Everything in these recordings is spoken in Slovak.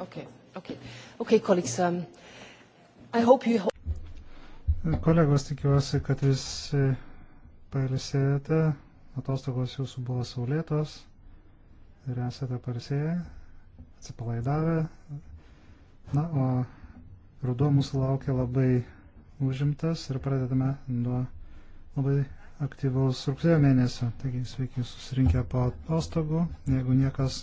Okay, colleagues, um, I hope you... Kolegos, tikiuosi, kad visi pailsėjote, atostogos jūsų buvo saulėtos ir esate pailsėję, atsipalaidavę. Na, o no, ruduo mūsų laukia labai užimtas ir pradedame nuo labai aktyvaus rugsėjo mėnesio. Taigi sveiki susirinkę po atostogų. Jeigu niekas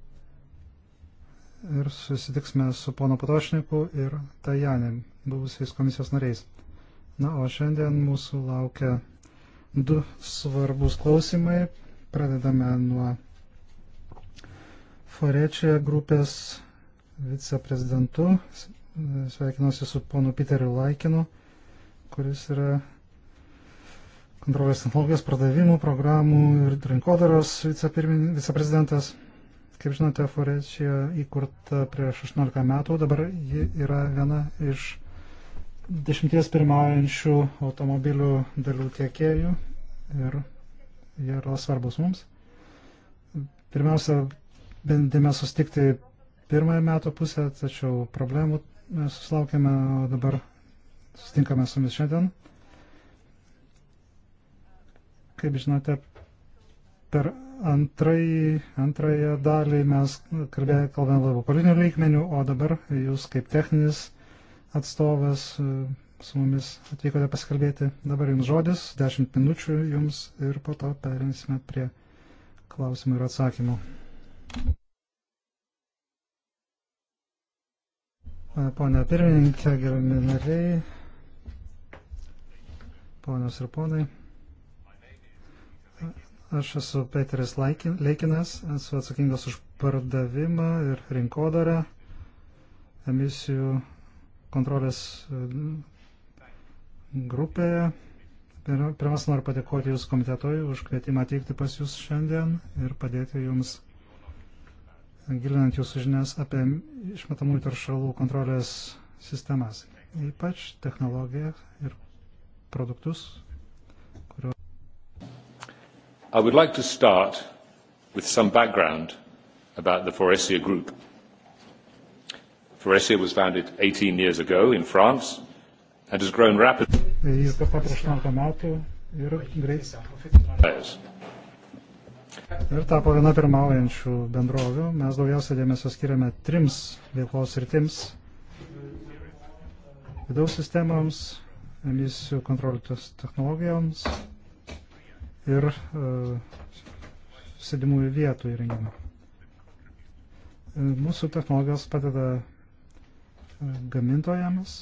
ir susitiksime su pono Patošniku ir Tajanė, buvusiais komisijos nariais. Na, o šiandien mūsų laukia du svarbus klausimai. Pradedame nuo Forečia grupės viceprezidentu. Sveikinuosi su ponu Piteriu Laikinu, kuris yra kontrolės technologijos pardavimų programų ir rinkodaros viceprezidentas. Kaip žinote, Florencija įkurta prieš 16 metų, dabar ji yra viena iš dešimties pirmaujančių automobilių dalių tiekėjų ir jie yra svarbus mums. Pirmiausia, bendėme sustikti pirmąją metų pusę, tačiau problemų mes susilaukėme, o dabar sustinkame su jumis šiandien. Kaip žinote, per antrąjį, antrąją dalį mes kalbėjome labiau politinių lygmenių, o dabar jūs kaip techninis atstovas e, su mumis atvykote pasikalbėti. Dabar jums žodis, 10 minučių jums ir po to perinsime prie klausimų ir atsakymų. E, Pone pirmininkė, gerbiami nariai, ponios ir ponai. Aš esu Petras Leikinas, esu atsakingas už pardavimą ir rinkodarą, emisijų kontrolės e, grupėje. Pirmas noriu padėkoti Jūsų komitetoj už kvietimą atvykti pas Jūs šiandien ir padėti Jums gilinant Jūsų žinias apie išmetamų taršalų kontrolės sistemas, ypač technologiją ir produktus, i would like to start with some background about the Foresia Group. Foresia was founded 18 years ago in France and has grown rapidly. Ir tapo viena pirmaujančių bendrovių. Mes daugiausia dėmesio skiriame trims veiklos vidaus emisijų kontrolės technologijoms ir e, sėdimųjų vietų įrengimą. E, mūsų technologijos padeda e, gamintojams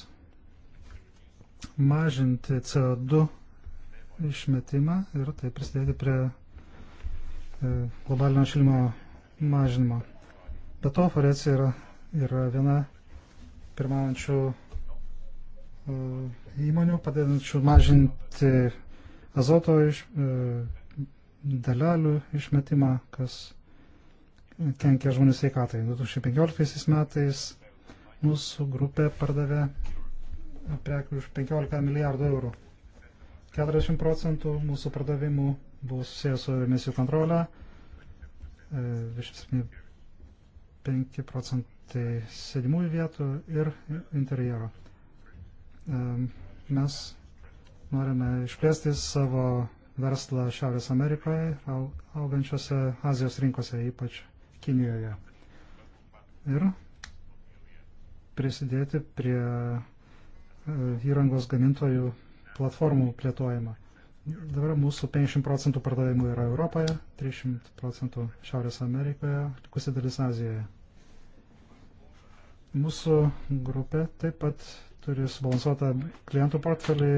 mažinti CO2 išmetimą ir tai prisidėti prie globalinio šilimo mažinimo. Be to, Forecija yra, yra viena pirmaujančių įmonių padedančių mažinti azoto iš, e, dalelių išmetimą, kas kenkia žmonių sveikatai. 2015 metais mūsų grupė pardavė prekių už 15 milijardų eurų. 40 procentų mūsų pardavimų buvo susijęs su emisijų kontrole, 5% e, procentai sėdimųjų vietų ir interjero. E, mes Norime išplėsti savo verslą Šiaurės Amerikoje, augančiose Azijos rinkose, ypač Kinijoje. Ir prisidėti prie e, įrangos gamintojų platformų plėtojimą. Dabar mūsų 50 procentų pardavimų yra Europoje, 300 procentų Šiaurės Amerikoje, likusi dalis Azijoje. Mūsų grupė taip pat turi subalansuotą klientų portfelį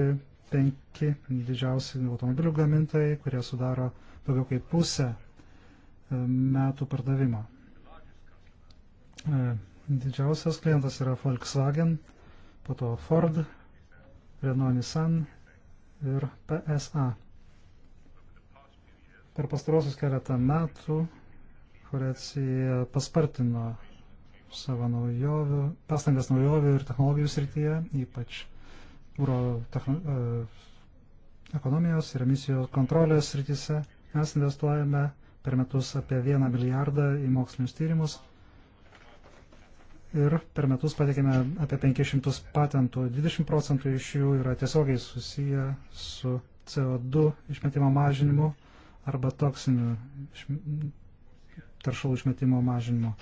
penki didžiausi automobilių gamintojai, kurie sudaro daugiau kaip pusę e, metų pardavimo. E, didžiausias klientas yra Volkswagen, po to Ford, Renault Nissan ir PSA. Per pastarosius keletą metų Horecija paspartino savo naujovių, pastangas naujovių ir technologijų srityje, ypač kūro e, ekonomijos ir emisijų kontrolės srityse. Mes investuojame per metus apie 1 milijardą į mokslinius tyrimus ir per metus patikėme apie 500 patentų. 20 procentų iš jų yra tiesiogiai susiję su CO2 išmetimo mažinimu arba toksiniu taršalų išmetimo mažinimu.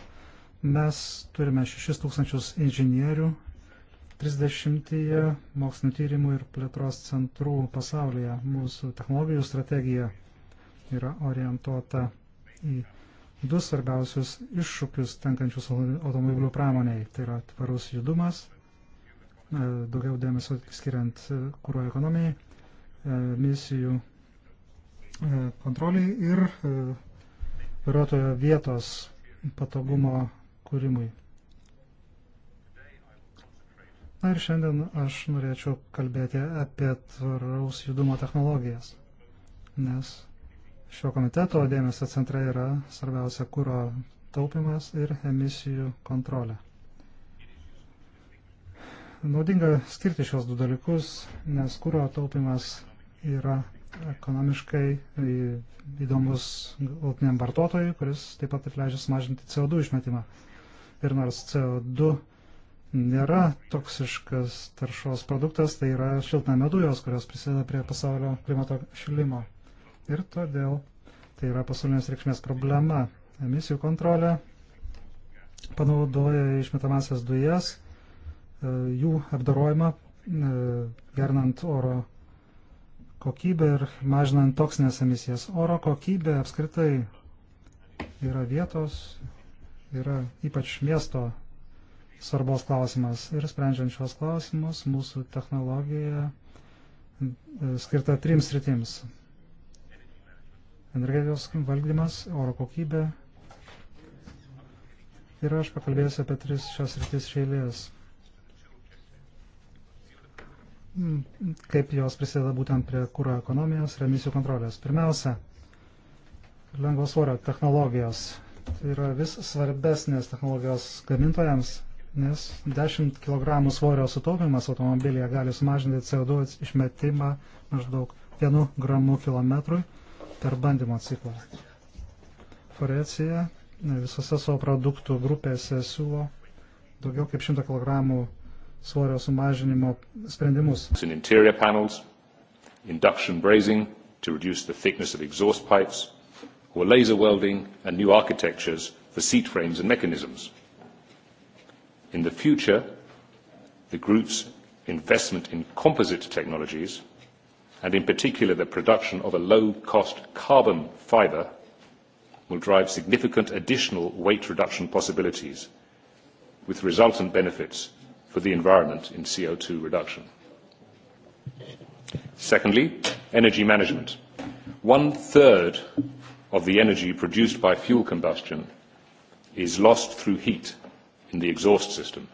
Mes turime 6000 inžinierių 30 mokslinio tyrimų ir plėtros centrų pasaulyje. Mūsų technologijų strategija yra orientuota į du svarbiausius iššūkius tenkančius automobilių pramoniai. Tai yra tvarus judumas, e, daugiau dėmesio skiriant kūro ekonomijai, e, misijų e, kontroliai ir vairuotojo vietos patogumo kūrimui. Na ir šiandien aš norėčiau kalbėti apie tvaraus judumo technologijas, nes šio komiteto dėmesio centrai yra svarbiausia kūro taupimas ir emisijų kontrolė. Naudinga skirti šios du dalykus, nes kūro taupimas yra ekonomiškai įdomus galutiniam vartotojui, kuris taip pat leidžia sumažinti CO2 išmetimą. Ir nors CO2 nėra toksiškas taršos produktas, tai yra šiltnamio dujos, kurios prisideda prie pasaulio klimato šilimo. Ir todėl tai yra pasaulinės reikšmės problema. Emisijų kontrolė panaudoja išmetamasias dujas, e, jų apdarojimą, e, gernant oro kokybę ir mažinant toksinės emisijas. Oro kokybė apskritai yra vietos, yra ypač miesto svarbos klausimas. Ir sprendžiant šios klausimus, mūsų technologija e, skirta trims sritims. Energetijos valdymas, oro kokybė. Ir aš pakalbėsiu apie tris šios sritis šeilės. Mm, kaip jos prisideda būtent prie kūro ekonomijos ir emisijų kontrolės. Pirmiausia, lengvos svorio technologijos. Tai yra vis svarbesnės technologijos gamintojams nes 10 kg svorio sutaupimas automobilyje gali sumažinti CO2 išmetimą maždaug 1 gramų kilometrui per bandymo ciklą. Forecija visose savo produktų grupėse siūlo daugiau kaip 100 kg svorio sumažinimo sprendimus. induction brazing to reduce the thickness of exhaust pipes, or laser welding and new architectures for seat frames and mechanisms. In the future, the group's investment in composite technologies, and in particular the production of a low-cost carbon fiber, will drive significant additional weight reduction possibilities with resultant benefits for the environment in co two reduction. Secondly, energy management. One-third of the energy produced by fuel combustion is lost through heat in the exhaust system.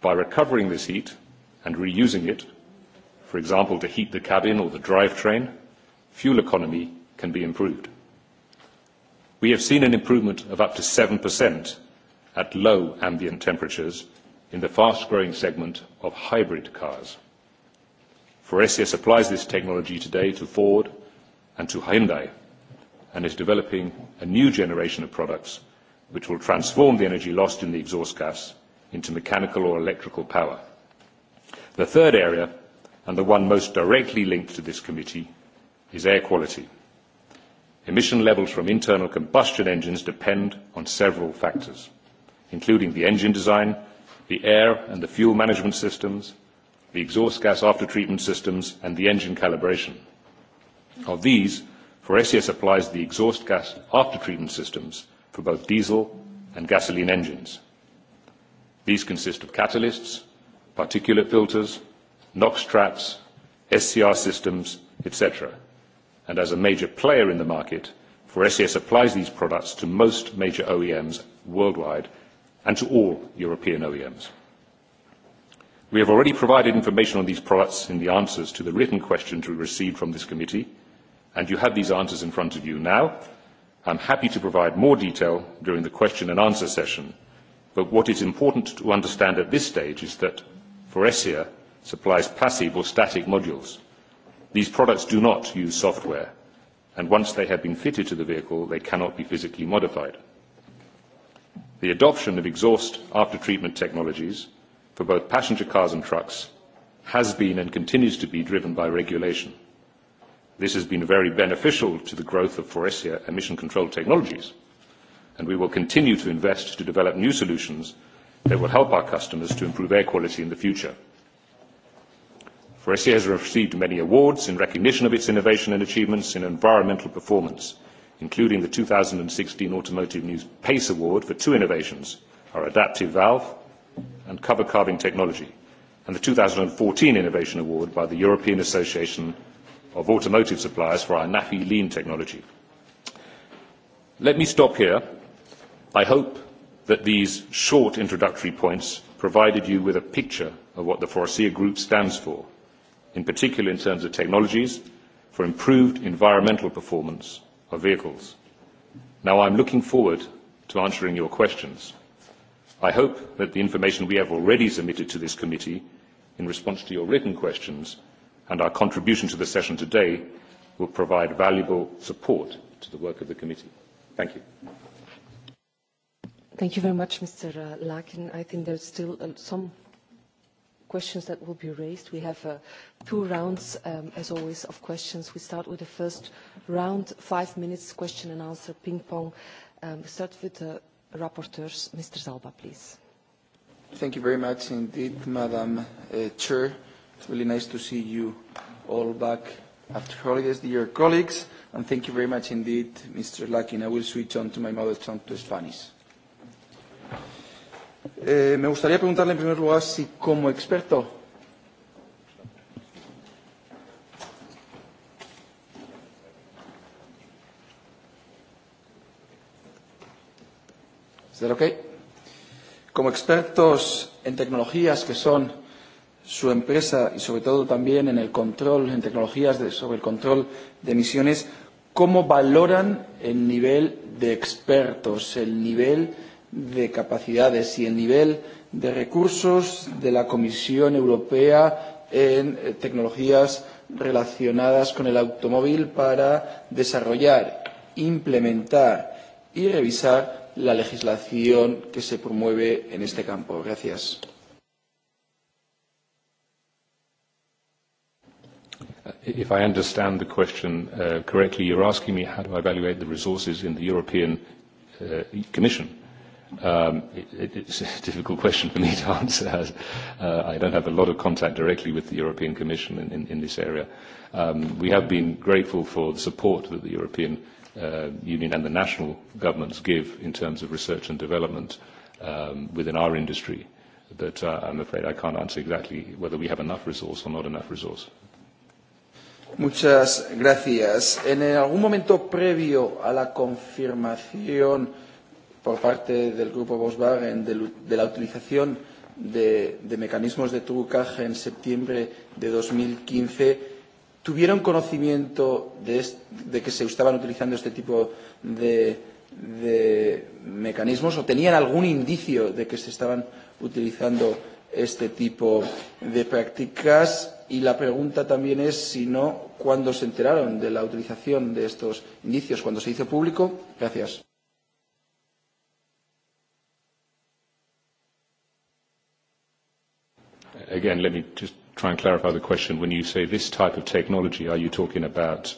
By recovering this heat and reusing it, for example, to heat the cabin or the drivetrain, fuel economy can be improved. We have seen an improvement of up to 7% at low ambient temperatures in the fast-growing segment of hybrid cars. Foresia applies this technology today to Ford and to Hyundai, and is developing a new generation of products which will transform the energy lost in the exhaust gas into mechanical or electrical power. The third area, and the one most directly linked to this committee, is air quality. Emission levels from internal combustion engines depend on several factors, including the engine design, the air and the fuel management systems, the exhaust gas after-treatment systems, and the engine calibration. Of these, Foresia supplies the exhaust gas after-treatment systems for both diesel and gasoline engines. These consist of catalysts, particulate filters, NOx traps, SCR systems, etc. And as a major player in the market, for SES applies these products to most major OEMs worldwide and to all European OEMs. We have already provided information on these products in the answers to the written questions we received from this committee, and you have these answers in front of you now, I'm happy to provide more detail during the question and answer session, but what is important to understand at this stage is that Foresia supplies passive or static modules. These products do not use software, and once they have been fitted to the vehicle, they cannot be physically modified. The adoption of exhaust after-treatment technologies for both passenger cars and trucks has been and continues to be driven by regulation. This has been very beneficial to the growth of Faurecia emission control technologies, and we will continue to invest to develop new solutions that will help our customers to improve air quality in the future. Faurecia has received many awards in recognition of its innovation and achievements in environmental performance, including the 2016 Automotive News PACE Award for two innovations, our adaptive valve and cover carving technology, and the 2014 Innovation Award by the European Association of automotive suppliers for our NAFI lean technology. Let me stop here. I hope that these short introductory points provided you with a picture of what the Faurecia Group stands for, in particular in terms of technologies for improved environmental performance of vehicles. Now, I'm looking forward to answering your questions. I hope that the information we have already submitted to this committee in response to your written questions and our contribution to the session today will provide valuable support to the work of the committee. Thank you. Thank you very much, Mr. Uh, Larkin. I think there's still uh, some questions that will be raised. We have uh, two rounds, um, as always, of questions. We start with the first round, five minutes question and answer, ping-pong. Um, start with the rapporteurs. Mr. Zalba, please. Thank you very much indeed, Madam uh, Chair. It's really nice to see you all back after holidays, dear colleagues, and thank you very much indeed, Mr. Lakin. I will switch on to my mother tongue to Spanish. Eh, me gustaría preguntarle en primer lugar si como experto Is okay? Como expertos en tecnologías que son su empresa y sobre todo también en el control, en tecnologías de, sobre el control de emisiones, ¿cómo valoran el nivel de expertos, el nivel de capacidades y el nivel de recursos de la Comisión Europea en eh, tecnologías relacionadas con el automóvil para desarrollar, implementar y revisar la legislación que se promueve en este campo. Gracias. Uh, if I understand the question uh, correctly, you're asking me how to evaluate the resources in the European uh, e-, Commission. Um, it, it's a difficult question for me to answer. As, uh, I don't have a lot of contact directly with the European Commission in, in, in this area. Um, we have been grateful for the support that the European uh, Union and the national governments give in terms of research and development um, within our industry. But uh, I'm afraid I can't answer exactly whether we have enough resource or not enough resource. Muchas gracias. En algún momento previo a la confirmación por parte del grupo Volkswagen de, la utilización de, de mecanismos de trucaje en septiembre de 2015, ¿tuvieron conocimiento de, de que se estaban utilizando este tipo de, de mecanismos o tenían algún indicio de que se estaban utilizando este tipo de prácticas? Y la pregunta también es, si no, ¿cuándo se enteraron de la utilización de estos indicios? cuando se hizo público? Gracias. Again, let me just try and clarify the question. When you say this type of technology, are you talking about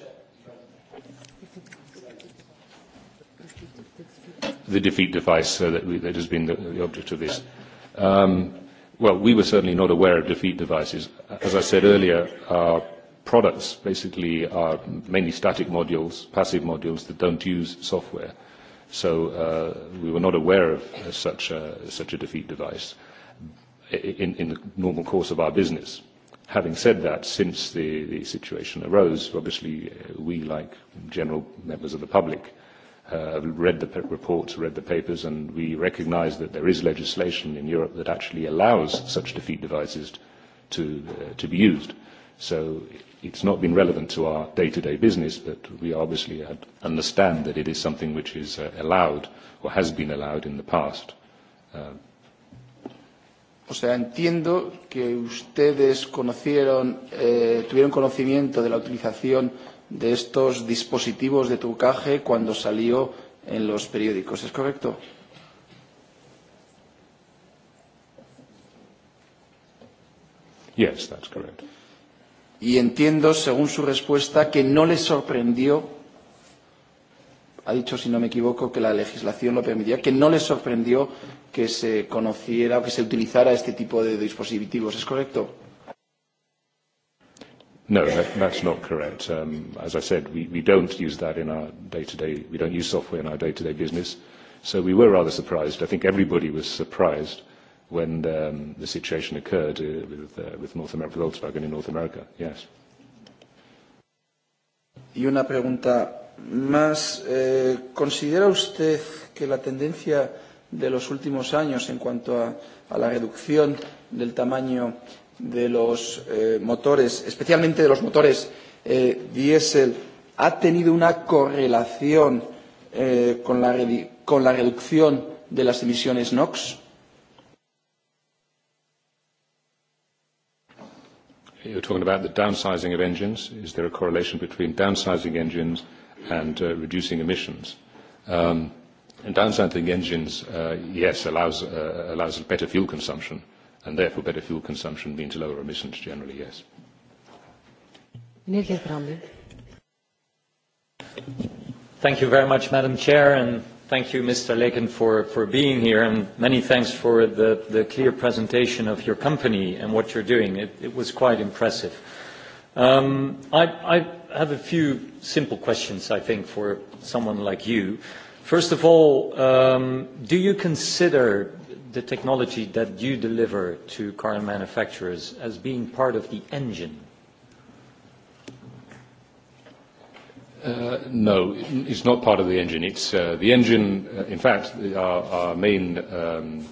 the defeat device uh, that, that has been the, the object of this? Um, well, we were certainly not aware of defeat devices. As I said earlier, our products basically are mainly static modules, passive modules that don't use software. So uh, we were not aware of uh, such a, such a defeat device in, in the normal course of our business. Having said that, since the, the situation arose, obviously uh, we, like general members of the public, uh, read the reports, read the papers, and we recognize that there is legislation in Europe that actually allows such defeat devices to, uh, to be used. So it's not been relevant to our day-to-day -day business, but we obviously understand that it is something which is uh, allowed or has been allowed in the past. Uh, O sea, entiendo que ustedes conocieron, eh, tuvieron conocimiento de la utilización de estos dispositivos de trucaje cuando salió en los periódicos. ¿Es correcto? Yes, that's correct. Y entiendo, según su respuesta, que no le sorprendió, ha dicho, si no me equivoco, que la legislación lo permitía, que no le sorprendió que se conociera o que se utilizara este tipo de dispositivos. ¿Es correcto? No, no, that, that's not correct. Um, as I said, we, we don't use that in our day-to-day, -day, we don't use software in our day-to-day -day business. So we were rather surprised. I think everybody was surprised when um, the situation occurred uh, with, uh, with, North America, with Volkswagen in North America. Yes. Y una pregunta más. Eh, ¿Considera usted que la tendencia de los últimos años en cuanto a, a la reducción del tamaño de los eh, motores, especialmente de los motores eh, diésel, ha tenido una correlación eh, con, la con la reducción de las emisiones NOx? You're talking about the downsizing of engines. Is there a correlation between downsizing engines and uh, reducing emissions? Um, and downsizing engines, uh, yes, allows, uh, allows better fuel consumption and therefore better fuel consumption means lower emissions generally, yes. Thank you very much, Madam Chair, and thank you, Mr. Leken, for, for being here, and many thanks for the, the clear presentation of your company and what you're doing. It, it was quite impressive. Um, I, I have a few simple questions, I think, for someone like you. First of all, um, do you consider the technology that you deliver to car manufacturers as being part of the engine? Uh, no, it's not part of the engine. It's uh, the engine. Uh, in fact, our, our main um,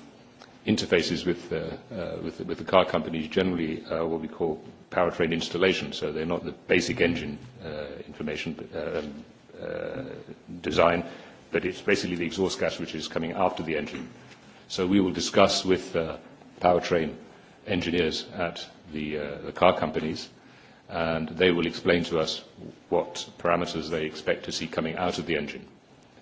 interfaces with, uh, uh, with, with the car companies generally uh, what we call powertrain installation. So they're not the basic engine uh, information but, uh, um, uh, design, but it's basically the exhaust gas which is coming after the engine. So we will discuss with uh, powertrain engineers at the, uh, the car companies, and they will explain to us what parameters they expect to see coming out of the engine.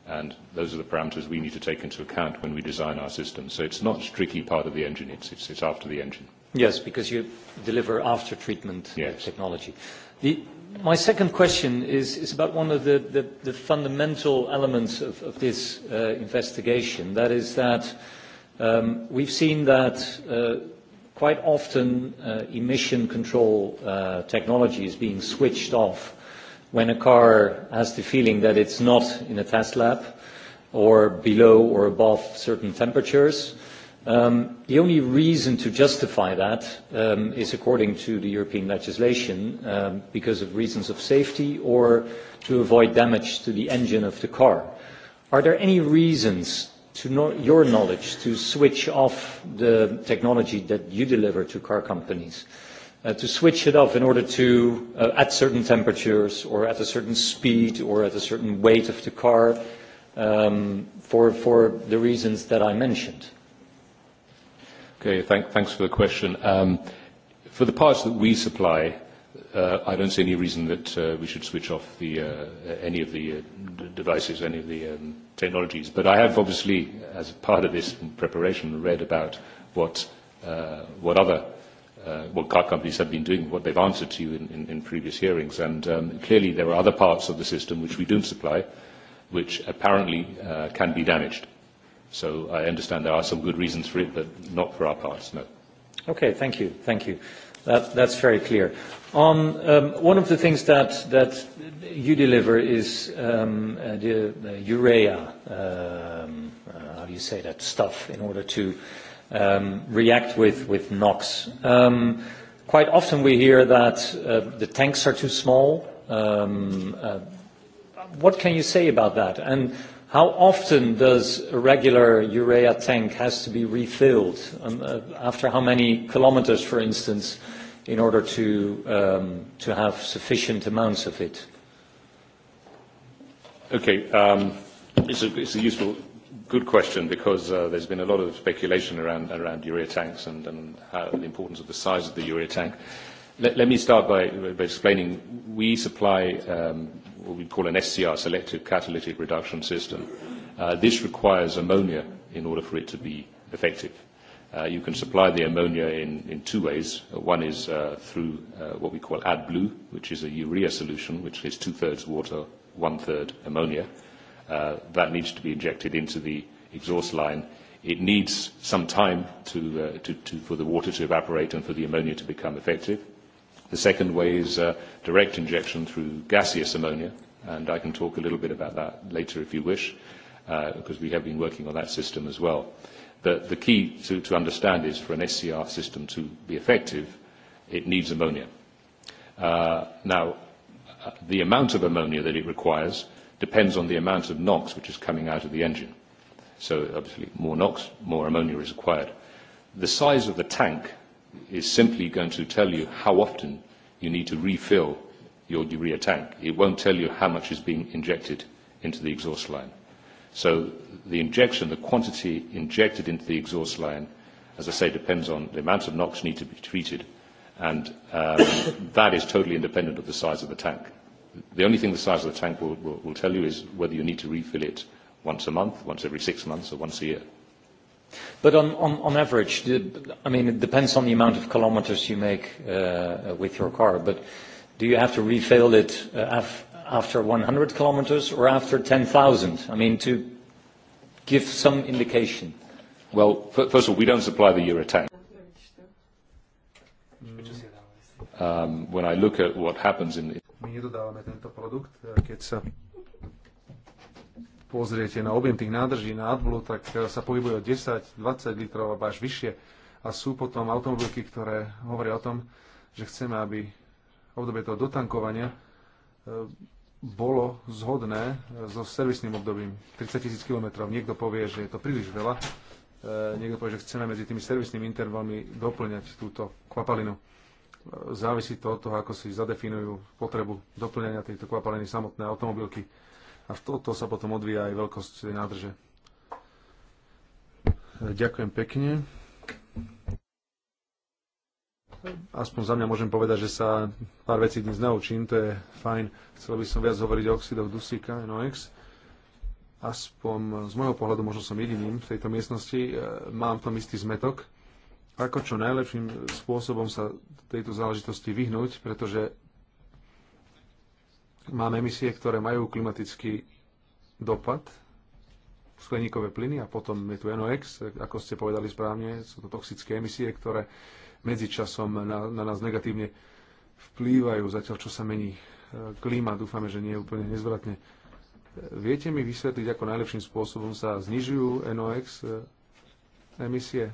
And those are the parameters we need to take into account when we design our system. So it's not strictly part of the engine, it's, it's, it's after the engine. Yes, because you deliver after treatment yes. technology. The, my second question is, is about one of the, the, the fundamental elements of, of this uh, investigation. That is that Um, we've seen that uh, quite often uh, emission control uh, technology is being switched off when a car has the feeling that it's not in a test lab or below or above certain temperatures. Um, the only reason to justify that um, is according to the European legislation um, because of reasons of safety or to avoid damage to the engine of the car. Are there any reasons to know your knowledge, to switch off the technology that you deliver to car companies, uh, to switch it off in order to, uh, at certain temperatures or at a certain speed or at a certain weight of the car, um, for, for the reasons that I mentioned? Okay, thank, thanks for the question. Um, for the parts that we supply, uh, I don't see any reason that uh, we should switch off the, uh, any of the uh, d devices, any of the um, technologies. But I have obviously, as part of this preparation, read about what, uh, what other uh, what car companies have been doing, what they've answered to you in, in, in previous hearings. And um, clearly there are other parts of the system which we don't supply, which apparently uh, can be damaged. So I understand there are some good reasons for it, but not for our parts, no. Okay, thank you. Thank you. That, that's very clear. Um um, one of the things that, that you deliver is um, uh, the, uh urea, um, uh, how do you say that, stuff in order to um, react with, with NOx. Um, quite often we hear that uh, the tanks are too small. Um, uh, what can you say about that? And How often does a regular urea tank has to be refilled? Um, uh, after how many kilometers, for instance, in order to, um, to have sufficient amounts of it? Okay. Um, it's, a, it's a useful, good question because uh, there's been a lot of speculation around, around urea tanks and, and how, the importance of the size of the urea tank. Let, let me start by, by explaining. We supply um, what we call an SCR, selective catalytic reduction system. Uh, this requires ammonia in order for it to be effective. Uh, you can supply the ammonia in, in two ways. Uh, one is uh, through uh, what we call AdBlue, which is a urea solution, which is two-thirds water, one-third ammonia. Uh, that needs to be injected into the exhaust line. It needs some time to, uh, to, to, for the water to evaporate and for the ammonia to become effective. The second way is uh, direct injection through gaseous ammonia, and I can talk a little bit about that later if you wish, uh, because we have been working on that system as well. The, the key to, to understand is for an SCR system to be effective, it needs ammonia. Uh, now, uh, the amount of ammonia that it requires depends on the amount of NOx which is coming out of the engine. So obviously, more NOx, more ammonia is required. The size of the tank is simply going to tell you how often you need to refill your urea tank. It won't tell you how much is being injected into the exhaust line. So the injection, the quantity injected into the exhaust line, as I say, depends on the amount of NOx need to be treated, and um, that is totally independent of the size of the tank. The only thing the size of the tank will, will, will tell you is whether you need to refill it once a month, once every six months, or once a year. But on, on, on average, the, I mean, it depends on the amount of kilometers you make uh, with your car, but do you have to refill it uh, af after 100 kilometers or after 10,000? I mean, to give some indication. Well, first of all, we don't supply the Eurotank. Mm. Um, when I look at what happens in the pozriete na objem tých nádrží na AdBlue, tak e, sa pohybuje od 10-20 litrov alebo až vyššie. A sú potom automobilky, ktoré hovoria o tom, že chceme, aby v obdobie toho dotankovania e, bolo zhodné e, so servisným obdobím 30 tisíc kilometrov. Niekto povie, že je to príliš veľa, niekto povie, že chceme medzi tými servisnými intervalmi doplňať túto kvapalinu. Závisí to od toho, ako si zadefinujú potrebu doplňania tejto kvapaliny samotné automobilky. A v toto sa potom odvíja aj veľkosť tej nádrže. Ďakujem pekne. Aspoň za mňa môžem povedať, že sa pár vecí dnes naučím, to je fajn. Chcel by som viac hovoriť o oxidoch dusíka, NOx. Aspoň z môjho pohľadu, možno som jediným v tejto miestnosti, e, mám v tom istý zmetok. Ako čo najlepším spôsobom sa tejto záležitosti vyhnúť, pretože Máme emisie, ktoré majú klimatický dopad, skleníkové plyny a potom je tu NOx, ako ste povedali správne, sú to toxické emisie, ktoré medzičasom na, na nás negatívne vplývajú, zatiaľ čo sa mení e, klíma, dúfame, že nie je úplne nezvratne. Viete mi vysvetliť, ako najlepším spôsobom sa znižujú NOx e, emisie?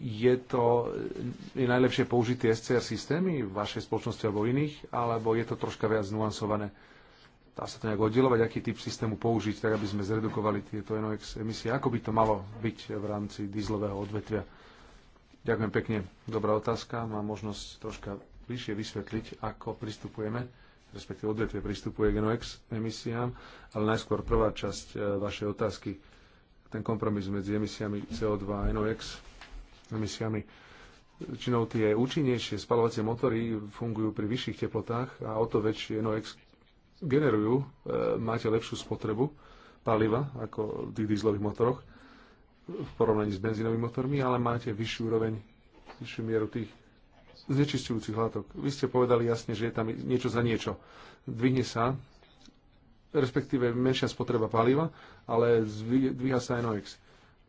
je to je najlepšie použiť tie SCR systémy v vašej spoločnosti alebo iných, alebo je to troška viac nuansované? Dá sa to nejak oddelovať, aký typ systému použiť, tak aby sme zredukovali tieto NOx emisie? Ako by to malo byť v rámci dízlového odvetvia? Ďakujem pekne. Dobrá otázka. Mám možnosť troška bližšie vysvetliť, ako pristupujeme, respektíve odvetvie pristupuje k NOx emisiám, ale najskôr prvá časť e, vašej otázky, ten kompromis medzi emisiami CO2 a NOx emisiami. Činou tie účinnejšie spalovacie motory fungujú pri vyšších teplotách a o to väčšie NOx generujú, e, máte lepšiu spotrebu paliva ako v tých dieselových motoroch v porovnaní s benzínovými motormi, ale máte vyššiu úroveň, vyššiu mieru tých znečistujúcich látok. Vy ste povedali jasne, že je tam niečo za niečo. Dvihne sa, respektíve menšia spotreba paliva, ale dvíha sa aj NOx.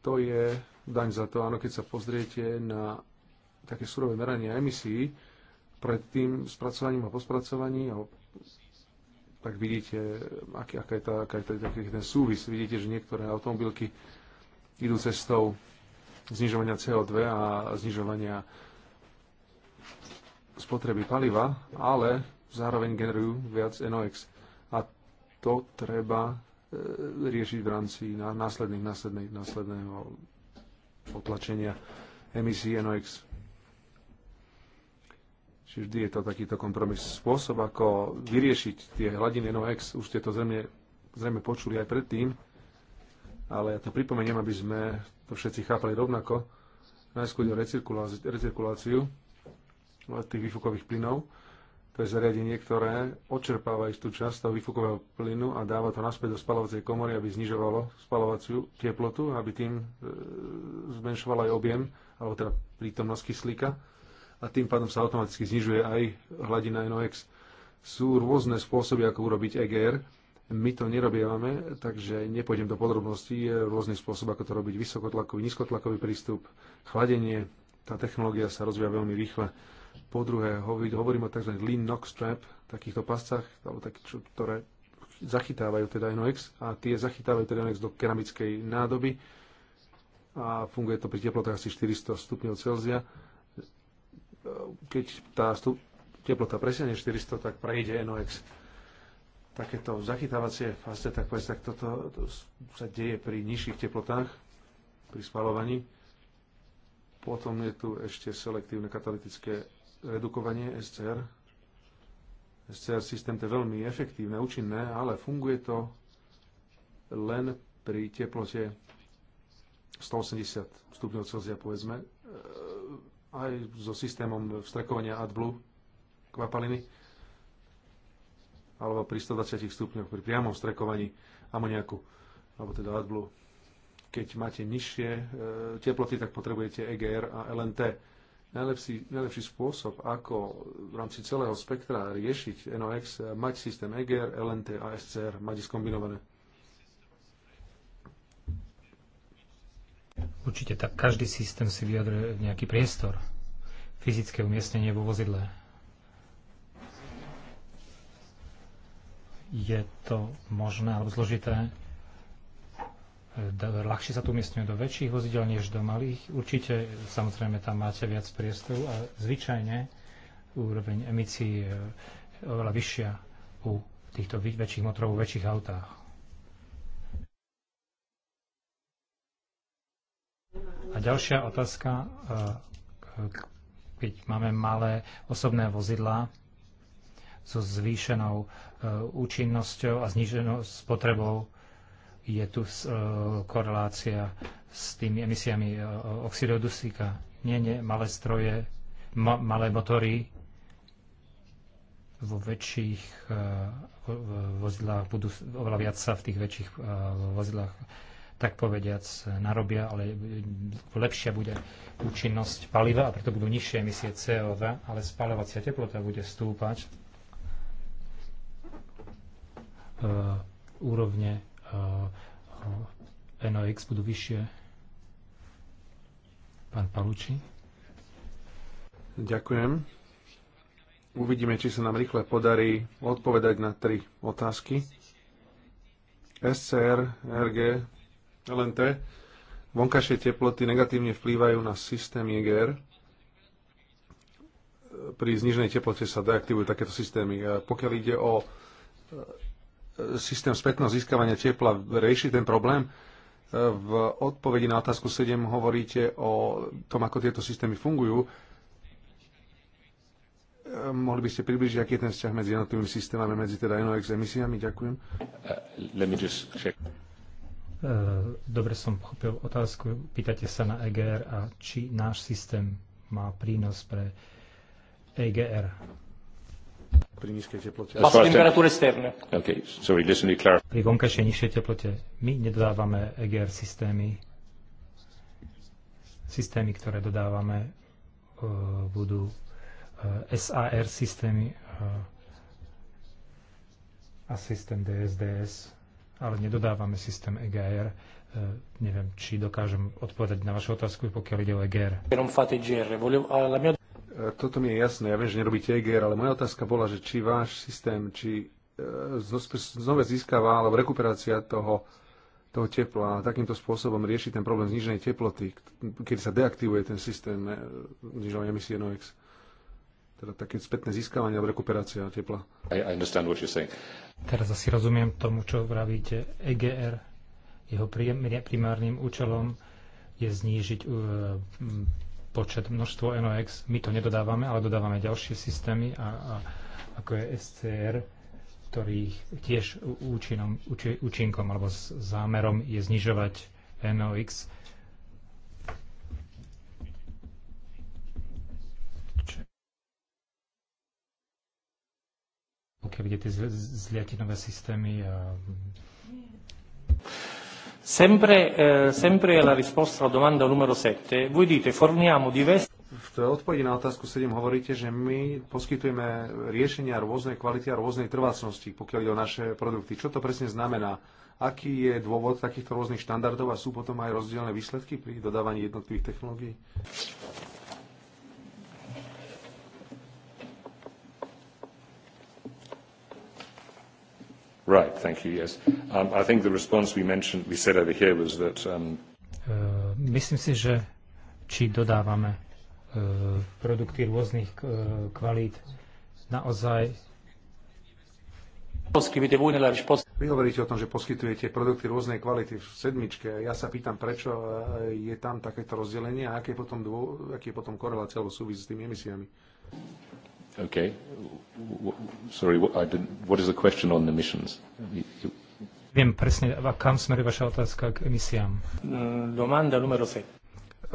To je daň za to. Áno, keď sa pozriete na také surové meranie emisí pred tým spracovaním a pospracovaní, tak vidíte, aký, aká je, tá, aká je tá, aký ten súvis. Vidíte, že niektoré automobilky idú cestou znižovania CO2 a znižovania spotreby paliva, ale zároveň generujú viac NOx. A to treba e, riešiť v rámci následných, následných následného potlačenia emisí NOx. Čiže vždy je to takýto kompromis. Spôsob, ako vyriešiť tie hladiny NOx, už ste to zrejme, zrejme počuli aj predtým, ale ja to pripomeniem, aby sme to všetci chápali rovnako. Najskôr recirkuláciu, recirkuláciu tých výfukových plynov to je zariadenie, ktoré odčerpáva istú časť toho výfukového plynu a dáva to naspäť do spalovacej komory, aby znižovalo spalovaciu teplotu, aby tým e, zmenšoval aj objem, alebo teda prítomnosť kyslíka a tým pádom sa automaticky znižuje aj hladina NOx. Sú rôzne spôsoby, ako urobiť EGR. My to nerobievame, takže nepôjdem do podrobností. Je rôzny spôsob, ako to robiť. Vysokotlakový, nízkotlakový prístup, chladenie. Tá technológia sa rozvíja veľmi rýchle po druhé, hovorím o tzv. lean knock strap, takýchto pascach, alebo tak, čo, ktoré zachytávajú teda NOx a tie zachytávajú teda NOx do keramickej nádoby a funguje to pri teplotách asi 400 stupňov Celzia. Keď tá stup- teplota presiahne 400, tak prejde NOx. Takéto zachytávacie fáze, tak povedz, tak toto to sa deje pri nižších teplotách, pri spalovaní. Potom je tu ešte selektívne katalytické redukovanie SCR. SCR systém to je veľmi efektívne, účinné, ale funguje to len pri teplote 180 stupňov Celzia, povedzme, e, aj so systémom vstrekovania AdBlue kvapaliny, alebo pri 120 stupňoch pri priamom strekovaní amoniaku, alebo teda AdBlue. Keď máte nižšie e, teploty, tak potrebujete EGR a LNT najlepší, najlepší spôsob, ako v rámci celého spektra riešiť NOx, mať systém EGR, LNT a SCR, mať ich skombinované. Určite tak každý systém si vyjadruje nejaký priestor, fyzické umiestnenie vo vozidle. Je to možné alebo zložité ľahšie sa tu umiestňujú do väčších vozidel než do malých. Určite, samozrejme, tam máte viac priestoru a zvyčajne úroveň emisí je eh, oveľa vyššia u týchto väčších motorov, väčších autách. A ďalšia otázka, eh, keď máme malé osobné vozidlá so zvýšenou eh, účinnosťou a zníženou spotrebou je tu e, korelácia s tými emisiami e, oxidov dusíka. Nie, nie, malé stroje, ma, malé motory vo väčších e, vozidlách budú oveľa viac sa v tých väčších vozidlách tak povediac narobia, ale lepšia bude účinnosť paliva a preto budú nižšie emisie CO2, ale spalovacia teplota bude stúpať e, úrovne Eh, eh, NOx budú vyššie. Pán Paluči. Ďakujem. Uvidíme, či sa nám rýchle podarí odpovedať na tri otázky. SCR, RG, LNT. Vonkajšie teploty negatívne vplývajú na systém EGR. Pri znižnej teplote sa deaktivujú takéto systémy. pokiaľ ide o systém spätného získavania tepla rieši ten problém. V odpovedi na otázku 7 hovoríte o tom, ako tieto systémy fungujú. Mohli by ste približiť, aký je ten vzťah medzi jednotlivými systémami, medzi teda NOx emisiami? Ďakujem. Uh, uh, dobre som pochopil otázku. Pýtate sa na EGR a či náš systém má prínos pre EGR pri nízkej teplote. Okay. So pri vonkajšej nižšej teplote my nedodávame EGR systémy. Systémy, ktoré dodávame, e, budú e, SAR systémy e, a systém DSDS, ale nedodávame systém EGR. Neviem, či dokážem odpovedať na vašu otázku, pokiaľ ide o EGR. Toto mi je jasné, ja viem, že nerobíte EGR, ale moja otázka bola, že či váš systém, či e, znova získava alebo rekuperácia toho, toho tepla a takýmto spôsobom rieši ten problém zniženej teploty, keď sa deaktivuje ten systém e, znižovania emisie NOx. Teda také spätné získavanie alebo rekuperácia tepla. I, I Teraz asi rozumiem tomu, čo vravíte. EGR, jeho primárnym účelom je znížiť e, počet, množstvo NOX. My to nedodávame, ale dodávame ďalšie systémy, a, a, ako je SCR, ktorých tiež účinom, úči, účinkom alebo zámerom je znižovať NOX. Keď vidíte tie zliatinové systémy. A... Sempre, eh, sempre la risposta alla domanda numero 7, voi dite forniamo V odpovedi na otázku 7 hovoríte, že my poskytujeme riešenia rôznej kvality a rôznej trvácnosti, pokiaľ ide o naše produkty. Čo to presne znamená? Aký je dôvod takýchto rôznych štandardov a sú potom aj rozdielne výsledky pri dodávaní jednotlivých technológií? Right, thank you, yes. Um, I think the response we mentioned, we said over here was that... Um... Uh, myslím si, že či dodávame uh, produkty rôznych uh, kvalít, naozaj... Vy hovoríte o tom, že poskytujete produkty rôznej kvality v sedmičke. Ja sa pýtam, prečo uh, je tam takéto rozdelenie a aký je potom, dô... aký je potom korelácia alebo súvisť s tými emisiami. Okay. Sorry, what, I didn't, what is the question on emissions? Viem presne, kam smeruje vaša otázka k emisiám. Domanda numero 7.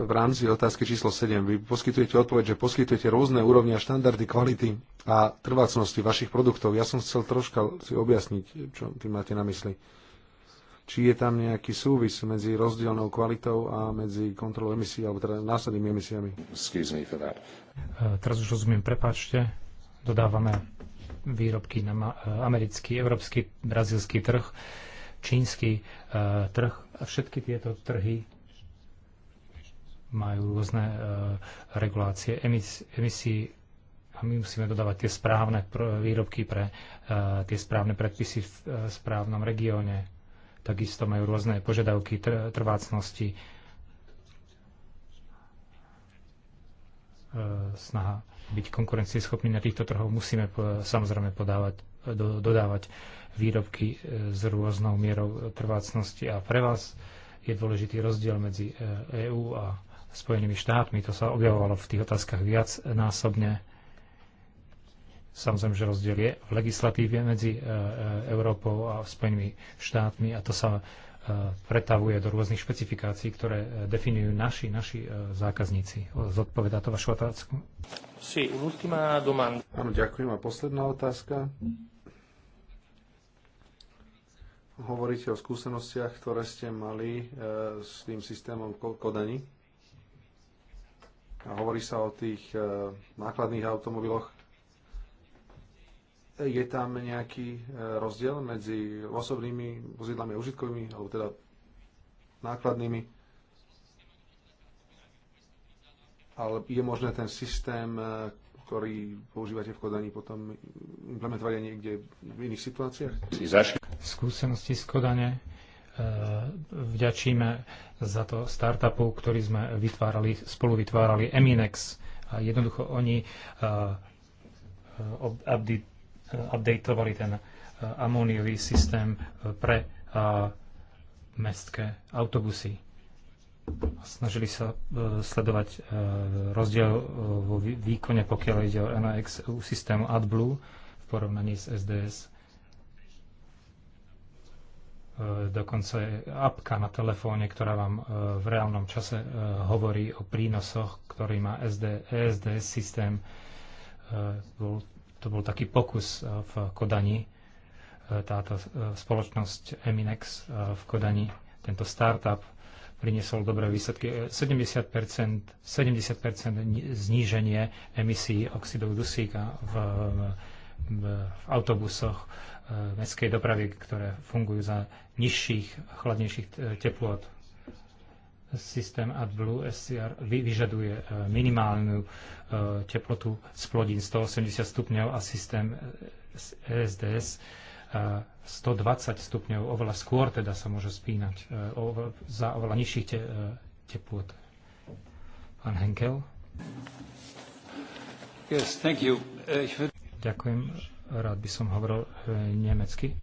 V rámci otázky číslo 7 vy poskytujete odpoveď, že poskytujete rôzne úrovne a štandardy kvality a trvácnosti vašich produktov. Ja som chcel troška si objasniť, čo tým máte na mysli. Uh, či je tam nejaký súvis medzi rozdielnou kvalitou a medzi kontrolou emisí, alebo teda následnými emisiami. E, teraz už rozumiem, prepáčte, dodávame výrobky na e, americký, európsky, brazílsky trh, čínsky e, trh a všetky tieto trhy majú rôzne regulácie emis, emisí a my musíme dodávať tie správne výrobky pre tie správne predpisy v správnom regióne takisto majú rôzne požiadavky trvácnosti, e, snaha byť konkurencieschopný na týchto trhoch, musíme samozrejme podávať, do, dodávať výrobky e, s rôznou mierou trvácnosti. A pre vás je dôležitý rozdiel medzi EÚ e a Spojenými štátmi. To sa objavovalo v tých otázkach viac násobne. Samozrejme, že rozdiel je v legislatíve medzi e, e, Európou a Spojenými štátmi a to sa e, pretavuje do rôznych špecifikácií, ktoré definujú naši, naši zákazníci. Zodpovedá to vašu otázku? Sí, ultima domanda. Áno, ďakujem. A posledná otázka. Hovoríte o skúsenostiach, ktoré ste mali s tým systémom kodaní. A hovorí sa o tých nákladných automobiloch, je tam nejaký e, rozdiel medzi osobnými vozidlami a užitkovými, alebo teda nákladnými? Ale je možné ten systém, e, ktorý používate v Kodani, potom implementovať aj niekde v iných situáciách? Skúsenosti z Kodane e, vďačíme za to startupu, ktorý sme vytvárali, spolu vytvárali Eminex. A jednoducho oni uh, update updateovali ten e, amóniový systém e, pre e, mestské autobusy. Snažili sa sledovať rozdiel vo výkone, pokiaľ ide o NAX u systému AdBlue v porovnaní s SDS. Dokonca je apka na telefóne, ktorá vám v reálnom čase hovorí o prínosoch, ktorý má SD, systém. Bol to bol taký pokus eh, v Kodani, eh, táto eh, spoločnosť Eminex v Kodani, tento startup priniesol dobré výsledky. 70%, 70% zníženie emisí oxidov dusíka v, v, v autobusoch mestskej dopravy, ktoré fungujú za nižších, chladnejších teplôt systém AdBlue SCR vyžaduje e, minimálnu e, teplotu z plodín 180 stupňov a systém e, SDS 120 stupňov, oveľa skôr teda sa môže spínať za oveľa nižších teplot. Pán Henkel. Yes, thank you. Ďakujem. Rád by som hovoril nemecky.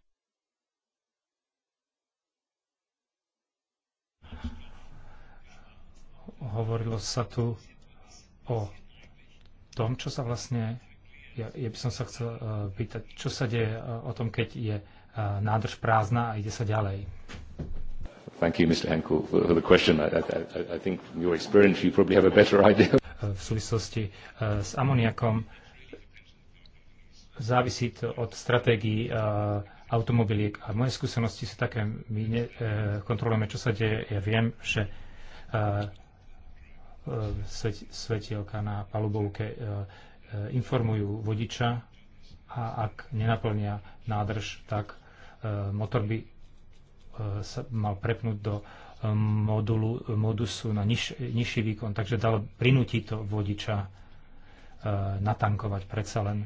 hovorilo sa tu o tom, čo sa vlastne, ja, ja by som sa chcel uh, pýtať, čo sa deje uh, o tom, keď je uh, nádrž prázdna a ide sa ďalej. Thank you, Mr. Henkel, for the question. I, I, I think from your experience you probably have a better idea. V súvislosti uh, s amoniakom závisí to od stratégií uh, automobiliek. A moje skúsenosti sú také, my ne, uh, kontrolujeme, čo sa deje. Ja viem, že uh, svetielka na palubovke e, e, informujú vodiča a ak nenaplnia nádrž, tak e, motor by sa mal prepnúť do modulu, modusu na niž, nižší výkon, takže dalo prinútiť to vodiča natankovať predsa len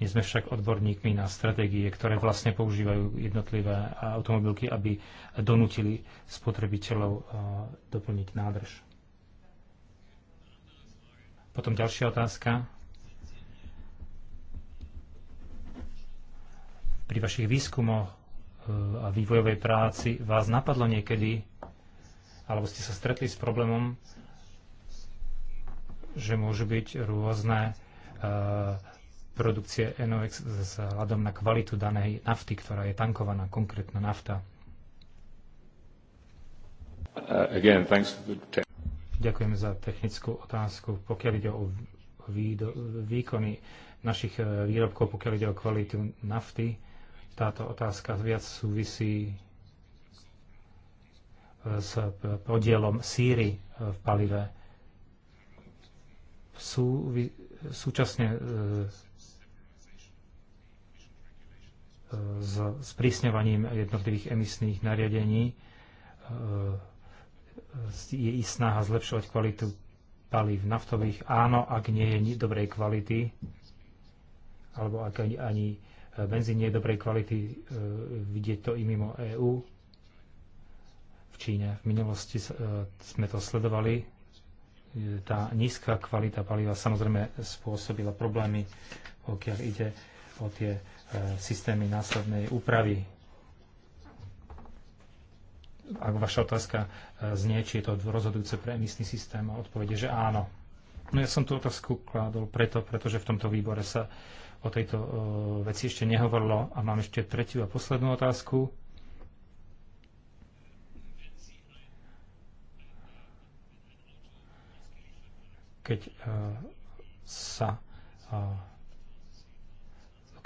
nie sme však odborníkmi na stratégie, ktoré vlastne používajú jednotlivé automobilky, aby donútili spotrebiteľov eh, doplniť nádrž. Potom ďalšia otázka. Pri vašich výskumoch eh, a vývojovej práci vás napadlo niekedy, alebo ste sa stretli s problémom, že môžu byť rôzne uh, produkcie NOx s hľadom na kvalitu danej nafty, ktorá je tankovaná, konkrétna nafta. Uh, again, Ďakujem za technickú otázku. Pokiaľ ide o výdo, výkony našich uh, výrobkov, pokiaľ ide o kvalitu nafty, táto otázka viac súvisí uh, s podielom síry uh, v palive. Sú, súčasne s sprísňovaním jednotlivých emisných nariadení e, e, je i snaha zlepšovať kvalitu palív naftových. Áno, ak nie je dobrej kvality, alebo ak ani, ani e, benzín nie je dobrej kvality, vidieť to i mimo EÚ. V Číne v minulosti sme to sledovali. Tá nízka kvalita paliva samozrejme spôsobila problémy, pokiaľ ide o tie E, systémy následnej úpravy. Ak vaša otázka e, znie, či je to rozhodujúce pre emisný systém, a odpovede, že áno. No ja som tú otázku kládol preto, pretože v tomto výbore sa o tejto e, veci ešte nehovorilo. A mám ešte tretiu a poslednú otázku. Keď sa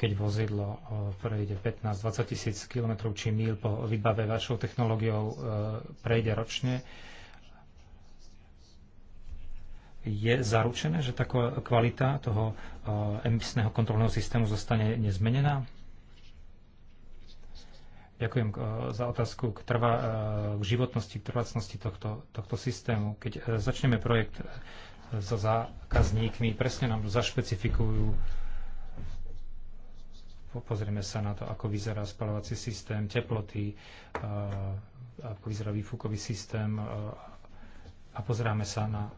keď vozidlo prejde e, 15-20 tisíc kilometrov či mil po výbave vašou technológiou e, prejde ročne, je zaručené, že tá kvalita toho e, emisného kontrolného systému zostane nezmenená? Ďakujem za otázku k, trva, k životnosti, k trvácnosti tohto, tohto systému. Keď začneme projekt so zákazníkmi, presne nám zašpecifikujú pozrieme sa na to, ako vyzerá spalovací systém teploty, eh, ako vyzerá výfukový systém eh, a pozeráme sa na eh,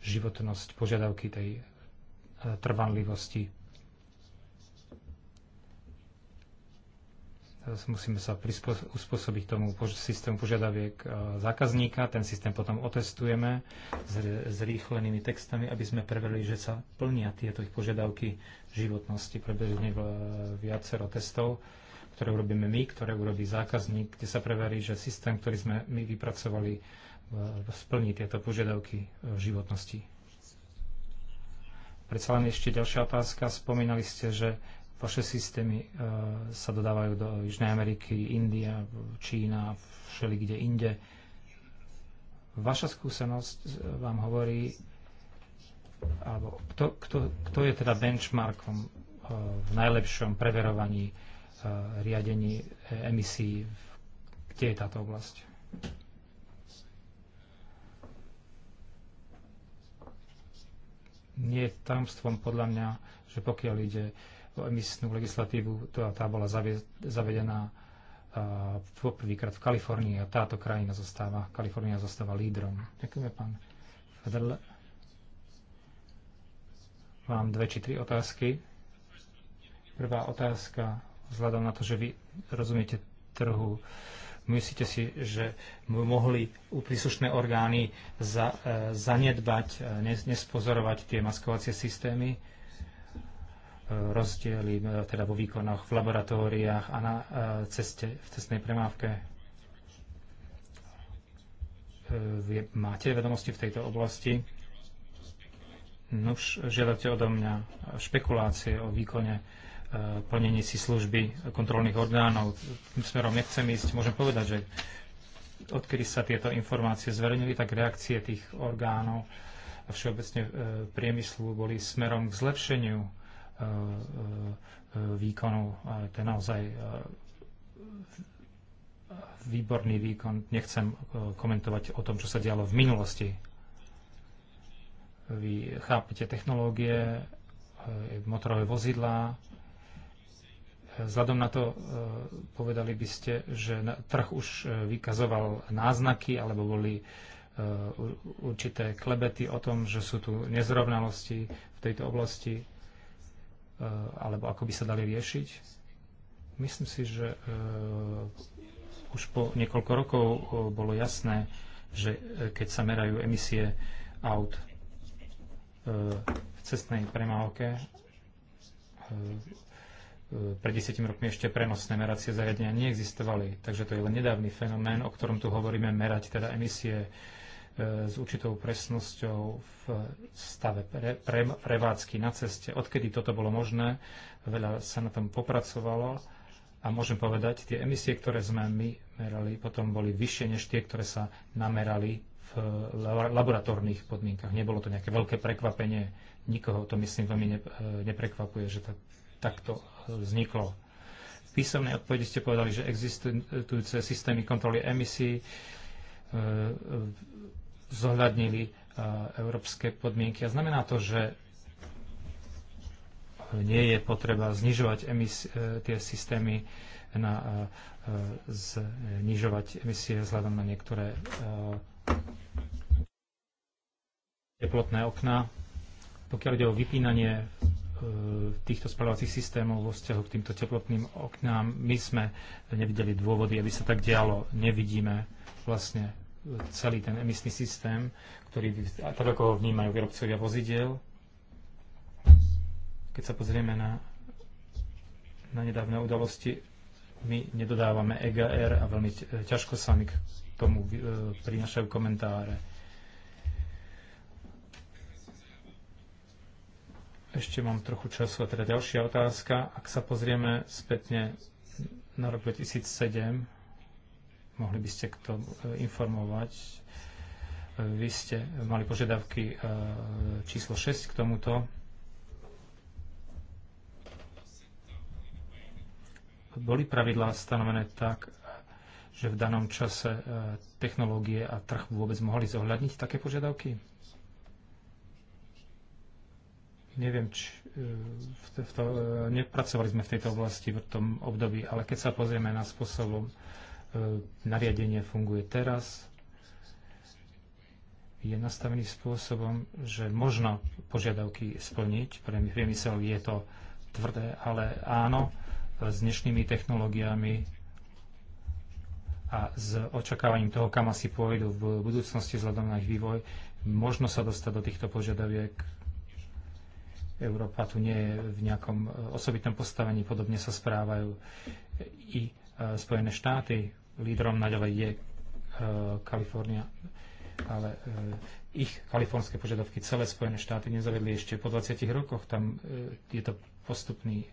životnosť požiadavky tej trvanlivosti musíme sa uspôsobiť tomu systému požiadaviek e, zákazníka, ten systém potom otestujeme s, s rýchlenými textami, aby sme preverili, že sa plnia tieto ich požiadavky životnosti. Prebežne e, viacero testov, ktoré urobíme my, ktoré urobí zákazník, kde sa preverí, že systém, ktorý sme my vypracovali, e, splní tieto požiadavky životnosti. Predsa len ešte ďalšia otázka. Spomínali ste, že Vaše systémy e, sa dodávajú do Južnej Ameriky, India, Čína, všeli kde inde. Vaša skúsenosť e, vám hovorí, alebo kto, kto, kto je teda benchmarkom e, v najlepšom preverovaní riadení emisí, kde je táto oblasť? Nie je tamstvom podľa mňa, že pokiaľ ide emisnú legislatívu, tá, tá bola zavedená poprvýkrát v Kalifornii a táto krajina zostáva, Kalifornia zostáva lídrom. Ďakujeme, pán Federle. Mám dve či tri otázky. Prvá otázka, vzhľadom na to, že vy rozumiete trhu, myslíte si, že mohli príslušné orgány za, e, zanedbať, e, nespozorovať tie maskovacie systémy? rozdiely e, teda vo výkonoch v laboratóriách a na e, ceste, v cestnej premávke. E, máte vedomosti v tejto oblasti? Nuž, žiadate odo mňa špekulácie o výkone plnení si služby kontrolných orgánov. Tým smerom nechcem ísť. Môžem povedať, že odkedy sa tieto informácie zverejnili, tak reakcie tých orgánov a všeobecne priemyslu boli smerom k zlepšeniu E, e, výkonov. To je naozaj e, výborný výkon. Nechcem komentovať o tom, čo sa dialo v minulosti. Vy chápete technológie, motorové vozidlá. Vzhľadom na to povedali by ste, že trh už vykazoval náznaky alebo boli určité klebety o tom, že sú tu nezrovnalosti v tejto oblasti E, alebo ako by sa dali riešiť. Myslím si, že e, už po niekoľko rokov e, bolo jasné, že keď sa merajú emisie aut v cestnej premávke, pred desetim rokmi ešte prenosné meracie zariadenia neexistovali, takže to je len nedávny fenomén, o ktorom tu hovoríme, merať teda emisie E, s určitou presnosťou v stave pre, pre, prevádzky na ceste. Odkedy toto bolo možné, veľa sa na tom popracovalo a môžem povedať, tie emisie, ktoré sme my merali, potom boli vyššie než tie, ktoré sa namerali v laboratórnych podmienkach. Nebolo to nejaké veľké prekvapenie nikoho, to myslím veľmi ne, e, neprekvapuje, že tak, takto vzniklo. V písomnej odpovedi ste povedali, že existujúce systémy kontroly emisí e, zohľadnili e, európske podmienky. A znamená to, že nie je potreba znižovať emis, e, tie systémy na e, znižovať emisie vzhľadom na niektoré teplotné okná. Pokiaľ ide o vypínanie týchto spalovacích systémov vo vzťahu k týmto teplotným oknám, my sme nevideli dôvody, aby sa tak dialo. Nevidíme vlastne celý ten emisný systém, ktorý, tak ako ho vnímajú výrobcovia vozidiel. Keď sa pozrieme na, na nedávne udalosti, my nedodávame EGR a veľmi ťažko sa mi k tomu e, prinašajú komentáre. Ešte mám trochu času a teda ďalšia otázka. Ak sa pozrieme spätne na rok 2007, Mohli by ste k tomu e, informovať. E, vy ste mali požiadavky e, číslo 6 k tomuto. Boli pravidlá stanovené tak, že v danom čase technológie a trh vôbec mohli zohľadniť také požiadavky? Neviem, či v to, v to, nepracovali sme v tejto oblasti v tom období, ale keď sa pozrieme na spôsobom, E, nariadenie funguje teraz, je nastavený spôsobom, že možno požiadavky splniť. Pre priemysel je to tvrdé, ale áno, s dnešnými technológiami a s očakávaním toho, kam asi pôjdu v budúcnosti vzhľadom na ich vývoj, možno sa dostať do týchto požiadaviek. Európa tu nie je v nejakom e, osobitnom postavení, podobne sa správajú i e, Spojené štáty lídrom naďalej je e, Kalifornia, ale e, ich kalifornské požiadavky celé Spojené štáty nezavedli ešte po 20 rokoch. Tam e, je to postupný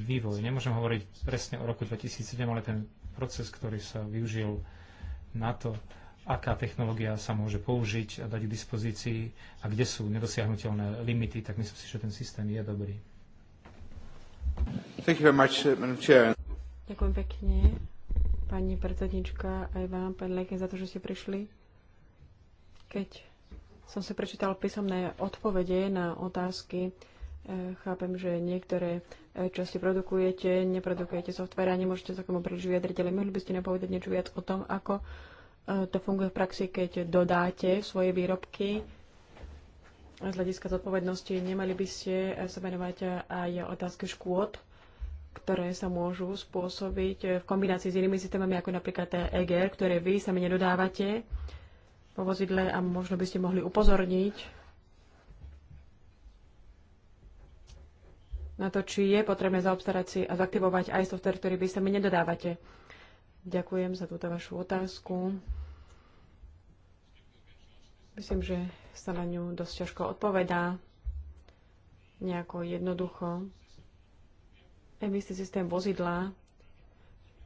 vývoj. Nemôžem hovoriť presne o roku 2007, ale ten proces, ktorý sa využil na to, aká technológia sa môže použiť a dať k dispozícii a kde sú nedosiahnutelné limity, tak myslím si, že ten systém je dobrý. Much, Ďakujem pekne, pani predsednička, aj vám, pán Lekin, za to, že ste prišli. Keď som si prečítal písomné odpovede na otázky, eh, chápem, že niektoré eh, časti produkujete, neprodukujete software a nemôžete sa k tomu príliš vyjadriť, ale mohli by ste napovedať niečo viac o tom, ako eh, to funguje v praxi, keď dodáte svoje výrobky z hľadiska zodpovednosti. Nemali by ste sa venovať aj otázky škôd, ktoré sa môžu spôsobiť eh, v kombinácii s inými systémami, ako napríklad EGR, ktoré vy sami nedodávate po vozidle a možno by ste mohli upozorniť na to, či je potrebné zaobstarať si a zaktivovať aj software, ktorý vy sami nedodávate. Ďakujem za túto vašu otázku. Myslím, že sa na ňu dosť ťažko odpovedá nejako jednoducho emisný systém vozidla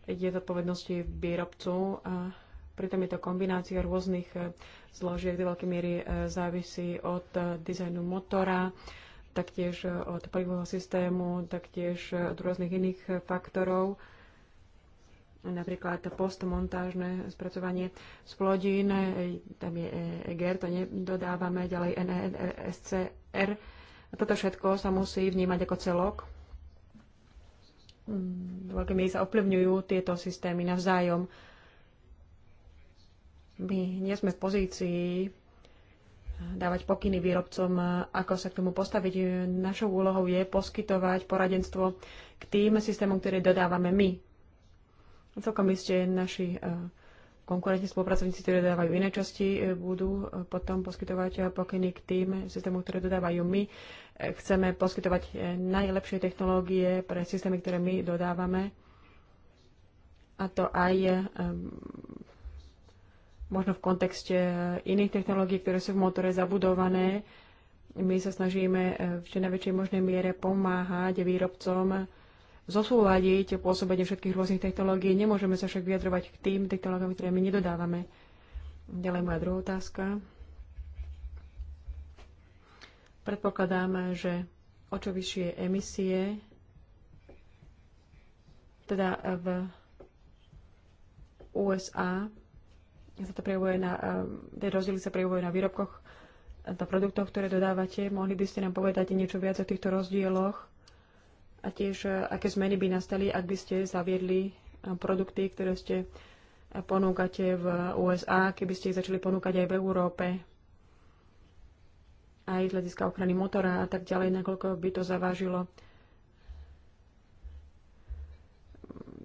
je zodpovednosti výrobcu a pritom je to kombinácia rôznych eh, zložiek, kde veľkej miery eh, závisí od eh, dizajnu motora, taktiež od palivového systému, taktiež od rôznych iných faktorov, napríklad postmontážne spracovanie splodín, tam je EGR, to nedodávame, ďalej NESCR. Toto všetko sa musí vnímať ako celok Mm, veľkej miere sa ovplyvňujú tieto systémy navzájom. My nie sme v pozícii dávať pokyny výrobcom, ako sa k tomu postaviť. Našou úlohou je poskytovať poradenstvo k tým systémom, ktoré dodávame my. Celkom iste naši e, konkurentní spolupracovníci, ktorí dodávajú iné časti, e, budú e, potom poskytovať pokyny k tým systémom, ktoré dodávajú my. Chceme poskytovať eh, najlepšie technológie pre systémy, ktoré my dodávame. A to aj eh, možno v kontexte eh, iných technológií, ktoré sú v motore zabudované. My sa snažíme v čo najväčšej možnej miere pomáhať výrobcom zosúľadiť pôsobenie všetkých rôznych technológií. Nemôžeme sa však vyjadrovať k tým technológiám, ktoré my nedodávame. Ďalej moja druhá otázka. Predpokladáme, že o čo vyššie emisie, teda v USA, sa to prejavuje na, e, tie rozdiely sa prejavujú na výrobkoch, na produktoch, ktoré dodávate. Mohli by ste nám povedať niečo viac o týchto rozdieloch a tiež e, aké zmeny by nastali, ak by ste zaviedli e, produkty, ktoré ste ponúkate v USA, keby ste ich začali ponúkať aj v Európe aj z hľadiska ochrany motora a tak ďalej, nakoľko by to zavážilo.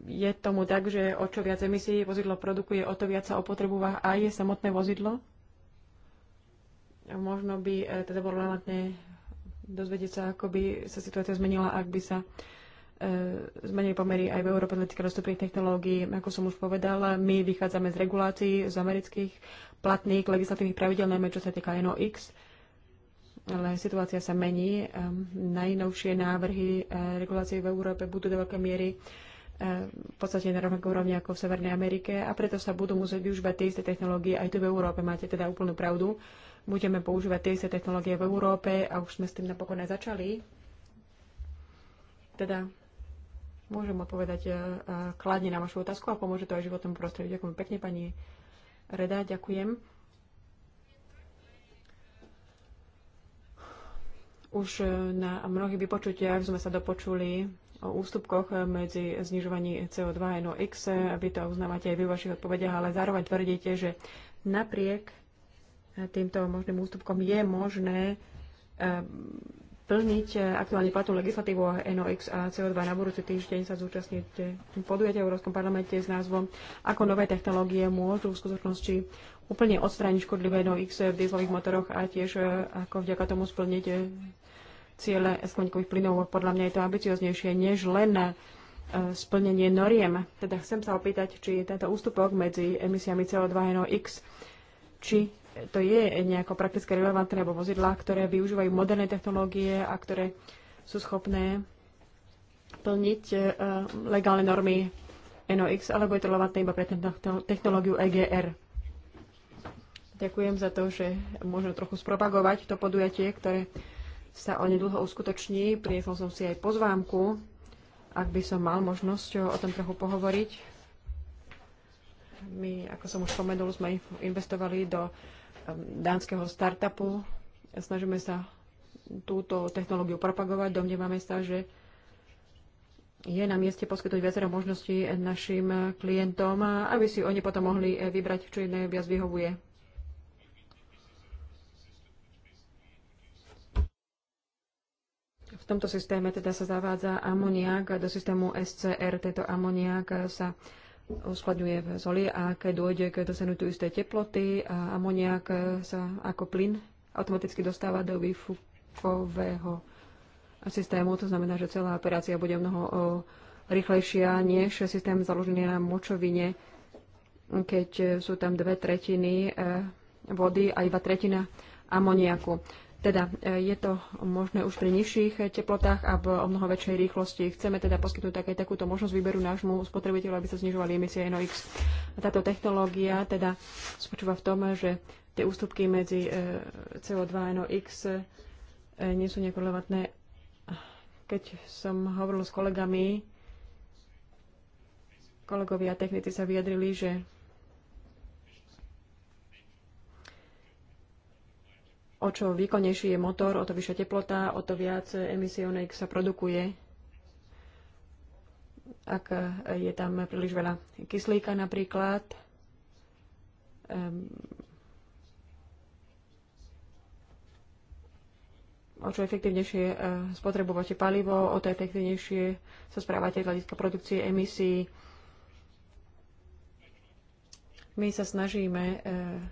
Je tomu tak, že o čo viac emisí vozidlo produkuje, o to viac sa opotrebuje aj samotné vozidlo? Možno by e, teda bolo relevantné dozvedieť sa, ako by sa situácia zmenila, ak by sa e, zmenili pomery aj v Európe hľadiska dostupných technológií. Ako som už povedala, my vychádzame z regulácií, z amerických platných legislatívnych pravidel, najmä čo sa týka NOx ale situácia sa mení. Ehm, najnovšie návrhy eh, regulácie v Európe budú do veľkej miery eh, v podstate na rovnakú úrovni ako v Severnej Amerike a preto sa budú musieť využívať tie isté technológie aj tu v Európe. Máte teda úplnú pravdu. Budeme používať tie isté technológie v Európe a už sme s tým napokon aj začali. Teda môžem odpovedať eh, kladne na vašu otázku a pomôže to aj životnému prostrediu. Ďakujem pekne, pani Reda, ďakujem. Už e, na mnohých vypočutiach sme sa dopočuli o ústupkoch e, medzi znižovaní CO2 a NOx. E, vy to uznávate aj vy v vašich odpovediach, ale zároveň tvrdíte, že napriek týmto možným ústupkom je možné plniť e, aktuálne platnú legislatívu a NOx a CO2. Na budúci týždeň sa zúčastniť podujatia v Európskom parlamente s názvom Ako nové technológie môžu v skutočnosti úplne odstrániť škodlivé NOx v dieselových motoroch a tiež e, ako vďaka tomu splniť e, ciele skleníkových plynov. Podľa mňa je to ambicioznejšie než len splnenie noriem. Teda chcem sa opýtať, či tento ústupok medzi emisiami CO2 a NOx, či to je nejako prakticky relevantné, alebo vozidlá, ktoré využívajú moderné technológie a ktoré sú schopné plniť e, legálne normy NOx, alebo je to relevantné iba pre technológiu EGR. Ďakujem za to, že môžem trochu spropagovať to podujatie, ktoré sa nedlho uskutoční. Prinesol som si aj pozvámku, ak by som mal možnosť o tom trochu pohovoriť. My, ako som už spomenul, sme investovali do dánskeho startupu. Snažíme sa túto technológiu propagovať. Domnievame sa, že je na mieste poskytnúť viacero možností našim klientom, aby si oni potom mohli vybrať, čo im najviac vyhovuje. V tomto systéme teda sa zavádza amoniak do systému SCR. Tento amoniak sa uskladňuje v zoli a keď dôjde k dosenutiu istej teploty, a amoniak sa ako plyn automaticky dostáva do výfukového systému. To znamená, že celá operácia bude mnoho rýchlejšia než systém založený na močovine, keď sú tam dve tretiny e, vody a iba tretina amoniaku. Teda e, je to možné už pri nižších teplotách a v o mnoho väčšej rýchlosti. Chceme teda poskytnúť také, takúto možnosť výberu nášmu spotrebiteľu, aby sa znižovali emisie NOx. A táto technológia teda spočúva v tom, že tie ústupky medzi e, CO2 a NOx e, nie sú nekorelevantné. Keď som hovoril s kolegami, kolegovia technici sa vyjadrili, že O čo výkonnejší je motor, o to vyššia teplota, o to viac emisionek sa produkuje. Ak je tam príliš veľa kyslíka napríklad, o čo efektívnejšie eh, spotrebovate palivo, o to efektívnejšie sa správate z hľadiska produkcie emisí. My sa snažíme eh,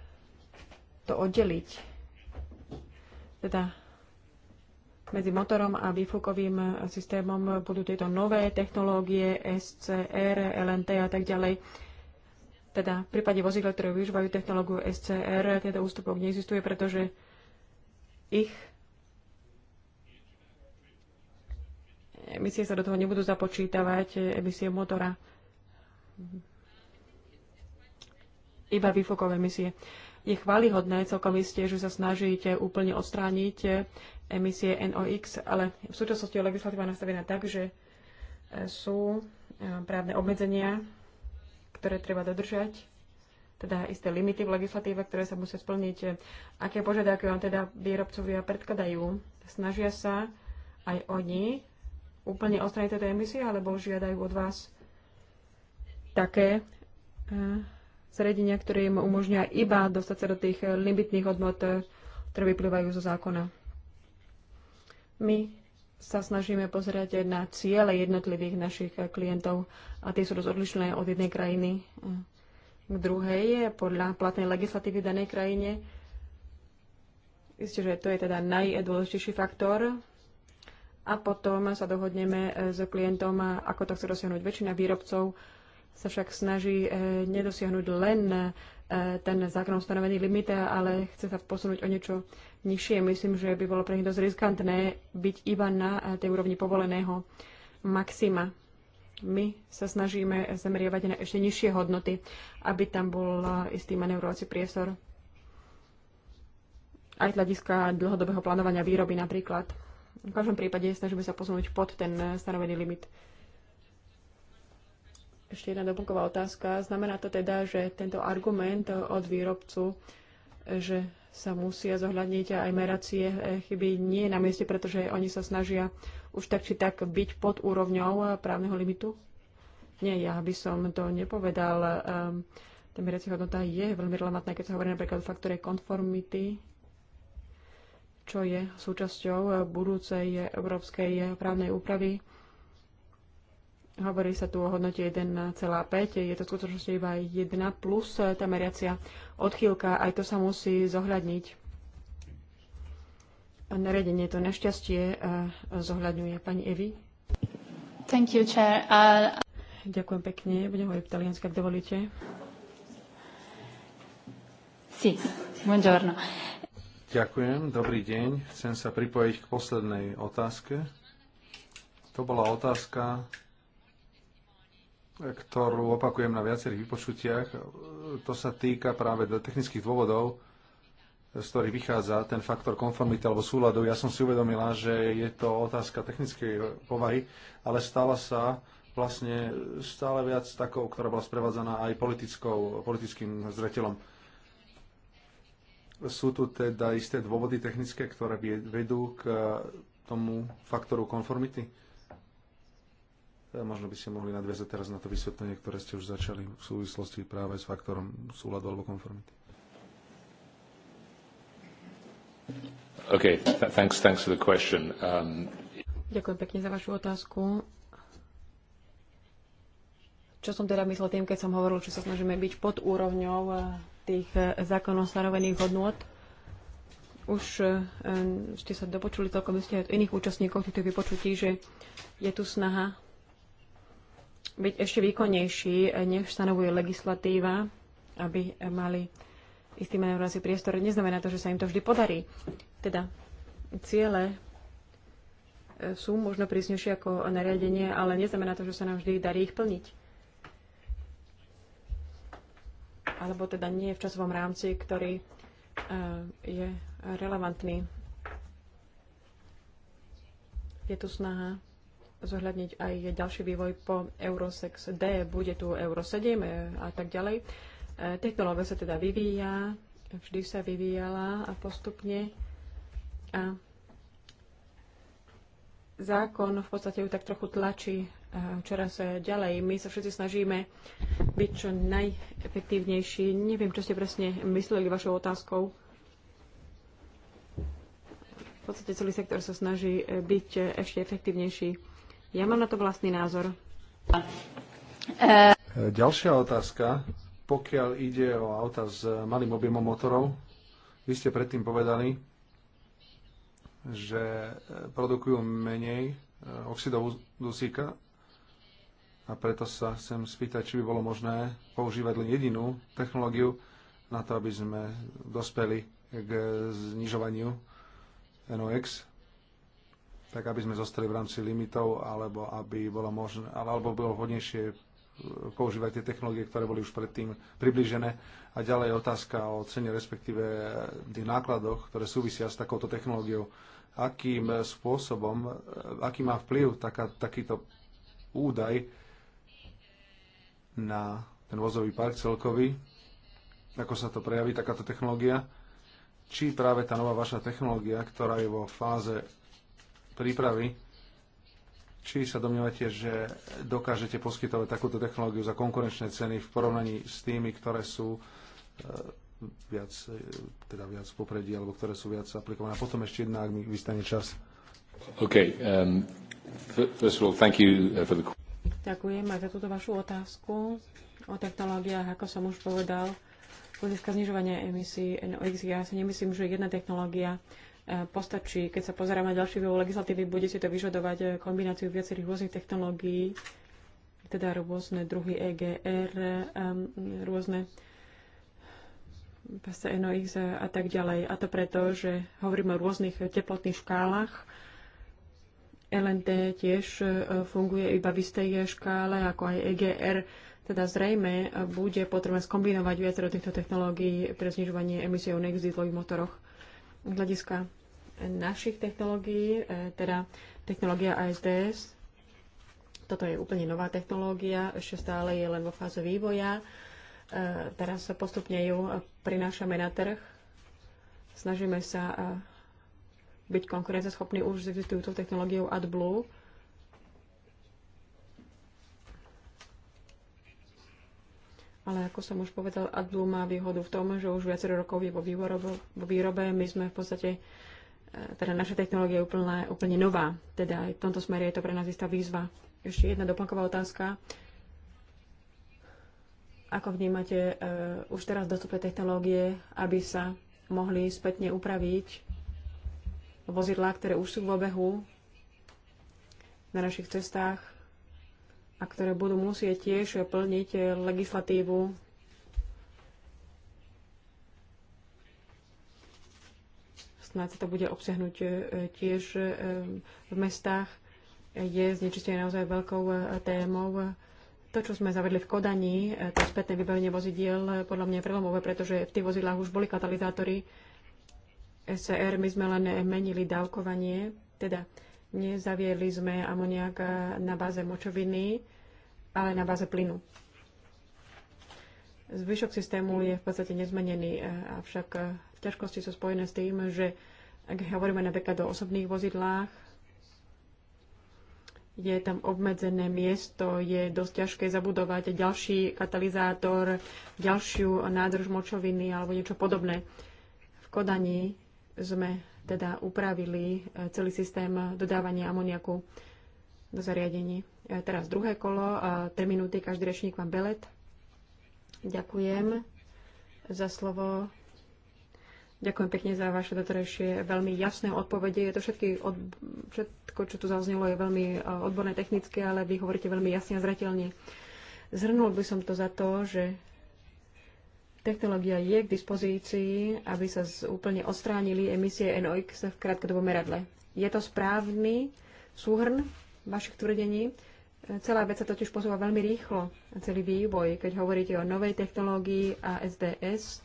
to oddeliť teda medzi motorom a výfukovým systémom budú tieto nové technológie, SCR, LNT a tak ďalej. Teda v prípade vozidla, ktoré využívajú technológiu SCR, teda ústupok neexistuje, pretože ich emisie sa do toho nebudú započítavať, emisie motora. Iba výfukové emisie. Je chválihodné celkom isté, že sa snažíte úplne odstrániť emisie NOx, ale v súčasnosti je legislatíva nastavená tak, že e, sú e, právne obmedzenia, ktoré treba dodržať, teda isté limity v legislatíve, ktoré sa musia splniť. Aké požiadavky vám teda výrobcovia predkladajú? Snažia sa aj oni úplne odstrániť tieto emisie, alebo žiadajú od vás také e, zariadenia, ktoré im umožňuje iba dostať sa do tých limitných hodnot, ktoré vyplývajú zo zákona. My sa snažíme pozerať na ciele jednotlivých našich klientov a tie sú dosť odlišné od jednej krajiny k druhej podľa platnej legislatívy v danej krajine. Isté, že to je teda najdôležitejší faktor. A potom sa dohodneme s klientom, ako to chce dosiahnuť väčšina výrobcov sa však snaží eh, nedosiahnuť len eh, ten zákon stanovený limit, ale chce sa posunúť o niečo nižšie. Myslím, že by bolo pre nich dosť riskantné byť iba na eh, tej úrovni povoleného maxima. My sa snažíme zameriavať na ešte nižšie hodnoty, aby tam bol istý manevrovací priestor. Aj hľadiska dlhodobého plánovania výroby napríklad. V každom prípade snažíme sa posunúť pod ten stanovený limit. Ešte jedna doplnková otázka. Znamená to teda, že tento argument od výrobcu, že sa musia zohľadniť aj meracie e, chyby, nie je na mieste, pretože oni sa snažia už tak či tak byť pod úrovňou právneho limitu? Nie, ja by som to nepovedal. Ehm, tá meracia hodnota je veľmi relevantná, keď sa hovorí napríklad o faktore konformity, čo je súčasťou budúcej európskej právnej úpravy Hovorí sa tu o hodnote 1,5, je to skutočne iba 1 plus eh, tá meriacia odchýlka, aj to sa musí zohľadniť. Naredenie to nešťastie eh, zohľadňuje pani Evi. Thank you, chair. Uh... Ďakujem pekne, budem hovoriť po ak dovolíte. Sí, buongiorno. Ďakujem, dobrý deň. Chcem sa pripojiť k poslednej otázke. To bola otázka ktorú opakujem na viacerých vypočutiach. To sa týka práve do technických dôvodov, z ktorých vychádza ten faktor konformity alebo súladu. Ja som si uvedomila, že je to otázka technickej povahy, ale stala sa vlastne stále viac takou, ktorá bola sprevádzaná aj politickou, politickým zretelom. Sú tu teda isté dôvody technické, ktoré vedú k tomu faktoru konformity? E, možno by ste mohli nadviazať teraz na to vysvetlenie, ktoré ste už začali v súvislosti práve s faktorom súladu alebo konformity. thanks, thanks for the question. Um... Ďakujem pekne za vašu otázku. Čo som teda myslel tým, keď som hovoril, že sa snažíme byť pod úrovňou e, tých e, zákonov stanovených hodnôt? už ste sa dopočuli celkom ste od iných účastníkov týchto vypočutí, že je tu snaha byť ešte výkonnejší, než stanovuje legislatíva, aby mali istý manevrovací priestor. Neznamená to, že sa im to vždy podarí. Teda ciele e, sú možno prísnejšie ako nariadenie, ale neznamená to, že sa nám vždy darí ich plniť. Alebo teda nie v časovom rámci, ktorý e, je relevantný. Je tu snaha zohľadniť aj ďalší vývoj po Eurosex D, bude tu Euro 7 e, a tak ďalej. E, Technológia sa teda vyvíja, vždy sa vyvíjala a postupne a zákon v podstate ju tak trochu tlačí e, čoraz ďalej. My sa všetci snažíme byť čo najefektívnejší. Neviem, čo ste presne mysleli vašou otázkou. V podstate celý sektor sa snaží byť ešte efektívnejší. Ja mám na to vlastný názor. E, ďalšia otázka, pokiaľ ide o auta s malým objemom motorov, vy ste predtým povedali, že e, produkujú menej e, oxidov dusíka a preto sa chcem spýtať, či by bolo možné používať len jedinú technológiu na to, aby sme dospeli k znižovaniu NOx tak aby sme zostali v rámci limitov, alebo aby bolo možné, alebo bolo hodnejšie eh, používať tie technológie, ktoré boli už predtým približené. A ďalej je otázka o cene, respektíve eh, tých nákladoch, ktoré súvisia s takouto technológiou. Akým eh, spôsobom, aký má vplyv taká, takýto údaj na ten vozový park celkový, ako sa to prejaví takáto technológia, či práve tá nová vaša technológia, ktorá je vo fáze prípravy, či sa domnievate, že dokážete poskytovať takúto technológiu za konkurenčné ceny v porovnaní s tými, ktoré sú e, viac, e, teda viac v popredí, alebo ktoré sú viac aplikované. A potom ešte jedna, ak mi vystane čas. OK. Um, first of all, thank you uh, for the... Ďakujem aj za túto vašu otázku o technológiách, ako som už povedal. Z hľadiska znižovania emisí NOx ja si nemyslím, že jedna technológia Eh, postačí. Keď sa pozeráme na ďalší vývoj legislatívy, bude si to vyžadovať eh, kombináciu viacerých rôznych technológií, teda rôzne druhy EGR, rôzne NOX a tak ďalej. A to preto, že hovoríme o rôznych teplotných škálach. LNT tiež eh, funguje iba v istej škále, ako aj EGR. Teda zrejme bude potrebné skombinovať viacero týchto technológií pre znižovanie emisie v dýzlových motoroch. Z hľadiska našich technológií, e, teda technológia ASDS. Toto je úplne nová technológia, ešte stále je len vo fáze vývoja. E, teraz sa postupne ju prinášame na trh. Snažíme sa e, byť konkurenceschopní už s existujúcou technológiou AdBlue ale ako som už povedal, Adlu má výhodu v tom, že už viacero rokov je vo, výrobe, vo výrobe. My sme v podstate, e, teda naša technológia je úplne, úplne nová. Teda aj v tomto smere je to pre nás istá výzva. Ešte jedna doplnková otázka. Ako vnímate uh, už teraz dostupné technológie, aby sa mohli spätne upraviť vozidlá, ktoré už sú v obehu na našich cestách, a ktoré budú musieť tiež plniť legislatívu snáď to bude obsiahnuť e, tiež e, v mestách, je znečistenie naozaj veľkou e, témou. To, čo sme zavedli v Kodani, to spätné vybavenie vozidiel, podľa mňa je prelomové, pretože v tých vozidlách už boli katalizátory SCR, my sme len menili dávkovanie, teda Nezaviedli sme amoniak eh, na báze močoviny, ale na báze plynu. Zvyšok systému je v podstate nezmenený, eh, avšak v eh, ťažkosti sú spojené s tým, že ak hovoríme napríklad o osobných vozidlách, je tam obmedzené miesto, je dosť ťažké zabudovať ďalší katalizátor, ďalšiu nádrž močoviny alebo niečo podobné. V Kodani sme teda upravili e, celý systém dodávania amoniaku do zariadení. E, teraz druhé kolo, e, tri minúty, každý rečník vám belet. Ďakujem za slovo. Ďakujem pekne za vaše doterajšie veľmi jasné odpovede. Je to všetky od, všetko, čo tu zaznelo, je veľmi odborné, technické, ale vy hovoríte veľmi jasne a zretelne. Zhrnul by som to za to, že Technológia je k dispozícii, aby sa úplne odstránili emisie NOx v krátkodobom meradle. Je to správny súhrn vašich tvrdení? Celá vec sa totiž posúva veľmi rýchlo, celý vývoj, keď hovoríte o novej technológii a SDS.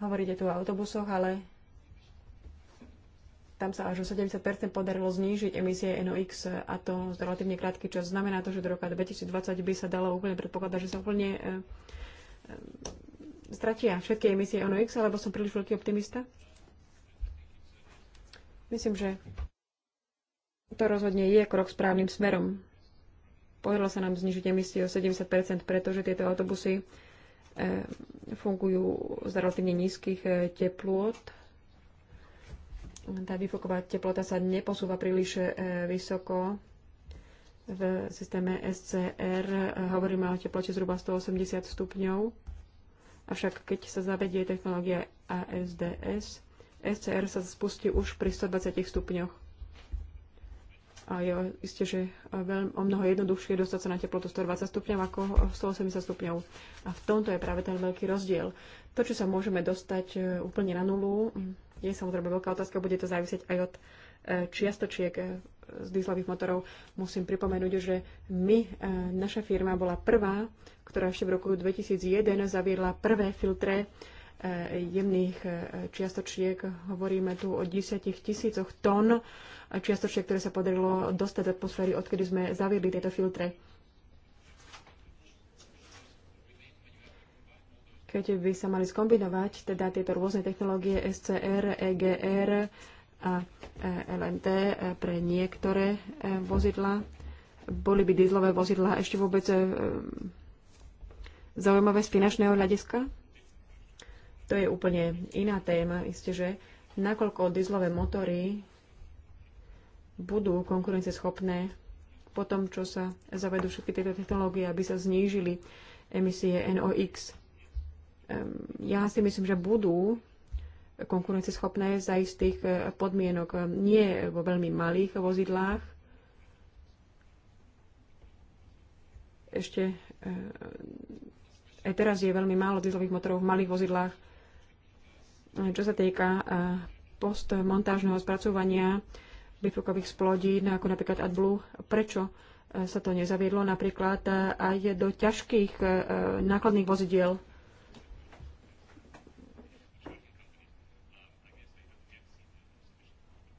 Hovoríte tu o autobusoch, ale tam sa až o 70 podarilo znížiť emisie NOx a to z relatívne krátky čas. Znamená to, že do roka 2020 by sa dalo úplne predpokladať, že sa úplne e, e, stratia všetky emisie NOx, alebo som príliš veľký optimista? Myslím, že to rozhodne je krok správnym smerom. Podarilo sa nám znižiť emisie o 70 pretože tieto autobusy e, fungujú z relatívne nízkych e, teplôt tá výfoková teplota sa neposúva príliš e, vysoko v systéme SCR. E, hovoríme o teplote zhruba 180 stupňov. Avšak keď sa zavedie technológia ASDS, SCR sa spustí už pri 120 stupňoch. A je isté, že veľmi, o mnoho jednoduchšie dostať sa na teplotu 120 stupňov ako 180 stupňov. A v tomto je práve ten veľký rozdiel. To, čo sa môžeme dostať e, úplne na nulu, je samozrejme veľká otázka, bude to závisieť aj od e, čiastočiek e, z dýzlových motorov. Musím pripomenúť, že my, e, naša firma bola prvá, ktorá ešte v roku 2001 zaviedla prvé filtre jemných čiastočiek. Hovoríme tu o 10 tisícoch tón čiastočiek, ktoré sa podarilo dostať do atmosféry, odkedy sme zaviedli tieto filtre. keď by sa mali skombinovať teda tieto rôzne technológie SCR, EGR a e, LNT e, pre niektoré e, vozidla. Boli by dieslové vozidla ešte vôbec zaujímavé z finančného hľadiska? To je úplne iná téma, isté, že nakoľko dieslové motory budú konkurenceschopné po tom, čo sa zavedú všetky tieto technológie, aby sa znížili emisie NOx ja si myslím, že budú schopné za istých eh, podmienok. Eh, nie vo veľmi malých vozidlách. Ešte eh, aj teraz je veľmi málo dieselových motorov v malých vozidlách. Čo sa týka postmontážneho spracovania bifukových splodín, no ako napríklad AdBlue, prečo sa to nezaviedlo napríklad aj do ťažkých nákladných vozidiel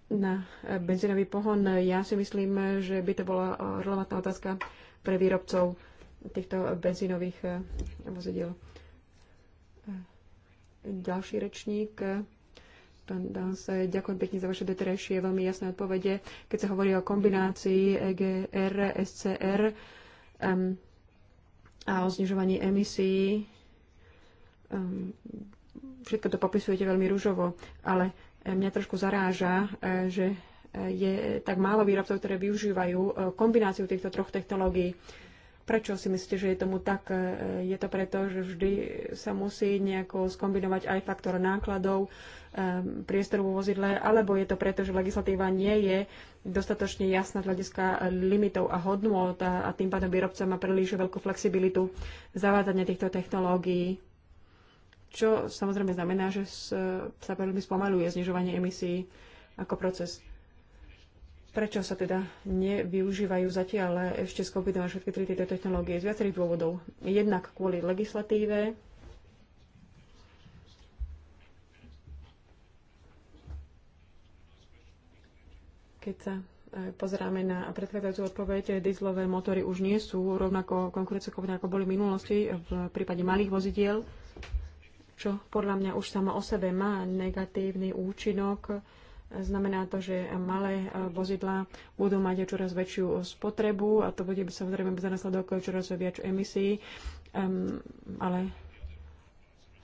na benzínový pohon. Ja si myslím, že by to bola relevantná otázka pre výrobcov týchto benzínových eh, vozidiel. Eh, ďalší rečník. Pán Danse, ďakujem pekne za vaše doterajšie veľmi jasné odpovede. Keď sa hovorí o kombinácii EGR, SCR um, a o znižovaní emisí, um, všetko to popisujete veľmi rúžovo, ale E, mňa trošku zaráža, e, že e, je tak málo výrobcov, ktoré využívajú kombináciu týchto troch technológií. Prečo si myslíte, že je tomu tak? Je to preto, že vždy sa musí nejako skombinovať aj faktor nákladov, priestoru vo vozidle, alebo je to preto, že legislatíva nie je dostatočne jasná z hľadiska limitov a hodnôt a, a tým pádom výrobca má príliš veľkú flexibilitu zavádzania týchto technológií čo samozrejme znamená, že e, sa veľmi spomaluje znižovanie emisí ako proces. Prečo sa teda nevyužívajú zatiaľ ešte skombinované všetky tri tieto technológie? Z viacerých dôvodov. Jednak kvôli legislatíve, keď sa e, pozeráme na predchádzajúcu odpoveď, e, dieselové motory už nie sú rovnako konkurenceschopné, ako boli v minulosti v prípade malých vozidiel čo podľa mňa už samo o sebe má negatívny účinok. Znamená to, že malé eh, vozidlá budú mať čoraz väčšiu eh, spotrebu a to bude samozrejme za následok čoraz viac emisí, um, ale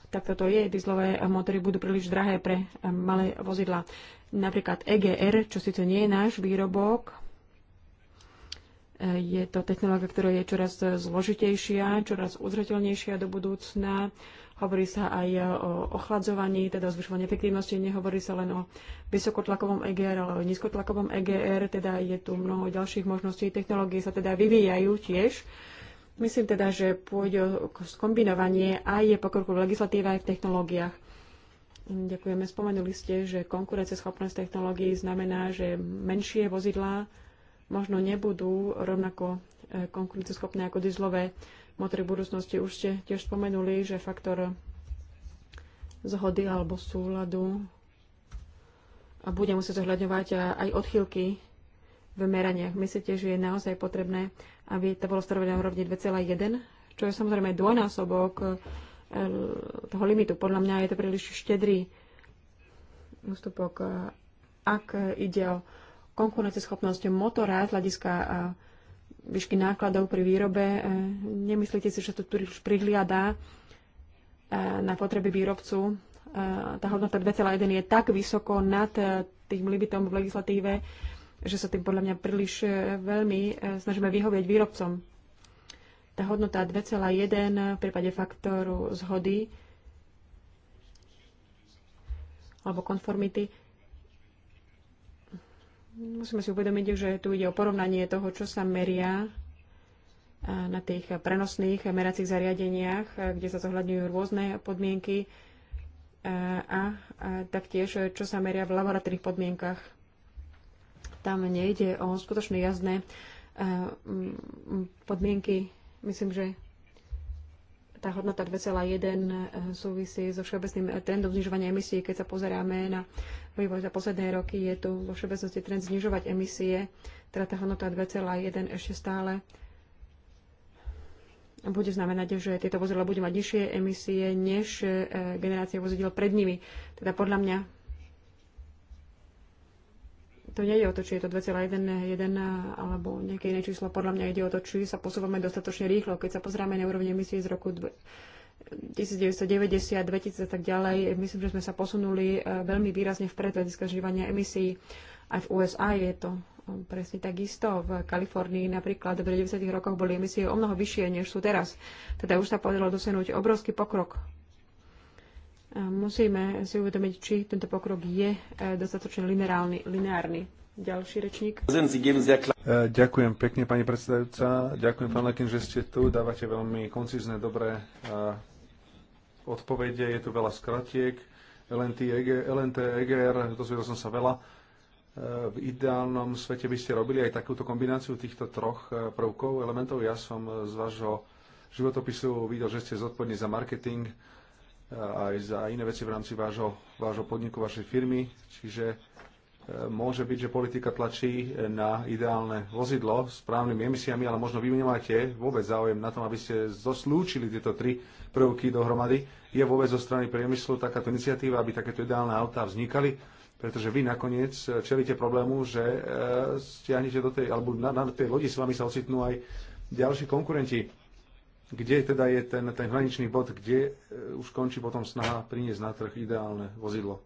takto to je. Dizlové eh, motory budú príliš drahé pre malé vozidlá. Napríklad EGR, čo síce nie je náš výrobok, je to technológia, ktorá je čoraz zložitejšia, čoraz uzrateľnejšia do budúcna. Hovorí sa aj o ochladzovaní, teda o zvyšovaní efektívnosti. Nehovorí sa len o vysokotlakovom EGR, ale o nízkotlakovom EGR. Teda je tu mnoho ďalších možností. Technológie sa teda vyvíjajú tiež. Myslím teda, že pôjde o skombinovanie aj pokroku v legislatíve, aj v technológiách. Ďakujeme. Spomenuli ste, že konkurenceschopnosť technológií znamená, že menšie vozidlá možno nebudú rovnako e, konkurenceschopné ako dizlové motory budúcnosti. Už ste tiež spomenuli, že faktor zhody alebo súladu a bude musieť zohľadňovať aj odchýlky v meraniach. Myslíte, že je naozaj potrebné, aby to bolo stanovené na úrovni 2,1, čo je samozrejme dvojnásobok eh, toho limitu. Podľa mňa je to príliš štedrý ústupok. Eh, ak ide o konkurenceschopnosť motora z hľadiska eh, výšky nákladov pri výrobe. E, nemyslíte si, že to príliš prihliadá e, na potreby výrobcu. E, tá hodnota 2,1 je tak vysoko nad tým limitom v legislatíve, že sa tým podľa mňa príliš veľmi snažíme vyhovieť výrobcom. Tá hodnota 2,1 v prípade faktoru zhody alebo konformity Musíme si uvedomiť, že tu ide o porovnanie toho, čo sa meria na tých prenosných meracích zariadeniach, kde sa zohľadňujú rôzne podmienky a, a taktiež, čo sa meria v laboratórnych podmienkach. Tam nejde o skutočne jazdné podmienky. Myslím, že tá hodnota 2,1 e, súvisí so všeobecným e, trendom znižovania emisí. Keď sa pozeráme na vývoj za posledné roky, je tu vo všeobecnosti trend znižovať emisie, teda tá hodnota 2,1 ešte stále bude znamenať, že tieto vozidla budú mať nižšie emisie než e, generácie vozidel pred nimi. Teda podľa mňa to nie je o to, či je to 2,1 alebo nejaké iné číslo. Podľa mňa ide o to, či sa posúvame dostatočne rýchlo. Keď sa pozrieme na úrovni emisí z roku 1990, 2000 a tak ďalej, myslím, že sme sa posunuli eh, veľmi výrazne vpred hľadiska zžívania emisí. Aj v USA je to eh, presne takisto. V Kalifornii napríklad v 90. rokoch boli emisie o mnoho vyššie, než sú teraz. Teda už sa podarilo dosiahnuť obrovský pokrok Musíme si uvedomiť, či tento pokrok je e, dostatočne lineárny. lineárny. Ďalší rečník. E, ďakujem pekne, pani predsedajúca. Ďakujem, pán Lekin, že ste tu. Dávate veľmi koncizné, dobré e, odpovede. Je tu veľa skratiek. LNT, LNT, EGR, dozvedel som sa veľa. V ideálnom svete by ste robili aj takúto kombináciu týchto troch prvkov, elementov. Ja som z vášho životopisu videl, že ste zodpovední za marketing, aj za iné veci v rámci vášho, vášho podniku, vašej firmy. Čiže e, môže byť, že politika tlačí e, na ideálne vozidlo s právnymi emisiami, ale možno vy nemáte vôbec záujem na tom, aby ste zoslúčili tieto tri prvky dohromady. Je vôbec zo strany priemyslu takáto iniciatíva, aby takéto ideálne autá vznikali? Pretože vy nakoniec e, čelíte problému, že stiahnete do tej, alebo na, na tej lodi s vami sa ocitnú aj ďalší konkurenti kde teda je ten, ten hraničný bod, kde e, už končí potom snaha priniesť na trh ideálne vozidlo.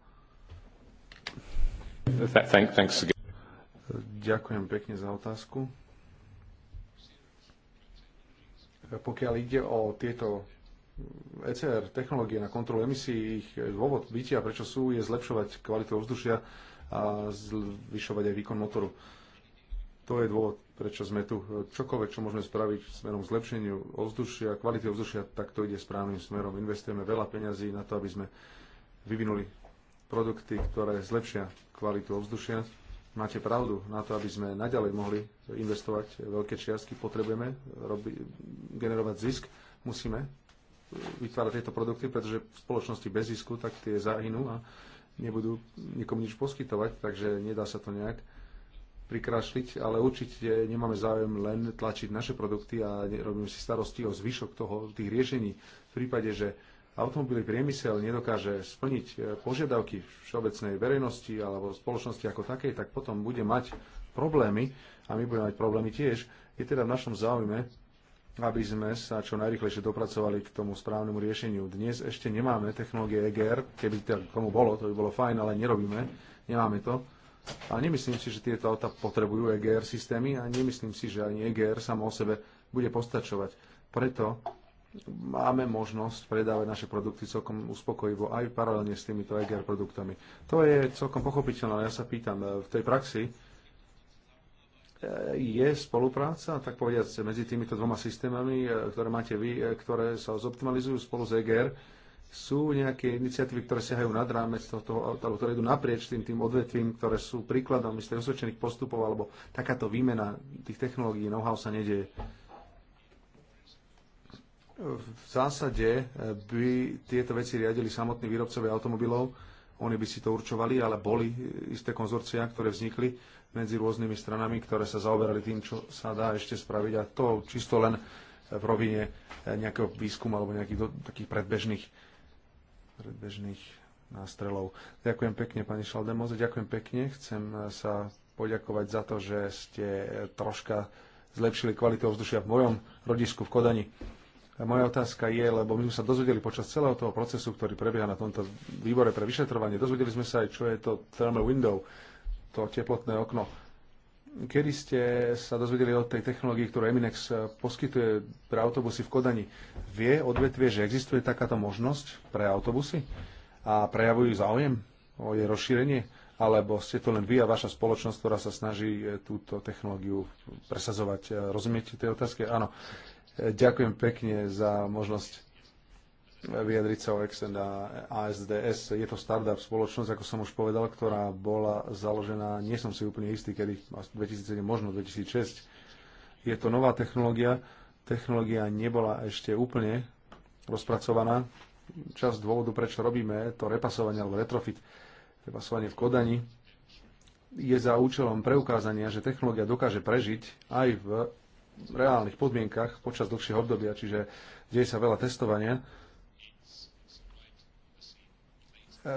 Thank, thanks again. Ďakujem pekne za otázku. Pokiaľ ide o tieto ECR technológie na kontrolu emisí, ich dôvod bytia, prečo sú, je zlepšovať kvalitu ovzdušia a zvyšovať aj výkon motoru. To je dôvod, prečo sme tu. Čokoľvek, čo môžeme spraviť smerom k zlepšeniu ovzdušia, kvality ovzdušia, tak to ide správnym smerom. Investujeme veľa peňazí na to, aby sme vyvinuli produkty, ktoré zlepšia kvalitu ovzdušia. Máte pravdu, na to, aby sme naďalej mohli investovať veľké čiastky, potrebujeme robi, generovať zisk, musíme vytvárať tieto produkty, pretože v spoločnosti bez zisku, tak tie zahynú a nebudú nikomu nič poskytovať, takže nedá sa to nejak prikrašliť, ale určite nemáme záujem len tlačiť naše produkty a robíme si starosti o zvyšok toho, tých riešení. V prípade, že automobilový priemysel nedokáže splniť e, požiadavky všeobecnej verejnosti alebo spoločnosti ako takej, tak potom bude mať problémy a my budeme mať problémy tiež. Je teda v našom záujme, aby sme sa čo najrychlejšie dopracovali k tomu správnemu riešeniu. Dnes ešte nemáme technológie EGR, keby to tomu bolo, to by bolo fajn, ale nerobíme, nemáme to a nemyslím si, že tieto auta potrebujú EGR systémy a nemyslím si, že ani EGR samo o sebe bude postačovať. Preto máme možnosť predávať naše produkty celkom uspokojivo aj paralelne s týmito EGR produktami. To je celkom pochopiteľné. Ja sa pýtam, e, v tej praxi e, je spolupráca, tak povediať, medzi týmito dvoma systémami, e, ktoré máte vy, ktoré sa zoptimalizujú spolu s EGR, sú nejaké iniciatívy, ktoré siahajú nad rámec toho, alebo ktoré idú naprieč tým, tým odvetvím, ktoré sú príkladom z osvedčených postupov, alebo takáto výmena tých technológií, know-how sa nedieje v zásade by tieto veci riadili samotní výrobcovia automobilov. Oni by si to určovali, ale boli isté konzorcia, ktoré vznikli medzi rôznymi stranami, ktoré sa zaoberali tým, čo sa dá ešte spraviť. A to čisto len v rovine nejakého výskumu alebo nejakých do, takých predbežných predbežných nástrelov. Ďakujem pekne, pani Šaldemoze, ďakujem pekne. Chcem eh, sa poďakovať za to, že ste eh, troška zlepšili kvalitu ovzdušia v mojom rodisku v Kodani. A moja otázka je, lebo my sme sa dozvedeli počas celého toho procesu, ktorý prebieha na tomto výbore pre vyšetrovanie, dozvedeli sme sa aj, čo je to thermal window, to teplotné okno. Kedy ste sa dozvedeli o tej technológii, ktorú Eminex eh, poskytuje pre autobusy v Kodani? Vie odvetvie, že existuje takáto možnosť pre autobusy a prejavujú záujem o jej rozšírenie? Alebo ste to len vy a vaša spoločnosť, ktorá sa snaží eh, túto technológiu presazovať? Eh, rozumiete tej otázke? Áno. Ďakujem pekne za možnosť vyjadriť sa o Extend a ASDS. Je to startup spoločnosť, ako som už povedal, ktorá bola založená, nie som si úplne istý, kedy, 2007, možno 2006. Je to nová technológia, technológia nebola ešte úplne rozpracovaná. Čas dôvodu, prečo robíme to repasovanie alebo retrofit, repasovanie v Kodani, je za účelom preukázania, že technológia dokáže prežiť aj v reálnych podmienkach počas dlhšieho obdobia, čiže deje sa veľa testovania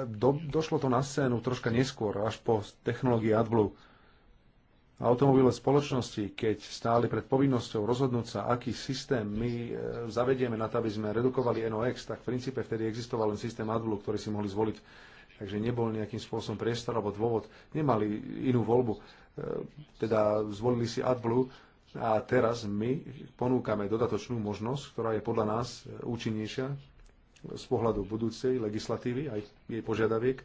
do, došlo to na scénu troška neskôr, až po technológii AdBlue. Automobile spoločnosti, keď stáli pred povinnosťou rozhodnúť sa, aký systém my e, zavedieme na to, aby sme redukovali NOx, tak v princípe vtedy existoval len systém AdBlue, ktorý si mohli zvoliť. Takže nebol nejakým spôsobom priestor alebo dôvod. Nemali inú voľbu. E, teda zvolili si AdBlue a teraz my ponúkame dodatočnú možnosť, ktorá je podľa nás e, účinnejšia, z pohľadu budúcej legislatívy, aj jej požiadaviek,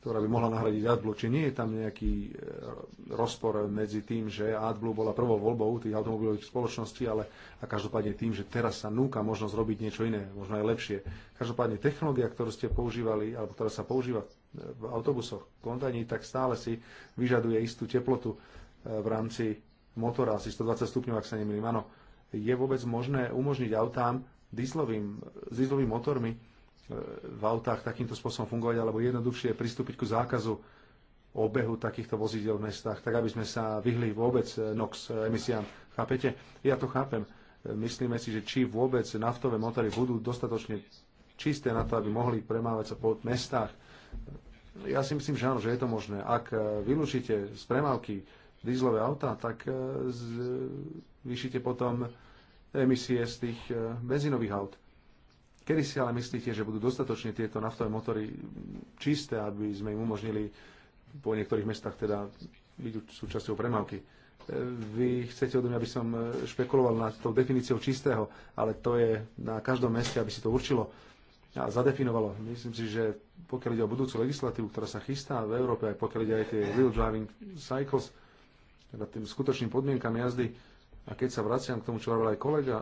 ktorá by mohla nahradiť AdBlue. Či nie je tam nejaký e, rozpor medzi tým, že AdBlue bola prvou voľbou tých automobilových spoločností, ale a každopádne tým, že teraz sa núka možnosť robiť niečo iné, možno aj lepšie. Každopádne technológia, ktorú ste používali, alebo ktorá sa používa e, v autobusoch, v tak stále si vyžaduje istú teplotu e, v rámci motora, asi 120 stupňov, ak sa nemýlim. Áno, je vôbec možné umožniť autám dieslovým, s dieslovými motormi e, v autách takýmto spôsobom fungovať, alebo jednoduchšie pristúpiť ku zákazu obehu takýchto vozidel v mestách, tak aby sme sa vyhli vôbec e, NOx e, emisiám. Chápete? Ja to chápem. Myslíme si, že či vôbec naftové motory budú dostatočne čisté na to, aby mohli premávať sa po mestách. Ja si myslím, že áno, že je to možné. Ak vylúčite z premávky dízlové auta, tak zvýšite potom emisie z tých e, benzínových aut. Kedy si ale myslíte, že budú dostatočne tieto naftové motory čisté, aby sme im umožnili po niektorých mestách teda byť súčasťou premávky? E, vy chcete od mňa, aby som e, špekuloval nad tou definíciou čistého, ale to je na každom meste, aby si to určilo a zadefinovalo. Myslím si, že pokiaľ ide o budúcu legislatívu, ktorá sa chystá v Európe, aj pokiaľ ide aj tie real driving cycles, teda tým skutočným podmienkam jazdy, a keď sa vraciam k tomu, čo hovoril aj kolega,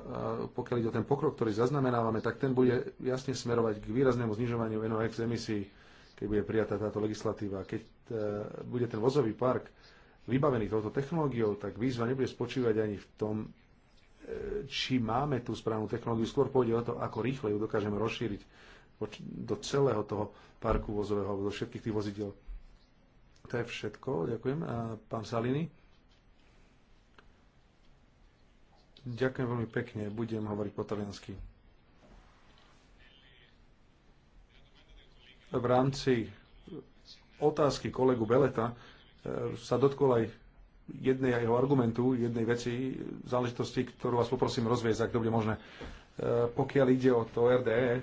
pokiaľ ide o ten pokrok, ktorý zaznamenávame, tak ten bude jasne smerovať k výraznému znižovaniu NOx emisí, keď bude prijatá táto legislatíva. Keď e, bude ten vozový park vybavený touto technológiou, tak výzva nebude spočívať ani v tom, e, či máme tú správnu technológiu. Skôr pôjde o to, ako rýchle ju dokážeme rozšíriť do celého toho parku vozového, do všetkých tých vozidel. To je všetko. Ďakujem. pán Salini? Ďakujem veľmi pekne, budem hovoriť po taliansky. V rámci otázky kolegu Beleta e, sa dotkol aj jednej jeho argumentu, jednej veci, záležitosti, ktorú vás poprosím rozviezť, ak to bude možné. E, pokiaľ ide o to RDE, e,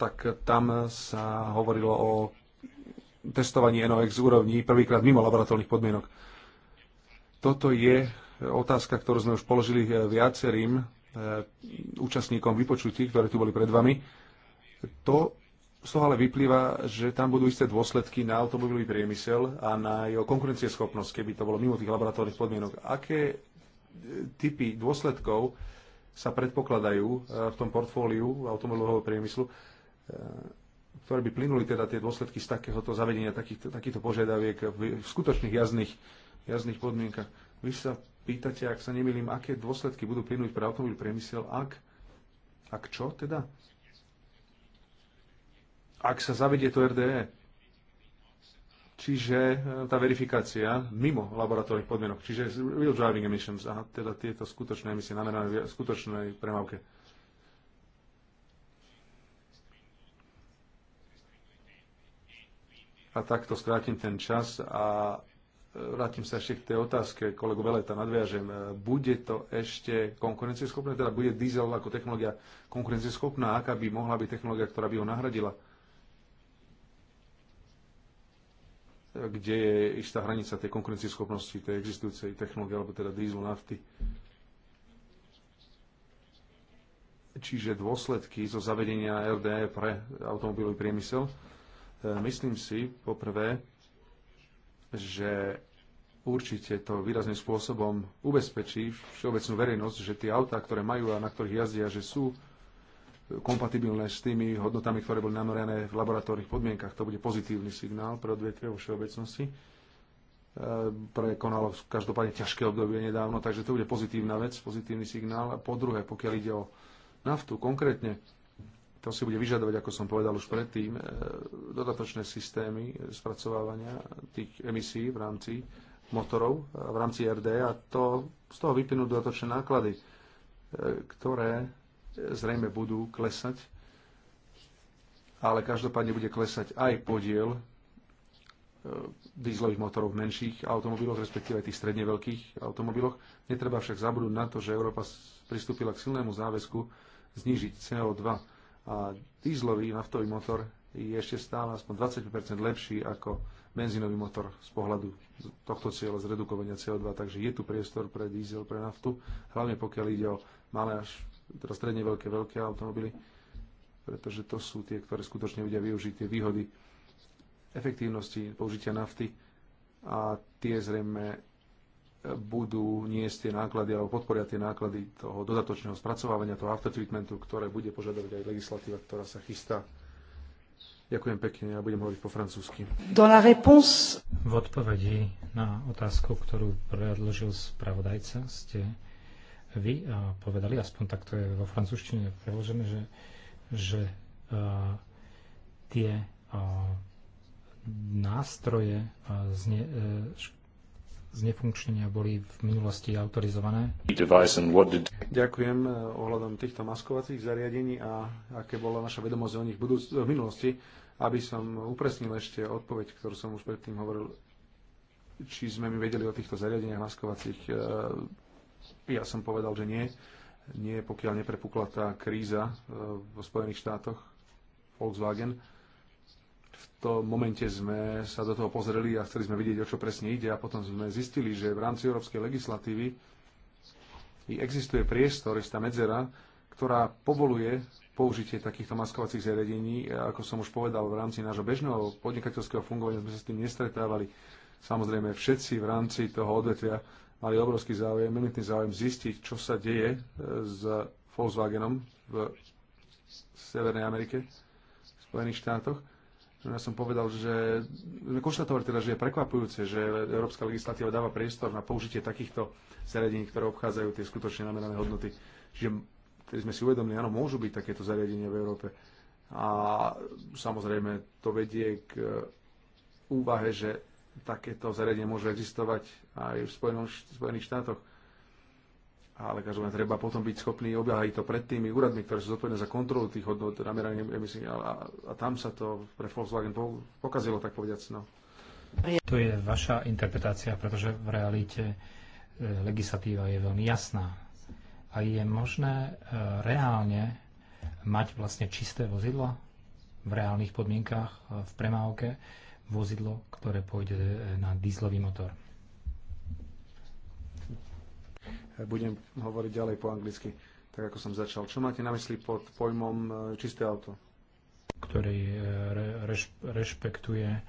tak tam sa hovorilo o testovaní NOx úrovní prvýkrát mimo laboratórnych podmienok. Toto je otázka, ktorú sme už položili eh, viacerým eh, účastníkom vypočutí, ktoré tu boli pred vami. To z toho ale vyplýva, že tam budú isté dôsledky na automobilový priemysel a na jeho konkurencieschopnosť, keby to bolo mimo tých laboratórnych podmienok. Aké eh, typy dôsledkov sa predpokladajú v tom portfóliu automobilového priemyslu, ktoré by plynuli teda tie dôsledky z takéhoto zavedenia, takýchto, takýchto požiadaviek v skutočných jazdných, jazdných podmienkach? Vy sa pýtate, ak sa nemýlim, aké dôsledky budú plynúť pre automobil priemysel, ak, ak čo teda? Ak sa zavedie to RDE. Čiže e, tá verifikácia mimo laboratórnych podmienok, čiže real driving emissions, a teda tieto skutočné emisie namerané v skutočnej premávke. A takto skrátim ten čas a vrátim sa ešte k tej otázke, kolegu Veleta nadviažem. Bude to ešte konkurencieschopné, teda bude diesel ako technológia konkurencieschopná, aká by mohla byť technológia, ktorá by ho nahradila? Kde je istá hranica tej konkurencieschopnosti tej existujúcej technológie, alebo teda diesel nafty? Čiže dôsledky zo zavedenia RDE pre automobilový priemysel. E, myslím si, poprvé, že určite to výrazným spôsobom ubezpečí všeobecnú verejnosť, že tie autá, ktoré majú a na ktorých jazdia, že sú kompatibilné s tými hodnotami, ktoré boli namorané v laboratórnych podmienkach. To bude pozitívny signál pre odvetvie vo všeobecnosti. E, prekonalo každopádne ťažké obdobie nedávno, takže to bude pozitívna vec, pozitívny signál. A po druhé, pokiaľ ide o naftu konkrétne, to si bude vyžadovať, ako som povedal už predtým, e, dodatočné systémy spracovávania tých emisí v rámci motorov, e, v rámci RD a to, z toho vypinú dodatočné náklady, e, ktoré zrejme budú klesať, ale každopádne bude klesať aj podiel dízlových motorov v menších automobiloch, respektíve aj tých stredne veľkých automobiloch. Netreba však zabudnúť na to, že Európa pristúpila k silnému záväzku znížiť CO2 a dízlový naftový motor je ešte stále aspoň 20 lepší ako benzínový motor z pohľadu tohto cieľa zredukovania CO2, takže je tu priestor pre diesel, pre naftu, hlavne pokiaľ ide o malé až teda stredne veľké, veľké automobily, pretože to sú tie, ktoré skutočne vedia využiť tie výhody efektívnosti použitia nafty a tie zrejme budú niesť tie náklady alebo podporia tie náklady toho dodatočného spracovávania, toho aftertreatmentu, ktoré bude požadovať aj legislatíva, ktorá sa chystá. Ďakujem pekne, ja budem hovoriť po francúzsky. V odpovedi na otázku, ktorú predložil spravodajca, ste vy povedali, aspoň takto je vo francúzštine preložené, že, že uh, tie uh, nástroje uh, zne, uh, znefunkčnenia boli v minulosti autorizované. Ďakujem eh, ohľadom týchto maskovacích zariadení a aké bola naša vedomosť o nich v minulosti, aby som upresnil ešte odpoveď, ktorú som už predtým hovoril, či sme my vedeli o týchto zariadeniach maskovacích. Eh, ja som povedal, že nie. Nie, pokiaľ neprepukla tá kríza eh, vo Spojených štátoch, Volkswagen v tom momente sme sa do toho pozreli a chceli sme vidieť, o čo presne ide a potom sme zistili, že v rámci európskej legislatívy existuje priestor, istá medzera, ktorá povoluje použitie takýchto maskovacích zariadení. Ako som už povedal, v rámci nášho bežného podnikateľského fungovania sme sa s tým nestretávali. Samozrejme, všetci v rámci toho odvetvia mali obrovský záujem, minutný záujem zistiť, čo sa deje e, s Volkswagenom v Severnej Amerike, v Spojených štátoch ja som povedal, že sme konštatovali teda, že je prekvapujúce, že európska legislatíva dáva priestor na použitie takýchto zariadení, ktoré obchádzajú tie skutočne namerané hodnoty. Čiže tedy sme si uvedomili, áno, môžu byť takéto zariadenia v Európe. A samozrejme to vedie k úvahe, že takéto zariadenie môže existovať aj v Spojených štátoch ale každopádne treba potom byť schopný objahiť to pred tými úradmi, ktoré sú zodpovedné za kontrolu tých hodnot nameraných teda emisí a, a tam sa to pre Volkswagen pokazilo, tak povediac. No. To je vaša interpretácia, pretože v realite e, legislatíva je veľmi jasná. A je možné e, reálne mať vlastne čisté vozidlo v reálnych podmienkách, e, v premávke, vozidlo, ktoré pôjde na dýzlový motor. budem hovoriť ďalej po anglicky, tak ako som začal. Čo máte na mysli pod pojmom e, čisté auto? Ktorý e, rešpektuje e,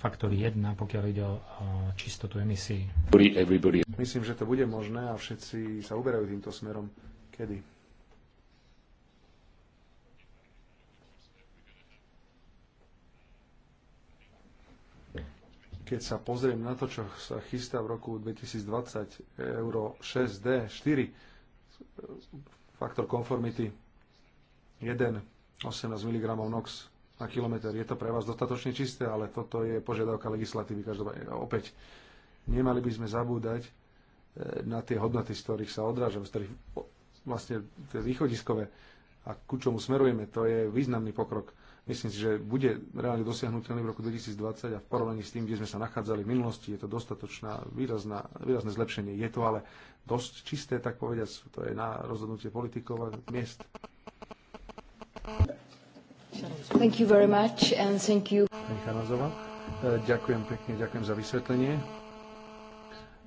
faktor 1, pokiaľ ide o čistotu emisí. Myslím, že to bude možné a všetci sa uberajú týmto smerom. Kedy? keď sa pozriem na to, čo sa chystá v roku 2020 Euro 6D 4, faktor konformity 1, 18 mg NOx na kilometr. Je to pre vás dostatočne čisté, ale toto je požiadavka legislatívy. Každopádne opäť nemali by sme zabúdať eh, na tie hodnoty, z ktorých sa odrážam, z ktorých vlastne tie východiskové a ku čomu smerujeme, to je významný pokrok Myslím si, že bude reálne dosiahnutelný v roku 2020 a v porovnaní s tým, kde sme sa nachádzali v minulosti, je to dostatočná, výrazná, výrazné zlepšenie. Je to ale dosť čisté, tak povediať, to je na rozhodnutie politikov a miest. Thank you very much and thank you. E, ďakujem pekne, ďakujem za vysvetlenie.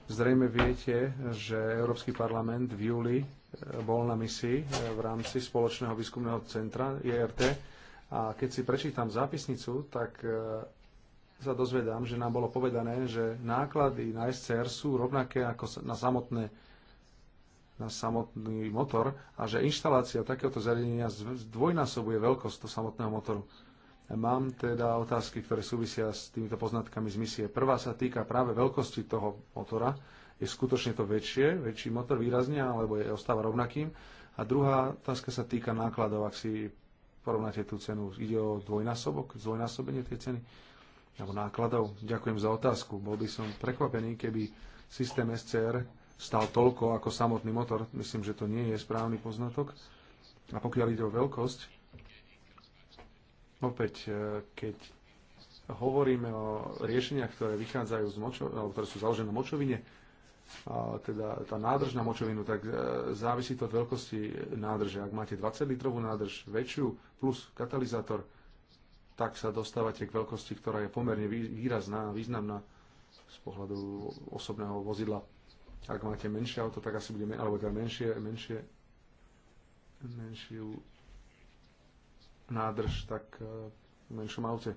Zrejme viete, že Európsky parlament v júli e, bol na misii e, v rámci spoločného výskumného centra IRT a keď si prečítam zápisnicu, tak e, sa dozvedám, že nám bolo povedané, že náklady na SCR sú rovnaké ako na samotné na samotný motor a že inštalácia takéhoto zariadenia zdvojnásobuje veľkosť toho samotného motoru. Mám teda otázky, ktoré súvisia s týmito poznatkami z misie. Prvá sa týka práve veľkosti toho motora. Je skutočne to väčšie, väčší motor výrazne, alebo je ostáva rovnakým. A druhá otázka sa týka nákladov. Ak si porovnáte tú cenu. Ide o dvojnásobok, dvojnásobenie tej ceny alebo nákladov. Ďakujem za otázku. Bol by som prekvapený, keby systém SCR stal toľko ako samotný motor. Myslím, že to nie je správny poznatok. A pokiaľ ide o veľkosť, opäť, e, keď hovoríme o riešeniach, ktoré vychádzajú z močo, alebo ktoré sú založené na močovine, teda tá nádrž na močovinu, tak e, závisí to od veľkosti nádrže. Ak máte 20 litrovú nádrž väčšiu plus katalizátor, tak sa dostávate k veľkosti, ktorá je pomerne výrazná, významná z pohľadu osobného vozidla. Ak máte menšie auto, tak asi bude, alebo teda menšie, menšie, menšiu nádrž, tak e, v menšom aute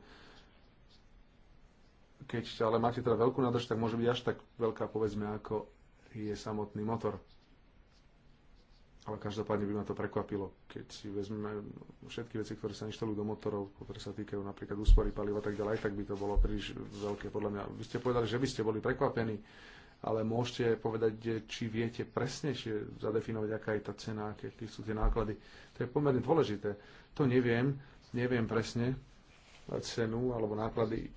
keď ale máte teda veľkú nádrž, tak môže byť až tak veľká, povedzme, ako je samotný motor. Ale každopádne by ma to prekvapilo, keď si vezmeme všetky veci, ktoré sa inštalujú do motorov, ktoré sa týkajú napríklad úspory paliva a tak ďalej, tak by to bolo príliš veľké podľa mňa. Vy ste povedali, že by ste boli prekvapení, ale môžete povedať, či viete presnejšie zadefinovať, aká je tá cena, aké sú tie náklady. To je pomerne dôležité. To neviem, neviem presne cenu alebo náklady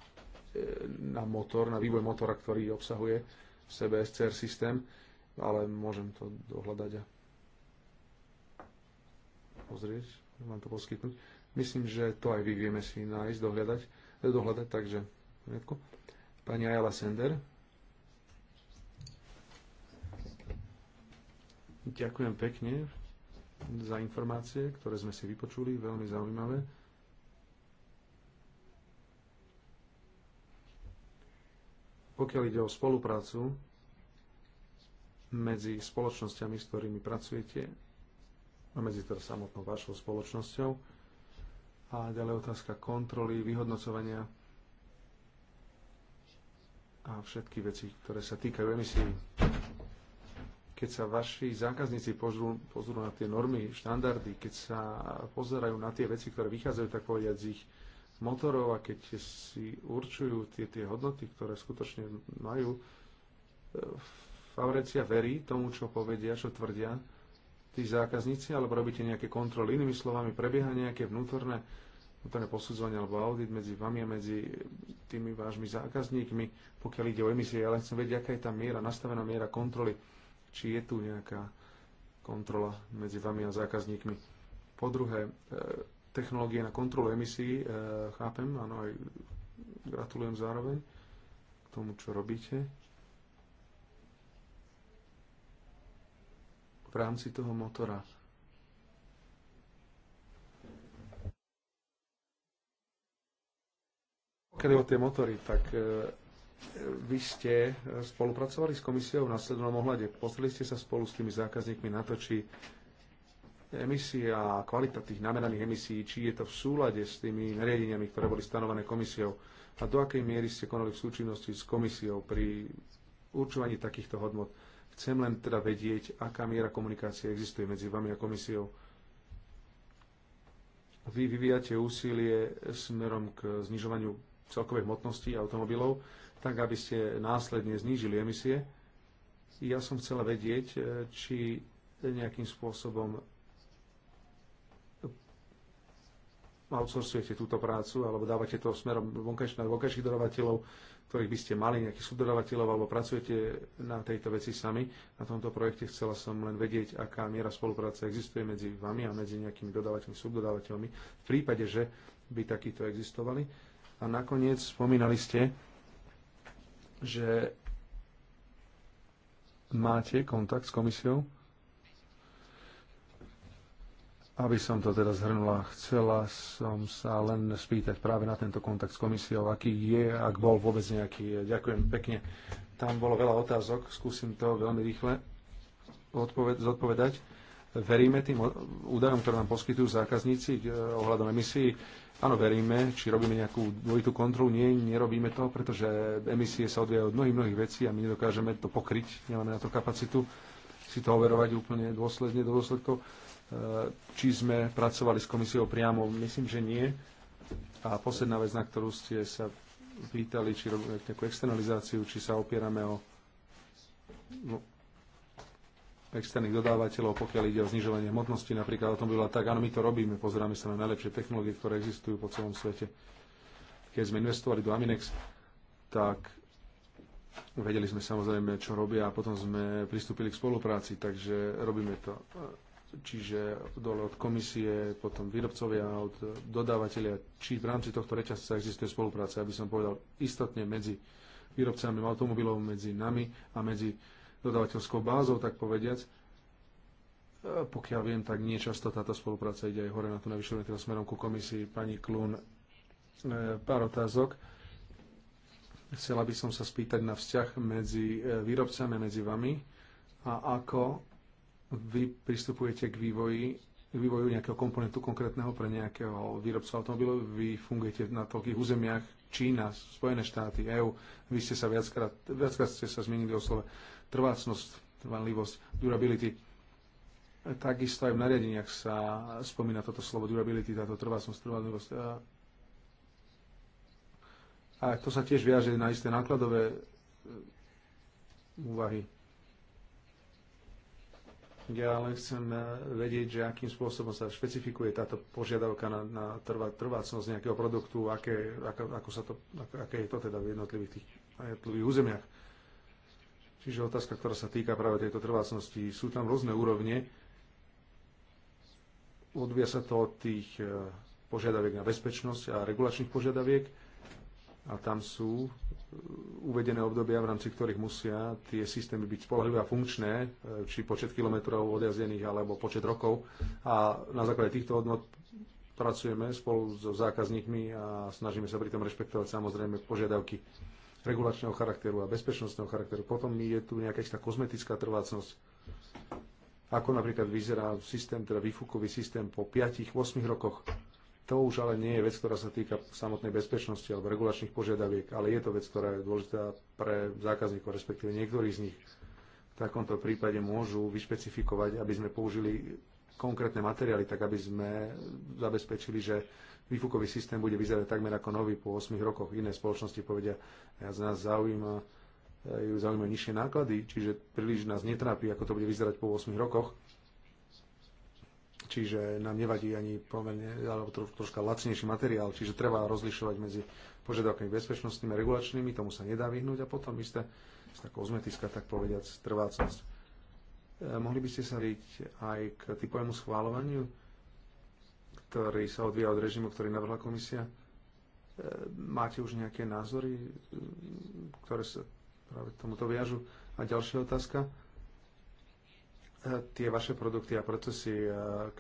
na motor, na vývoj motora, ktorý obsahuje v sebe SCR systém, ale môžem to dohľadať a pozrieť, vám to poskytnúť. Myslím, že to aj vy vieme si nájsť, dohľadať, dohľadať takže poriadku. Pani Ayala Sender. Ďakujem pekne za informácie, ktoré sme si vypočuli, veľmi zaujímavé. Pokiaľ ide o spoluprácu medzi spoločnosťami, s ktorými pracujete, a medzi teda samotnou vašou spoločnosťou, a ďalej otázka kontroly, vyhodnocovania a všetky veci, ktoré sa týkajú emisí. Keď sa vaši zákazníci pozrú, pozrú na tie normy, štandardy, keď sa pozerajú na tie veci, ktoré vychádzajú, tak povediať z ich motorov a keď si určujú tie, tie hodnoty, ktoré skutočne majú, e, Favorecia verí tomu, čo povedia, čo tvrdia tí zákazníci, alebo robíte nejaké kontroly. Inými slovami, prebieha nejaké vnútorné, vnútorné posudzovanie alebo audit medzi vami a medzi tými vášmi zákazníkmi, pokiaľ ide o emisie. Ja len chcem vedieť, aká je tá miera, nastavená miera kontroly, či je tu nejaká kontrola medzi vami a zákazníkmi. Po druhé, e, technológie na kontrolu emisí, e, chápem, áno, aj gratulujem zároveň k tomu, čo robíte. V rámci toho motora. Keď o tie motory, tak e, vy ste spolupracovali s komisiou v následnom ohľade. Pozreli ste sa spolu s tými zákazníkmi na to, či emisie a kvalita tých nameraných emisí, či je to v súlade s tými nariadeniami, ktoré boli stanovené komisiou a do akej miery ste konali v súčinnosti s komisiou pri určovaní takýchto hodnot. Chcem len teda vedieť, aká miera komunikácie existuje medzi vami a komisiou. Vy vyvíjate úsilie smerom k znižovaniu celkovej hmotnosti automobilov, tak aby ste následne znížili emisie. Ja som chcela vedieť, či nejakým spôsobom outsourcujete túto prácu alebo dávate to smerom vonkajších, vonkajších dodavateľov, ktorých by ste mali, nejakých subdodavateľov, alebo pracujete na tejto veci sami. Na tomto projekte chcela som len vedieť, aká miera spolupráce existuje medzi vami a medzi nejakými dodávateľmi, subdodavateľmi v prípade, že by takíto existovali. A nakoniec spomínali ste, že máte kontakt s komisiou aby som to teda zhrnula, chcela som sa len spýtať práve na tento kontakt s komisiou, aký je, ak bol vôbec nejaký. Ďakujem pekne. Tam bolo veľa otázok, skúsim to veľmi rýchle odpoved- zodpovedať. Veríme tým údajom, ktoré nám poskytujú zákazníci e, ohľadom emisí. Áno, veríme, či robíme nejakú dvojitú kontrolu. Nie, nerobíme to, pretože emisie sa odvíjajú od mnohých, mnohých vecí a my nedokážeme to pokryť, nemáme na to kapacitu si to overovať úplne dôsledne do dôsledkov. Eh, či sme pracovali s komisiou priamo. Myslím, že nie. A posledná vec, na ktorú ste sa pýtali, či robíme nejakú externalizáciu, či sa opierame o no, externých dodávateľov, pokiaľ ide o znižovanie hmotnosti napríklad o tom bola Tak áno, my to robíme, pozeráme sa na najlepšie technológie, ktoré existujú po celom svete. Keď sme investovali do Aminex, tak vedeli sme samozrejme, čo robia a potom sme pristúpili k spolupráci, takže robíme to čiže dole od komisie, potom výrobcovia, od dodávateľia, či v rámci tohto reťazca existuje spolupráca, aby som povedal istotne medzi výrobcami automobilov, medzi nami a medzi dodávateľskou bázou, tak povediac. E, pokiaľ viem, tak nie často táto spolupráca ide aj hore na to navyšovanie, teda smerom ku komisii. Pani Klún, e, pár otázok. Chcela by som sa spýtať na vzťah medzi e, výrobcami, a medzi vami a ako vy pristupujete k vývoji k vývoju nejakého komponentu konkrétneho pre nejakého výrobcu automobilov. Vy fungujete na toľkých územiach Čína, Spojené štáty, EÚ. Vy ste sa viackrát, viackrát ste sa zmenili o slove trvácnosť, trvanlivosť, durability. Takisto aj v nariadeniach sa spomína toto slovo durability, táto trvácnosť, trvanlivosť. A to sa tiež viaže na isté nákladové e, úvahy. Ja len chcem eh, vedieť, že akým spôsobom sa špecifikuje táto požiadavka na, na trvá, trvácnosť nejakého produktu, aké, ako, ako sa to, ako, aké je to teda v jednotlivých, tých, jednotlivých územiach. Čiže otázka, ktorá sa týka práve tejto trvácnosti, sú tam rôzne úrovne. Odvia sa to od tých eh, požiadaviek na bezpečnosť a regulačných požiadaviek a tam sú uvedené obdobia, v rámci ktorých musia tie systémy byť spolahlivé a funkčné, e, či počet kilometrov odjazdených alebo počet rokov. A na základe týchto hodnot pracujeme spolu so zákazníkmi a snažíme sa pritom rešpektovať samozrejme požiadavky regulačného charakteru a bezpečnostného charakteru. Potom je tu nejaká istá kozmetická trvácnosť, ako napríklad vyzerá systém, teda výfukový systém po 5-8 rokoch to už ale nie je vec, ktorá sa týka samotnej bezpečnosti alebo regulačných požiadaviek, ale je to vec, ktorá je dôležitá pre zákazníkov, respektíve niektorých z nich. V takomto prípade môžu vyšpecifikovať, aby sme použili konkrétne materiály, tak aby sme zabezpečili, že výfukový systém bude vyzerať takmer ako nový po 8 rokoch. Iné spoločnosti povedia, ja z nás zaujíma, e, ju zaujímajú nižšie náklady, čiže príliš nás netrápi, ako to bude vyzerať po 8 rokoch čiže nám nevadí ani pomerne, alebo troška lacnejší materiál, čiže treba rozlišovať medzi požiadavkami bezpečnostnými a regulačnými, tomu sa nedá vyhnúť a potom isté z takou kozmetická, tak povediať, trvácnosť. E, mohli by ste sa riť aj k typovému schváľovaniu, ktorý sa odvíja od režimu, ktorý navrhla komisia. E, máte už nejaké názory, e, ktoré sa práve k tomuto viažu? A ďalšia otázka tie vaše produkty a procesy,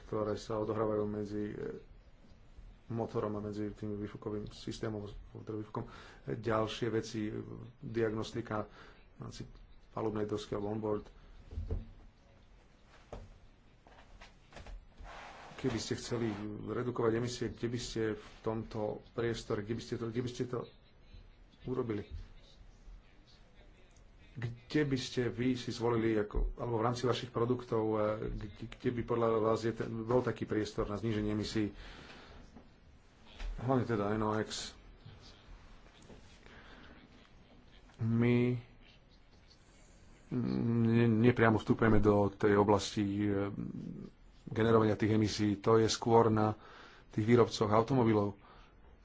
ktoré sa odohrávajú medzi e, motorom a medzi tým výfukovým systémom, teda výfukom, ďalšie veci, diagnostika palubnej dosky alebo onboard. Keby ste chceli redukovať emisie, kde by ste v tomto priestore, kde by ste to, kde by ste to urobili? kde by ste vy si zvolili, ako, alebo v rámci vašich produktov, eh, kde, kde by podľa vás je, bol taký priestor na zníženie emisí, hlavne teda NOx? My nepriamo vstupujeme do tej oblasti eh, generovania tých emisí. To je skôr na tých výrobcoch automobilov.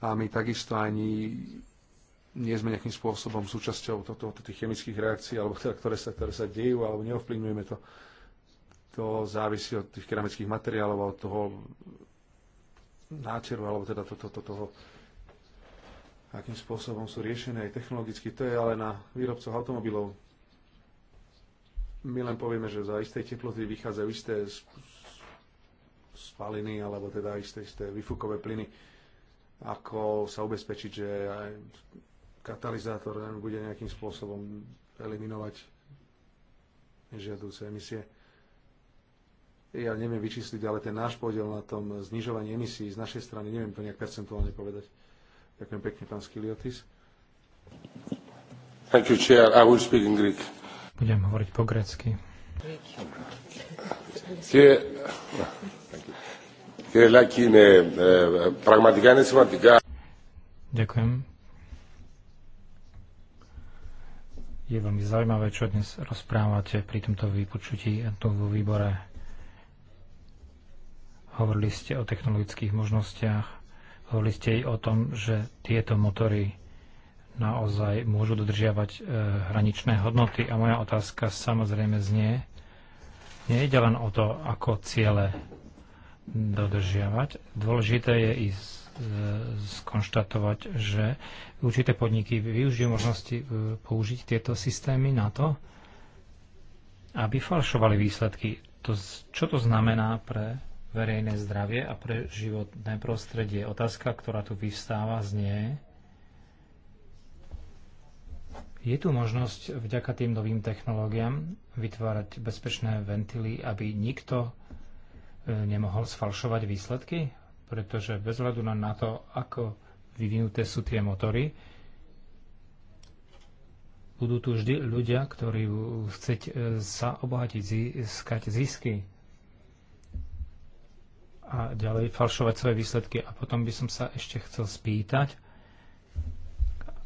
A my takisto ani nie sme nejakým spôsobom súčasťou toto, toto, tých chemických reakcií, alebo teda, ktoré, sa, ktoré sa dejú, alebo neovplyvňujeme to. To závisí od tých keramických materiálov od toho náteru, alebo teda to, to, to, toho, akým spôsobom sú riešené aj technologicky. To je ale na výrobcoch automobilov. My len povieme, že za istej teploty vychádzajú isté spaliny, alebo teda isté, isté vyfukové plyny ako sa ubezpečiť, že katalizátor bude nejakým spôsobom eliminovať nežiadúce emisie. Ja neviem vyčísliť, ale ten náš podiel na tom znižovaní emisí z našej strany, neviem to nejak percentuálne povedať. Ďakujem pekne, pán Skiliotis. Thank you, Chair. I will speak in Greek. Budem hovoriť po grécky. Eh, Ďakujem. Ďakujem. Je veľmi zaujímavé, čo dnes rozprávate pri tomto vypočutí tu vo výbore. Hovorili ste o technologických možnostiach, hovorili ste aj o tom, že tieto motory naozaj môžu dodržiavať e, hraničné hodnoty. A moja otázka samozrejme znie, nejde len o to, ako ciele dodržiavať. Dôležité je ísť E, skonštatovať, že určité podniky využijú možnosti e, použiť tieto systémy na to, aby falšovali výsledky. To, čo to znamená pre verejné zdravie a pre životné prostredie? Otázka, ktorá tu vyvstáva, znie, je tu možnosť vďaka tým novým technológiám vytvárať bezpečné ventily, aby nikto e, nemohol sfalšovať výsledky? pretože bez hľadu na to, ako vyvinuté sú tie motory, budú tu vždy ľudia, ktorí chcete sa obohatiť, získať zisky a ďalej falšovať svoje výsledky. A potom by som sa ešte chcel spýtať,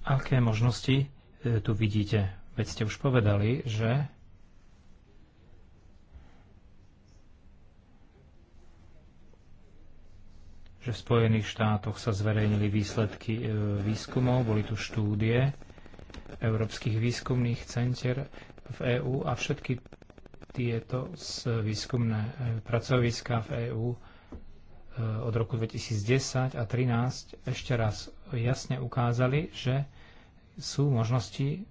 aké možnosti e, tu vidíte. Veď ste už povedali, že že v Spojených štátoch sa zverejnili výsledky e, výskumov, boli tu štúdie európskych výskumných centier v EÚ a všetky tieto výskumné e, pracoviská v EÚ e, od roku 2010 a 2013 ešte raz jasne ukázali, že sú možnosti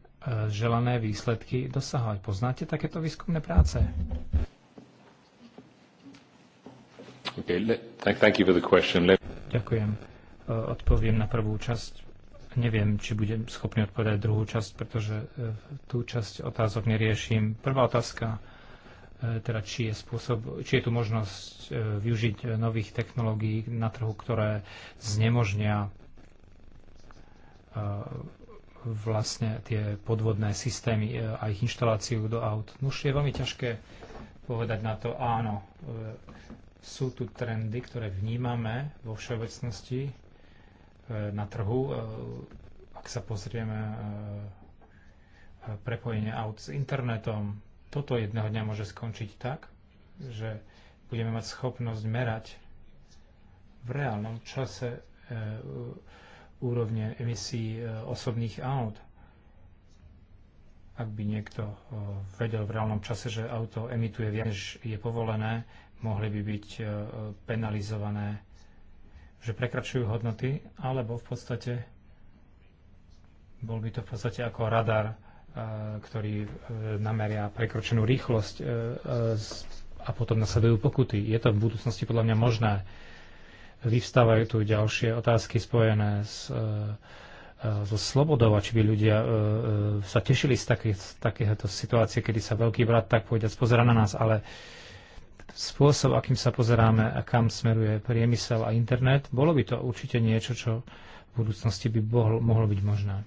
želané výsledky dosahovať. Poznáte takéto výskumné práce? Ďakujem. E, odpoviem na prvú časť. Neviem, či budem schopný odpovedať druhú časť, pretože e, tú časť otázok neriešim. Prvá otázka, e, teda či je, spôsob, či je tu možnosť využiť nových technológií na trhu, ktoré znemožnia vlastne tie podvodné systémy a ich inštaláciu do aut. Už je veľmi ťažké povedať na to áno. Sú tu trendy, ktoré vnímame vo všeobecnosti e, na trhu. E, ak sa pozrieme e, prepojenie aut s internetom, toto jedného dňa môže skončiť tak, že budeme mať schopnosť merať v reálnom čase úrovne emisí osobných aut. Ak by niekto vedel v reálnom čase, že auto emituje viac, než je povolené, mohli by byť e, penalizované, že prekračujú hodnoty, alebo v podstate bol by to v podstate ako radar, e, ktorý e, nameria prekročenú rýchlosť a potom nasledujú pokuty. Je to v budúcnosti podľa mňa možné. Vyvstávajú tu ďalšie otázky spojené s so slobodou a či by ľudia uh, sa tešili z, také, z takéhoto situácie, kedy sa veľký brat tak povedať spozera na nás, ale spôsob, akým sa pozeráme a kam smeruje priemysel a internet, bolo by to určite niečo, čo v budúcnosti by mohlo, mohlo byť možné.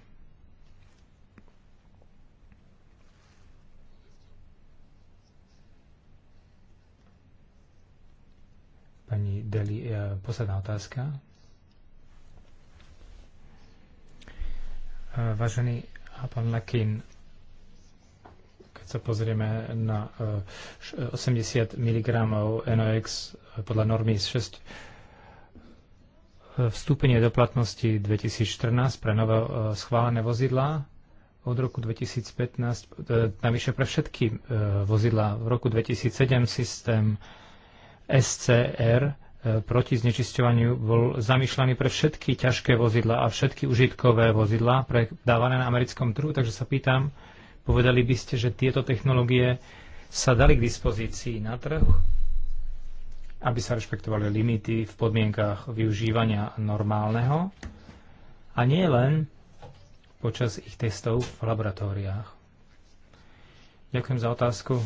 Pani Deli, e, posledná otázka. E, vážený pán Lakin, keď sa pozrieme na 80 mg NOx podľa normy 6 eh, vstúpenie do platnosti 2014 pre nové eh, schválené vozidlá od roku 2015, eh, navyše pre všetky vozidlá. V roku 2007 systém SCR proti znečisťovaniu bol zamýšľaný pre všetky ťažké vozidla a všetky užitkové vozidla predávané na americkom trhu, takže sa pýtam, Povedali by ste, že tieto technológie sa dali k dispozícii na trh, aby sa rešpektovali limity v podmienkách využívania normálneho a nie len počas ich testov v laboratóriách. Ďakujem za otázku.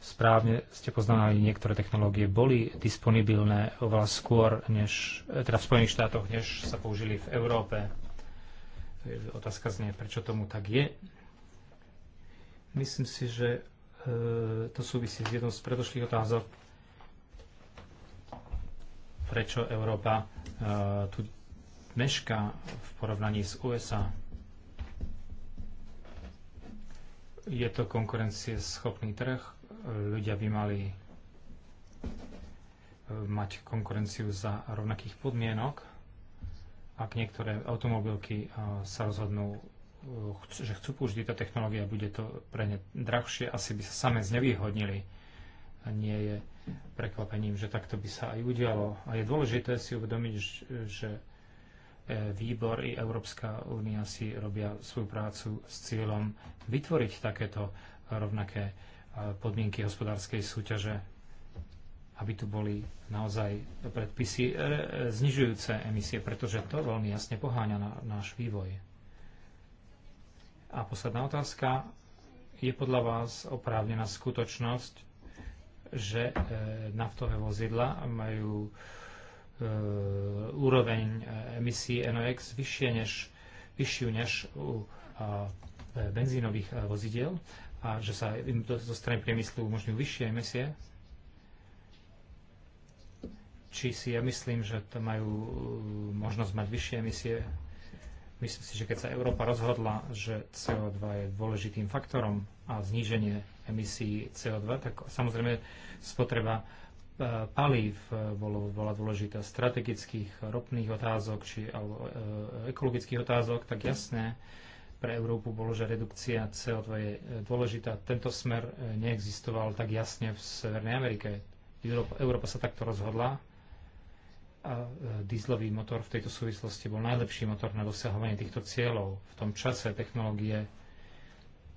Správne ste poznali, niektoré technológie boli disponibilné oveľa skôr, než, teda v Spojených štátoch, než sa použili v Európe. E, otázka znie, prečo tomu tak je. Myslím si, že e, to súvisí s jednou z predošlých otázok. Prečo Európa e, tu meška v porovnaní s USA? Je to konkurencieschopný trh? Ľudia by mali e, mať konkurenciu za rovnakých podmienok. Ak niektoré automobilky sa rozhodnú že chcú použiť tieto technológie a bude to pre ne drahšie, asi by sa same znevýhodnili. A nie je prekvapením, že takto by sa aj udialo. A je dôležité si uvedomiť, že e, výbor i Európska únia si robia svoju prácu s cieľom vytvoriť takéto rovnaké e, podmienky hospodárskej súťaže, aby tu boli naozaj predpisy e, znižujúce emisie, pretože to veľmi jasne poháňa náš vývoj. A posledná otázka. Je podľa vás oprávnená skutočnosť, že e, naftové vozidla majú e, úroveň e, emisí NOx vyššie než, vyššiu než u benzínových vozidiel a že sa im zo strany priemyslu umožňujú vyššie emisie? Či si ja myslím, že to majú možnosť mať vyššie emisie Myslím si, že keď sa Európa rozhodla, že CO2 je dôležitým faktorom a zníženie emisí CO2, tak samozrejme spotreba e, palív e, bolo, bola dôležitá, strategických ropných otázok či alebo, e, ekologických otázok, tak jasné pre Európu bolo, že redukcia CO2 je dôležitá. Tento smer neexistoval tak jasne v Severnej Amerike. Európa, Európa sa takto rozhodla a e, dízlový motor v tejto súvislosti bol najlepší motor na dosahovanie týchto cieľov. V tom čase technológie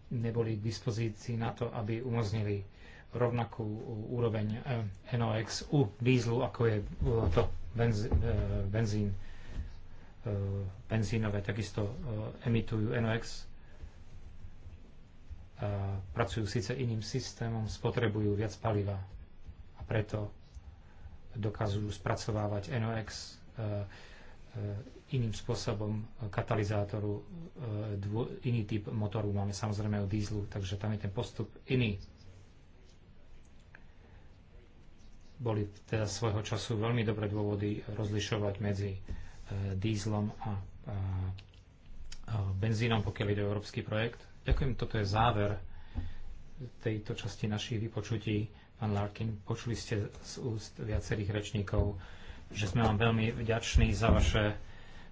neboli k dispozícii na to, aby umožnili rovnakú úroveň e, NOx u dízlu, ako je e, to benzín. Benzínové takisto emitujú NOx. Pracujú síce iným systémom, spotrebujú viac paliva. A preto dokazujú spracovávať NOx e, e, iným spôsobom katalizátoru, e, iný typ motoru máme samozrejme o dízlu, takže tam je ten postup iný. Boli teda svojho času veľmi dobré dôvody rozlišovať medzi dízlom a benzínom, pokiaľ ide o európsky projekt. Ďakujem, toto je záver tejto časti našich vypočutí. Pán Larkin, počuli ste z úst viacerých rečníkov, že sme vám veľmi vďační za vaše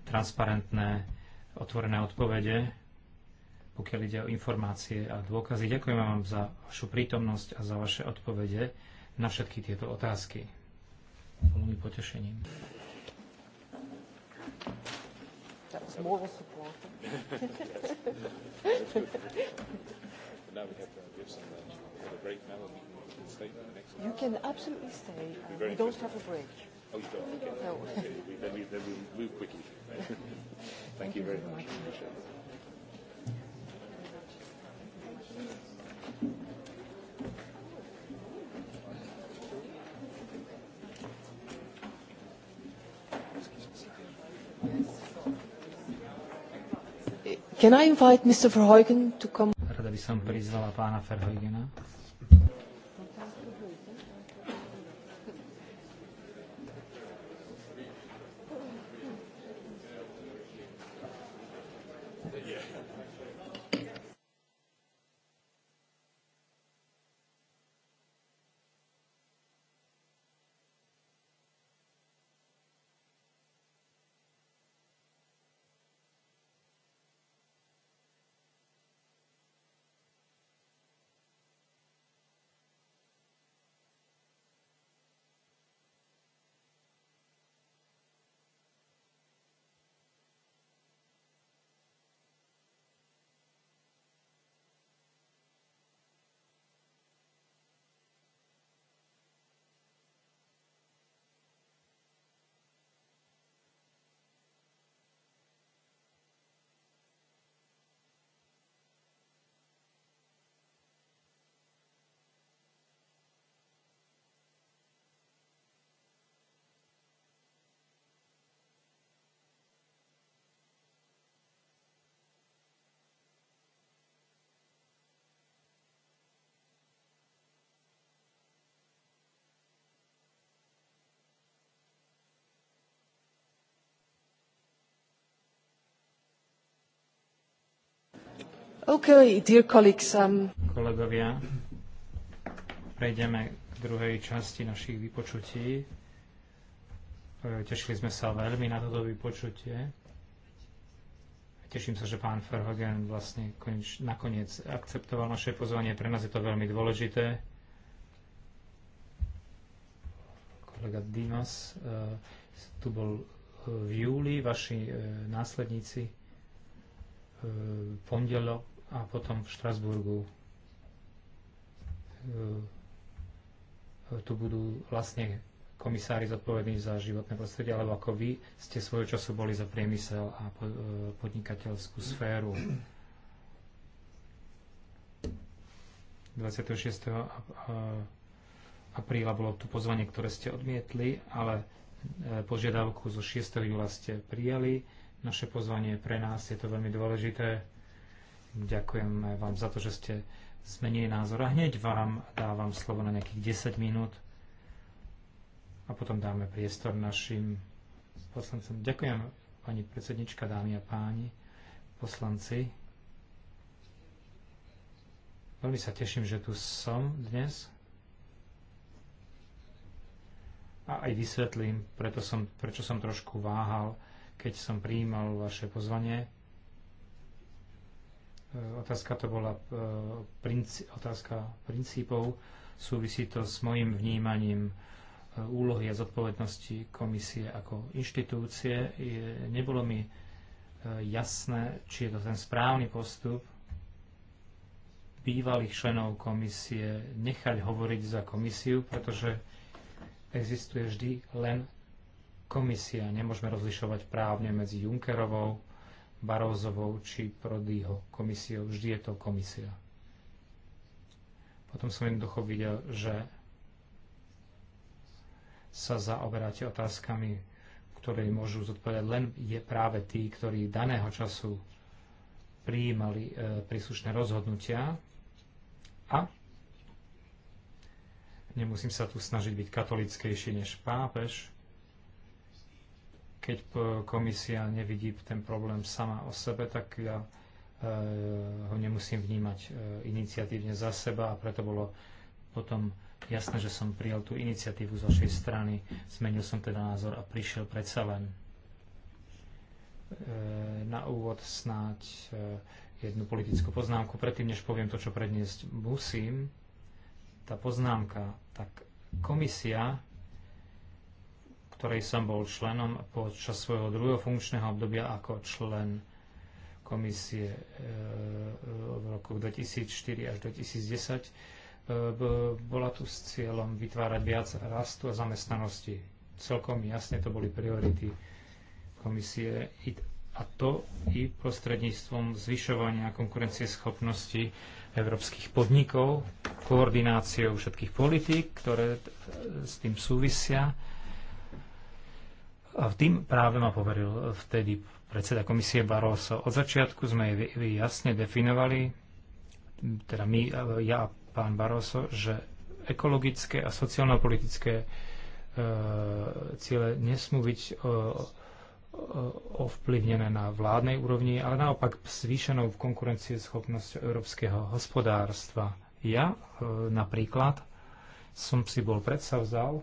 transparentné, otvorené odpovede, pokiaľ ide o informácie a dôkazy. Ďakujem vám za vašu prítomnosť a za vaše odpovede na všetky tieto otázky. Veľmi potešením. That was now we have to give some, uh, have a break now. And we can stay for the next one? You can absolutely stay. Uh, we don't have a break. Oh, you don't? No. Okay. No. okay. then, we, then we move quickly. Thank, Thank you very very much. much. Can I invite Mr. Verheugen to come? Rada by som prizvala pána Verheugena. Okay, dear colleagues, um... Kolegovia, prejdeme k druhej časti našich vypočutí. E, tešili sme sa veľmi na toto vypočutie. Teším sa, že pán Verhoeven vlastne konč, nakoniec akceptoval naše pozvanie. Pre nás je to veľmi dôležité. Kolega Dimas e, tu bol e, v júli, vaši následníci pondelok a potom v Štrasburgu e, e, tu budú vlastne komisári zodpovední za životné prostredie, alebo ako vy ste svojho času boli za priemysel a e, podnikateľskú sféru. 26. apríla bolo tu pozvanie, ktoré ste odmietli, ale požiadavku zo 6. júla ste prijali. Naše pozvanie pre nás je to veľmi dôležité Ďakujem vám za to, že ste zmenili názor a hneď vám dávam slovo na nejakých 10 minút a potom dáme priestor našim poslancom. Ďakujem pani predsednička, dámy a páni, poslanci. Veľmi sa teším, že tu som dnes a aj vysvetlím, preto som, prečo som trošku váhal, keď som prijímal vaše pozvanie E, otázka to bola e, otázka princípov. Súvisí to s mojim vnímaním e, úlohy a zodpovednosti komisie ako inštitúcie. Je, nebolo mi jasné, či je to ten správny postup bývalých členov komisie nechať hovoriť za komisiu, pretože existuje vždy len komisia. Nemôžeme rozlišovať právne medzi Junckerovou Barózovou či Prodyho komisiou. Vždy je to komisia. Potom som jednoducho videl, že sa zaoberáte otázkami, ktoré môžu zodpovedať len je práve tí, ktorí daného času prijímali e, príslušné rozhodnutia a nemusím sa tu snažiť byť katolickejší než pápež, keď komisia nevidí ten problém sama o sebe, tak ja e, ho nemusím vnímať e, iniciatívne za seba a preto bolo potom jasné, že som prijal tú iniciatívu z vašej strany. Zmenil som teda názor a prišiel predsa len e, na úvod snáď jednu politickú poznámku. Predtým, než poviem to, čo predniesť musím, tá poznámka, tak komisia ktorej som bol členom počas svojho druhého funkčného obdobia ako člen komisie e, v roku 2004 až 2010. E, bola tu s cieľom vytvárať viac rastu a zamestnanosti. Celkom jasne to boli priority komisie a to i prostredníctvom zvyšovania konkurencie schopnosti európskych podnikov, koordináciou všetkých politík, ktoré e, s tým súvisia tým práve ma poveril vtedy predseda komisie Barroso. Od začiatku sme jasne definovali, teda my, e, ja a pán Barroso, že ekologické a sociálno-politické e, ciele nesmú byť e, ovplyvnené na vládnej úrovni, ale naopak zvýšenou schopnosťou európskeho hospodárstva. Ja e, napríklad som si bol predsavzal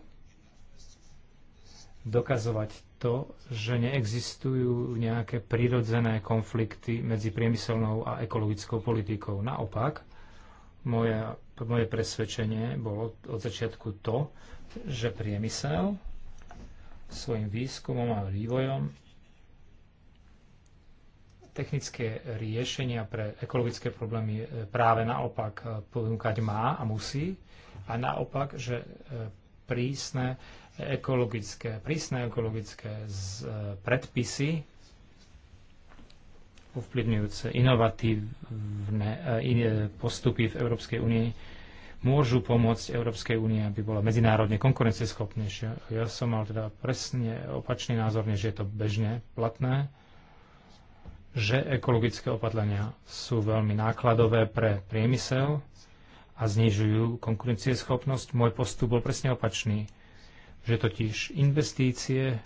dokazovať to, že neexistujú nejaké prirodzené konflikty medzi priemyselnou a ekologickou politikou. Naopak, moje, moje presvedčenie bolo od začiatku to, že priemysel svojim výskumom a vývojom technické riešenia pre ekologické problémy e, práve naopak e, ponúkať má a musí a naopak, že e, prísne ekologické, prísne ekologické z, e, predpisy ovplyvňujúce inovatívne e, e, postupy v Európskej únii môžu pomôcť Európskej únie, aby bola medzinárodne konkurencieschopnejšia. Ja som mal teda presne opačný názor, než je to bežne platné, že ekologické opatlenia sú veľmi nákladové pre priemysel a znižujú konkurencieschopnosť. Môj postup bol presne opačný že totiž investície e,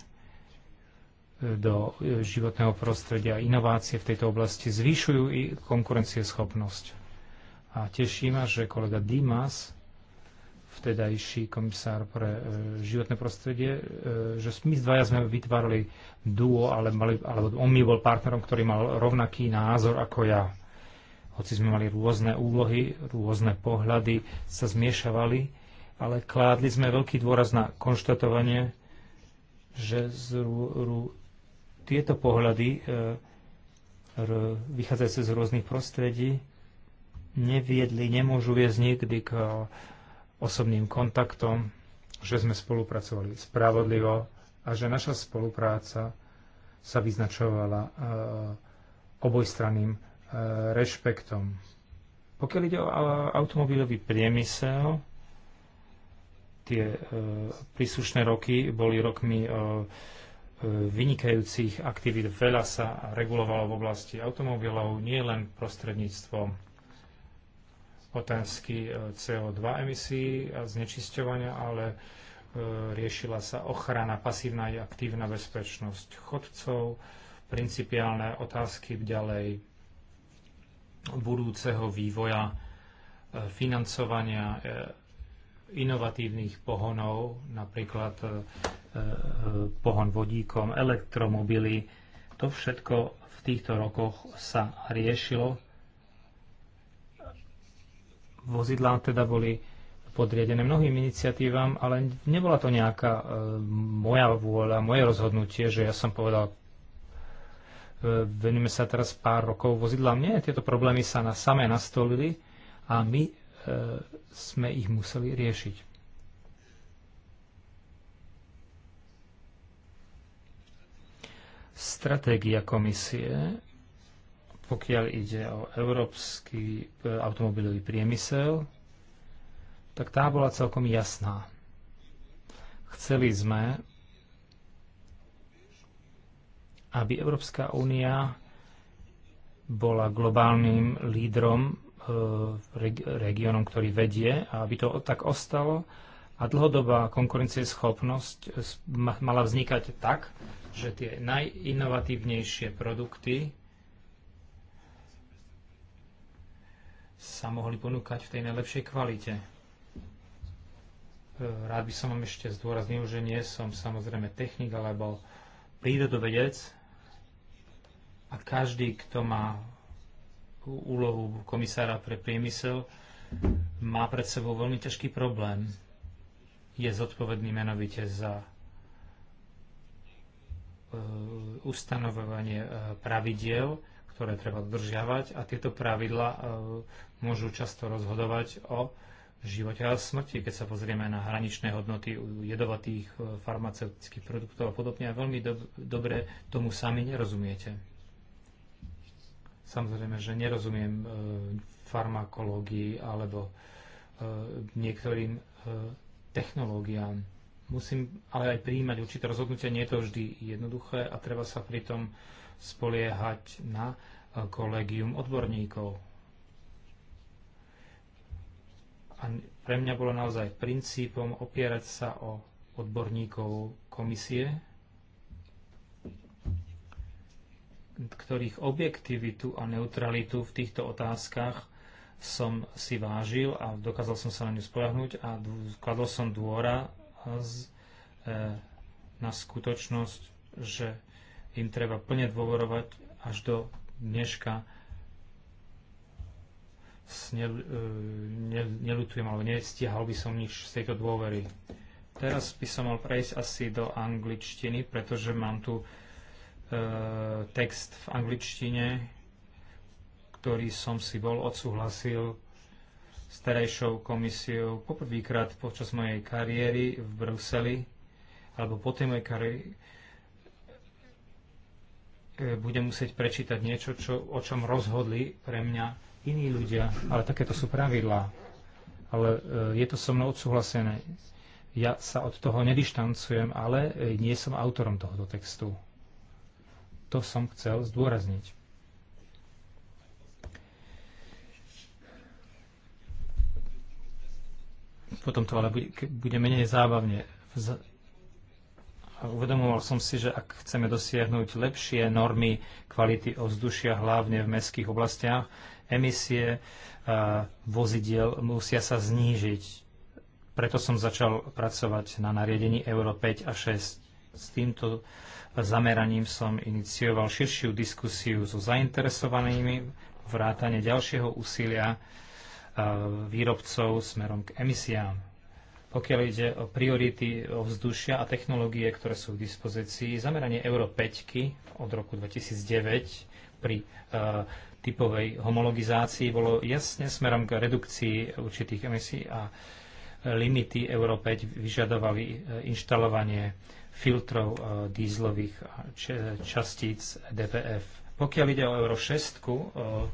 do e, životného prostredia a inovácie v tejto oblasti zvýšujú i konkurencieschopnosť. A teší ma, že kolega Dimas, vtedajší komisár pre e, životné prostredie, že my dvaja sme vytvárali duo, ale mali, alebo on mi bol partnerom, ktorý mal rovnaký názor ako ja. Hoci sme mali rôzne úlohy, rôzne pohľady, sa zmiešavali ale kládli sme veľký dôraz na konštatovanie, že z rú, tieto pohľady e, r, vychádzajúce z rôznych prostredí neviedli, nemôžu viesť nikdy k osobným kontaktom, že sme spolupracovali spravodlivo a že naša spolupráca sa vyznačovala e, obojstranným e, rešpektom. Pokiaľ ide o automobilový priemysel, tie e, príslušné roky boli rokmi e, e, vynikajúcich aktivít. Veľa sa regulovalo v oblasti automobilov, nie len prostredníctvom otázky CO2 emisí a znečisťovania, ale riešila sa ochrana, pasívna i aktívna bezpečnosť chodcov, principiálne otázky ďalej budúceho vývoja financovania inovatívnych pohonov, napríklad e, e, pohon vodíkom, elektromobily. To všetko v týchto rokoch sa riešilo. Vozidlá teda boli podriadené mnohým iniciatívam, ale nebola to nejaká e, moja vôľa, moje rozhodnutie, že ja som povedal, venujeme sa teraz pár rokov vozidlám. Nie, tieto problémy sa na samé nastolili a my E, sme ich museli riešiť. Stratégia komisie, pokiaľ ide o európsky e, automobilový priemysel, tak tá bola celkom jasná. Chceli sme, aby Európska únia bola globálnym lídrom E, regiónom, ktorý vedie a aby to tak ostalo. A dlhodobá konkurencieschopnosť e, mala vznikať tak, že tie najinovatívnejšie produkty sa mohli ponúkať v tej najlepšej kvalite. E, rád by som vám ešte zdôraznil, že nie som samozrejme technik alebo prírodovedec a každý, kto má úlohu komisára pre priemysel, má pred sebou veľmi ťažký problém. Je zodpovedný menovite za e, ustanovovanie e, pravidiel, ktoré treba dodržiavať a tieto pravidla e, môžu často rozhodovať o živote a smrti, keď sa pozrieme na hraničné hodnoty jedovatých farmaceutických produktov a podobne. A veľmi dobre tomu sami nerozumiete. Samozrejme, že nerozumiem e, farmakológii alebo e, niektorým e, technológiám. Musím ale aj prijímať určité rozhodnutia, nie je to vždy jednoduché a treba sa pritom spoliehať na kolegium odborníkov. A pre mňa bolo naozaj princípom opierať sa o odborníkov komisie, ktorých objektivitu a neutralitu v týchto otázkach som si vážil a dokázal som sa na ňu spolahnuť a kladol som dôra z, e, na skutočnosť, že im treba plne dôverovať až do dneška nelutujem e, alebo nestihal by som nič z tejto dôvery. Teraz by som mal prejsť asi do angličtiny, pretože mám tu E, text v angličtine, ktorý som si bol odsúhlasil s terajšou komisiou poprvýkrát počas mojej kariéry v Bruseli, alebo po tej mojej kariére, budem musieť prečítať niečo, čo, o čom rozhodli pre mňa iní ľudia, ale takéto sú pravidlá. Ale e, je to so mnou odsúhlasené. Ja sa od toho nedištancujem, ale e, nie som autorom tohoto textu. To som chcel zdôrazniť. Potom to ale bude, bude menej zábavne. Uvedomoval som si, že ak chceme dosiahnuť lepšie normy kvality ovzdušia, hlavne v mestských oblastiach, emisie vozidiel musia sa znížiť. Preto som začal pracovať na nariadení Euro 5 a 6. S týmto zameraním som inicioval širšiu diskusiu so zainteresovanými, vrátane ďalšieho úsilia e, výrobcov smerom k emisiám. Pokiaľ ide o priority ovzdušia a technológie, ktoré sú k dispozícii, zameranie Euro 5 od roku 2009 pri uh, typovej homologizácii bolo jasne smerom k redukcii určitých emisí a limity Euro 5 vyžadovali e, inštalovanie filtrov eh, dízlových eh, častíc e DPF. Pokiaľ ide o Euro 6, eh,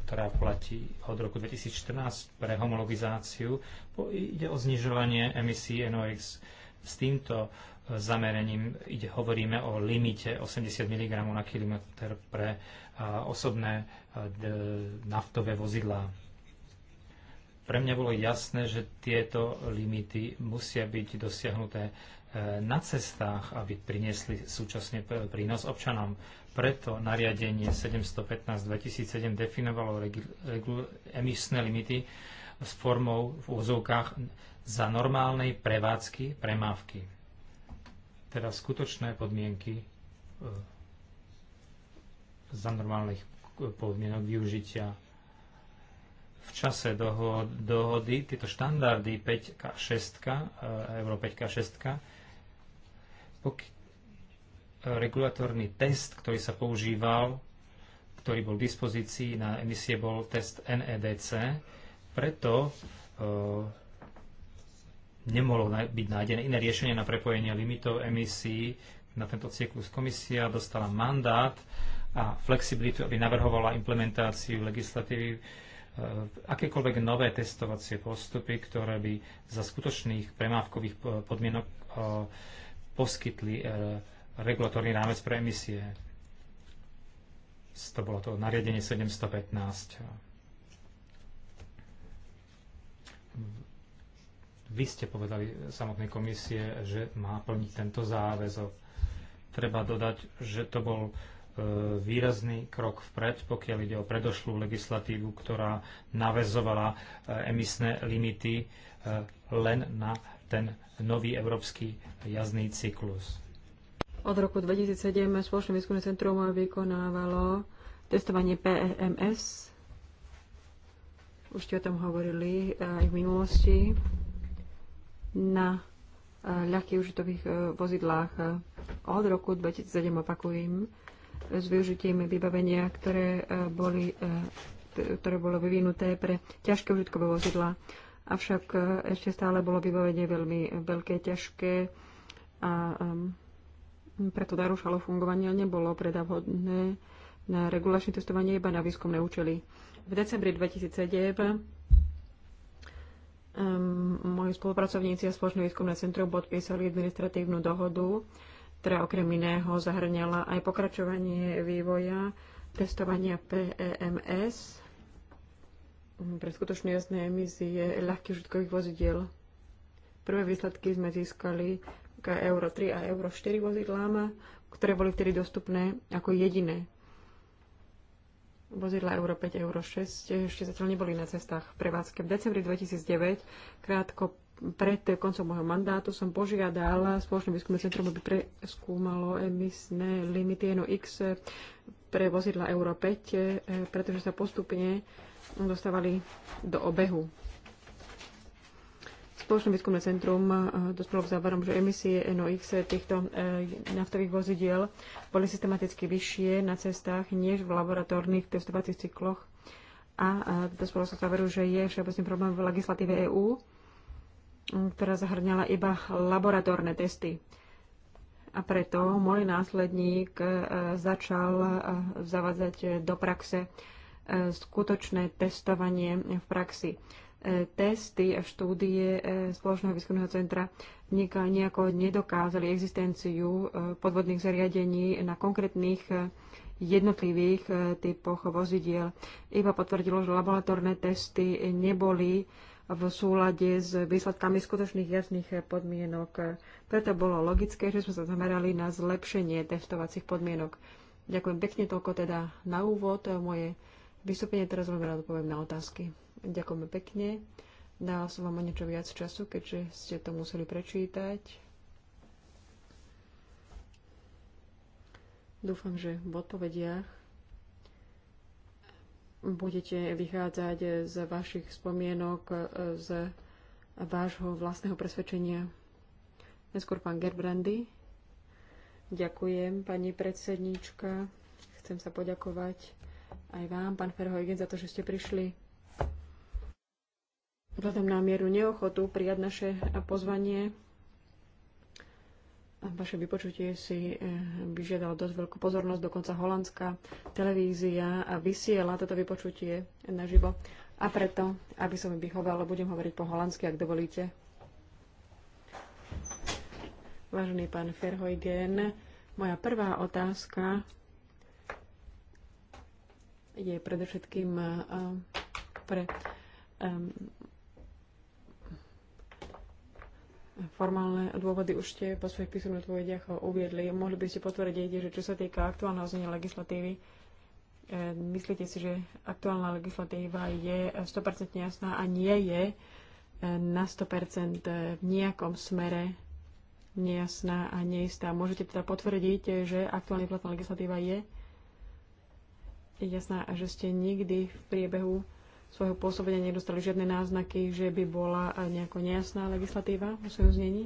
ktorá platí od roku 2014 pre homologizáciu, ide o znižovanie emisí NOx. S týmto zameraním ide, hovoríme o limite 80 mg na km pre osobné naftové vozidlá. Pre mňa bolo jasné, že tieto limity musia byť dosiahnuté E, na cestách, aby priniesli súčasne prínos občanom. Preto nariadenie 715-2007 definovalo emisné limity s formou v úzovkách za normálnej prevádzky, premávky. Teda skutočné podmienky e, za normálnych podmienok využitia v čase dohody, dohody tieto štandardy 5K6, e, Euro 5K6 E, regulatórny test, ktorý sa používal, ktorý bol v dispozícii na emisie, bol test NEDC, preto e, nemohlo byť nájdené iné riešenie na prepojenie limitov emisí na tento cyklus. Komisia dostala mandát a flexibilitu, aby navrhovala implementáciu legislatívy e, akékoľvek nové testovacie postupy, ktoré by za skutočných premávkových podmienok e, poskytli eh, regulatorný rámec pre emisie. To bolo to nariadenie 715. Vy ste povedali samotnej komisie, že má plniť tento záväzok. Treba dodať, že to bol eh, výrazný krok vpred, pokiaľ ide o predošlú legislatívu, ktorá navezovala eh, emisné limity len na ten nový európsky jazdný cyklus. Od roku 2007 Spoločné výskumné centrum vykonávalo testovanie PMS. E Už ste o tom hovorili eh, aj v minulosti na eh, ľahkých užitových eh, vozidlách. Od roku 2007 opakujem s využitím vybavenia, ktoré, boli, ktoré bolo vyvinuté pre ťažké užitkové vozidlá avšak e, ešte stále bolo vybavenie veľmi e, veľké, ťažké a um, preto darušalo fungovanie a nebolo predávhodné na regulačné testovanie iba na výskumné účely. V decembri 2007 um, moji spolupracovníci a Spoločné výskumné centrum podpísali administratívnu dohodu, ktorá okrem iného zahrňala aj pokračovanie vývoja testovania PEMS pre skutočne jasné emisie ľahkých užitkových vozidiel. Prvé výsledky sme získali k Euro 3 a Euro 4 vozidlám, ktoré boli vtedy dostupné ako jediné. Vozidla Euro 5 a Euro 6 ešte zatiaľ neboli na cestách v prevádzke. V decembri 2009, krátko pred koncom môjho mandátu, som požiadala Spoločné výskumné centrum, aby preskúmalo emisné limity NOx pre vozidla Euro 5, pretože sa postupne dostávali do obehu. Spoločné výskumné centrum eh, dospelo k záverom, že emisie NOx eh, týchto eh, naftových vozidiel boli systematicky vyššie na cestách než v laboratórnych testovacích cykloch a dospelo sa k záveru, že je všeobecný problém v legislatíve EÚ, mm, ktorá zahrňala iba laboratórne testy. A preto môj následník začal zavádzať do praxe skutočné testovanie v praxi. E, testy a štúdie e, Spoločného výskumného centra nejako nedokázali existenciu e, podvodných zariadení na konkrétnych jednotlivých typoch vozidiel. Iba potvrdilo, že laboratórne testy neboli v súlade s výsledkami skutočných jasných podmienok. Preto bolo logické, že sme sa zamerali na zlepšenie testovacích podmienok. Ďakujem pekne toľko teda na úvod moje vystúpenie. Teraz vám rád odpoviem na otázky. Ďakujeme pekne. Dala som vám o niečo viac času, keďže ste to museli prečítať. Dúfam, že v odpovediach budete vychádzať z vašich spomienok, z vášho vlastného presvedčenia. Neskôr pán Gerbrandy. Ďakujem, pani predsedníčka. Chcem sa poďakovať aj vám, pán Ferhojgen, za to, že ste prišli. Vzhľadom na mieru neochotu prijať naše pozvanie, vaše vypočutie si vyžiadalo eh, dosť veľkú pozornosť, dokonca holandská televízia vysiela toto vypočutie naživo. A preto, aby som vyhovala, budem hovoriť po holandsky, ak dovolíte. Vážený pán Ferhojgen, moja prvá otázka je predovšetkým eh, pre formálne dôvody už ste po svojich písomných odpovediach uviedli. Mohli by ste potvrdiť, že čo sa týka aktuálneho znenia legislatívy, eh, myslíte si, že aktuálna legislatíva je 100% jasná a nie je eh, na 100% v nejakom smere nejasná a neistá. Môžete teda potvrdiť, že aktuálne platná legislatíva je je jasná a že ste nikdy v priebehu svojho pôsobenia nedostali žiadne náznaky, že by bola nejako nejasná legislatíva vo svojom znení?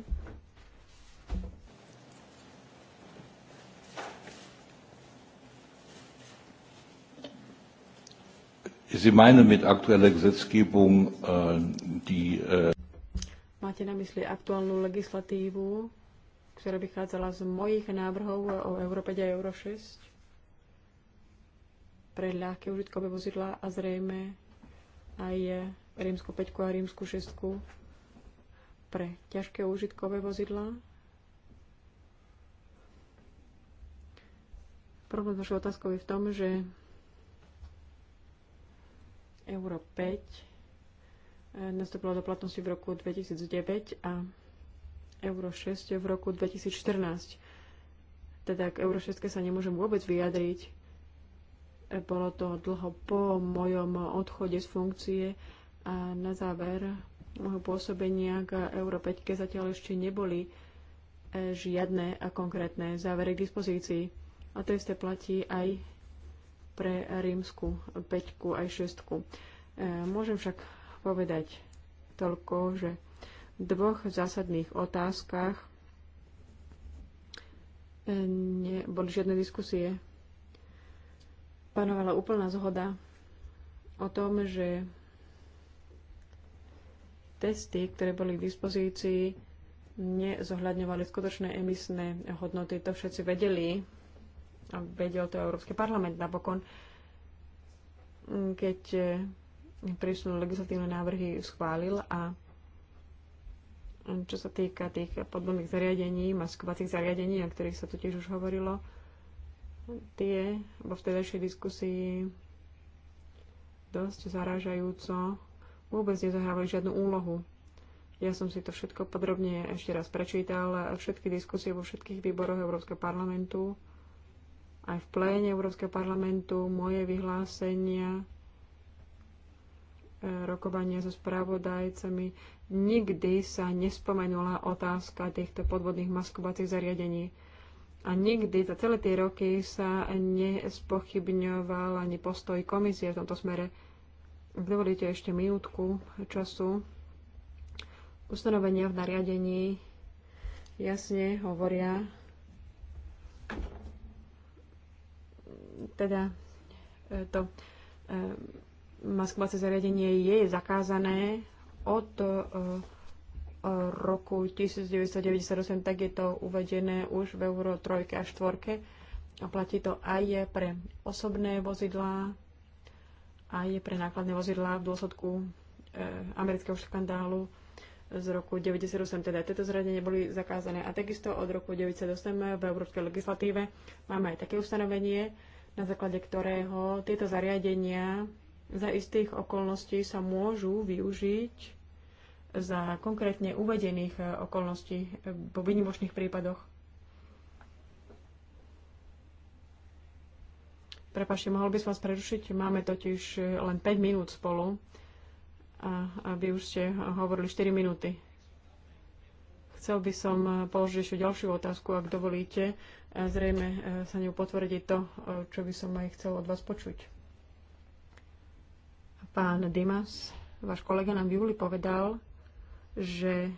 Sie mit aktueller Gesetzgebung äh, die... Äh Máte na mysli aktuálnu legislatívu, ktorá vychádzala z mojich návrhov o Európe a Euro 6? pre ľahké užitkové vozidla a zrejme aj rímsku 5 a rímsku 6 pre ťažké užitkové vozidla. Problém vašou otázkou je v tom, že Euro 5 eh, nastúpilo do platnosti v roku 2009 a Euro 6 v roku 2014. Teda k Euro 6 sa nemôžem vôbec vyjadriť. Bolo to dlho po mojom odchode z funkcie a na záver môjho pôsobenia k Euro 5 zatiaľ ešte neboli e, žiadne a konkrétne závery k dispozícii. A to isté platí aj pre rímsku 5 aj 6. E, môžem však povedať toľko, že v dvoch zásadných otázkach e, neboli žiadne diskusie panovala úplná zhoda o tom, že testy, ktoré boli k dispozícii, nezohľadňovali skutočné emisné hodnoty. To všetci vedeli a vedel to Európsky parlament napokon, keď prísnu legislatívne návrhy schválil a čo sa týka tých podvodných zariadení, maskovacích zariadení, o ktorých sa tu tiež už hovorilo, Tie vo vtedajšej diskusii dosť zarážajúco vôbec nezahrávali žiadnu úlohu. Ja som si to všetko podrobne ešte raz prečítal, všetky diskusie vo všetkých výboroch Európskeho parlamentu, aj v pléne Európskeho parlamentu, moje vyhlásenia, e, rokovania so správodajcami. Nikdy sa nespomenula otázka týchto podvodných maskovacích zariadení. A nikdy za celé tie roky sa nespochybňoval ani postoj komisie v tomto smere. dovolíte ešte minútku času, ustanovenia v nariadení jasne hovoria, teda e, to e, maskovacie zariadenie je zakázané od e, roku 1998, tak je to uvedené už v Euro 3 a 4. A platí to aj pre osobné vozidlá, aj pre nákladné vozidlá v dôsledku e, amerického škandálu z roku 1998, teda tieto zradenie boli zakázané. A takisto od roku 1998 v európskej legislatíve máme aj také ustanovenie, na základe ktorého tieto zariadenia za istých okolností sa môžu využiť za konkrétne uvedených e, okolností po e, vynimočných prípadoch. Prepašte, mohol by som vás prerušiť? Máme totiž e, len 5 minút spolu a, a vy už ste hovorili 4 minúty. Chcel by som položiť ešte ďalšiu otázku, ak dovolíte. Zrejme sa ňou potvrdí to, čo by som aj chcel od vás počuť. Pán Dimas, váš kolega nám v júli povedal, že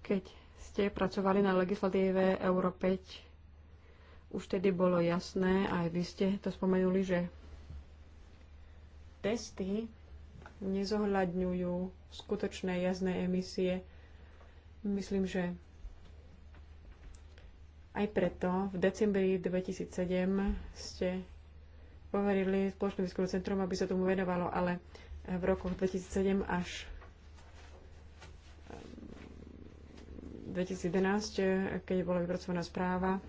keď ste pracovali na legislatíve Euro 5, už tedy bolo jasné, aj vy ste to spomenuli, že testy nezohľadňujú skutočné jazdné emisie. Myslím, že aj preto v decembri 2007 ste poverili spoločné výskumné centrum, aby sa tomu venovalo, ale v rokoch 2007 až 2011, eh, keď bola vypracovaná správa,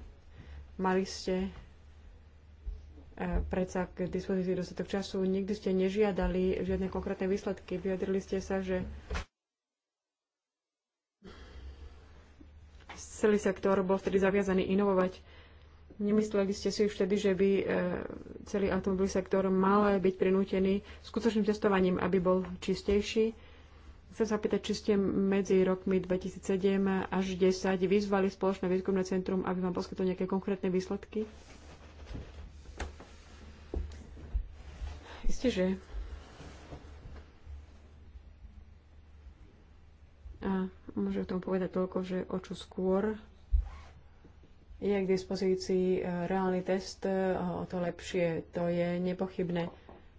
mali ste eh, predsa k dispozícii dostatok času. Nikdy ste nežiadali žiadne konkrétne výsledky. Vyjadrili ste sa, že celý sektor bol vtedy zaviazaný inovovať. Nemysleli ste si vtedy, že by eh, celý automobilový sektor mal byť prinútený skutočným testovaním, aby bol čistejší? Chcem sa pýtať, či ste medzi rokmi 2007 až 2010 vyzvali spoločné výskumné centrum, aby vám poskytlo nejaké konkrétne výsledky? Isté, že. A môžem k tomu povedať toľko, že o čo skôr je k dispozícii e, reálny test, e, o to lepšie. To je nepochybné.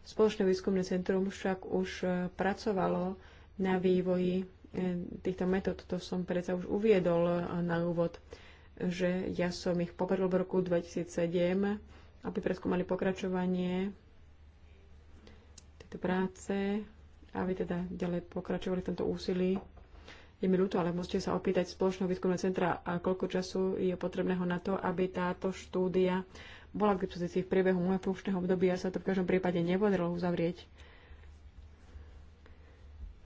Spoločné výskumné centrum však už e, pracovalo na vývoji e, týchto metód. To som predsa už uviedol e, na úvod, že ja som ich poveril v roku 2007, aby preskúmali pokračovanie tejto práce, aby teda ďalej pokračovali v tomto úsilí. Je mi ľúto, ale musíte sa opýtať Spoločného výskumného centra, a koľko času je potrebného na to, aby táto štúdia bola k dispozícii v priebehu môjho funkčného obdobia. Sa to v každom prípade nepodarilo uzavrieť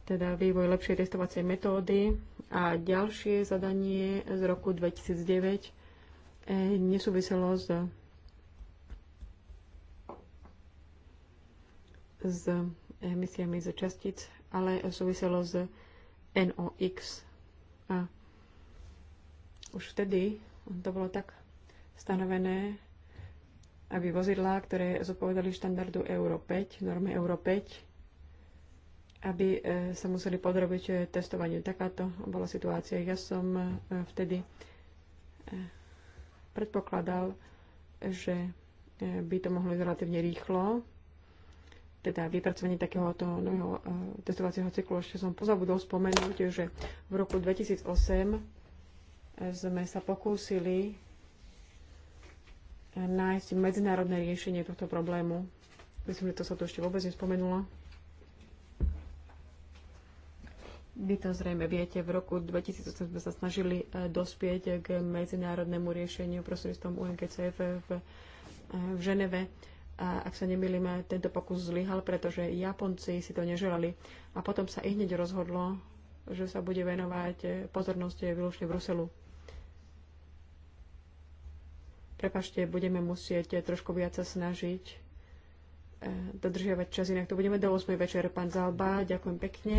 teda vývoj lepšej testovacej metódy a ďalšie zadanie z roku 2009 eh, nesúviselo s, s emisiami z častíc, ale súviselo s NOx. A už vtedy to bolo tak stanovené, aby vozidlá, ktoré zodpovedali štandardu Euro 5, norme Euro 5, aby e, sa museli podrobiť e, testovaniu. Takáto bola situácia. Ja som e, vtedy predpokladal, že by to mohlo ísť relatívne rýchlo, teda vypracovanie takéhoto nového testovacieho cyklu. Ešte som pozabudol spomenúť, že v roku 2008 sme sa pokúsili nájsť medzinárodné riešenie tohto problému. Myslím, že to sa tu ešte vôbec nespomenulo. Vy to zrejme viete, v roku 2008 sme sa snažili e, dospieť k medzinárodnému riešeniu prostredstvom UNKCF v, e, v Ženeve. A ak sa nemýlim, e, tento pokus zlyhal, pretože Japonci si to neželali. A potom sa ihneď hneď rozhodlo, že sa bude venovať pozornosti výlučne Bruselu. Prepašte, budeme musieť trošku viac sa snažiť dodržiavať čas, inak to budeme do 8. večer. Pán Zalba, ďakujem pekne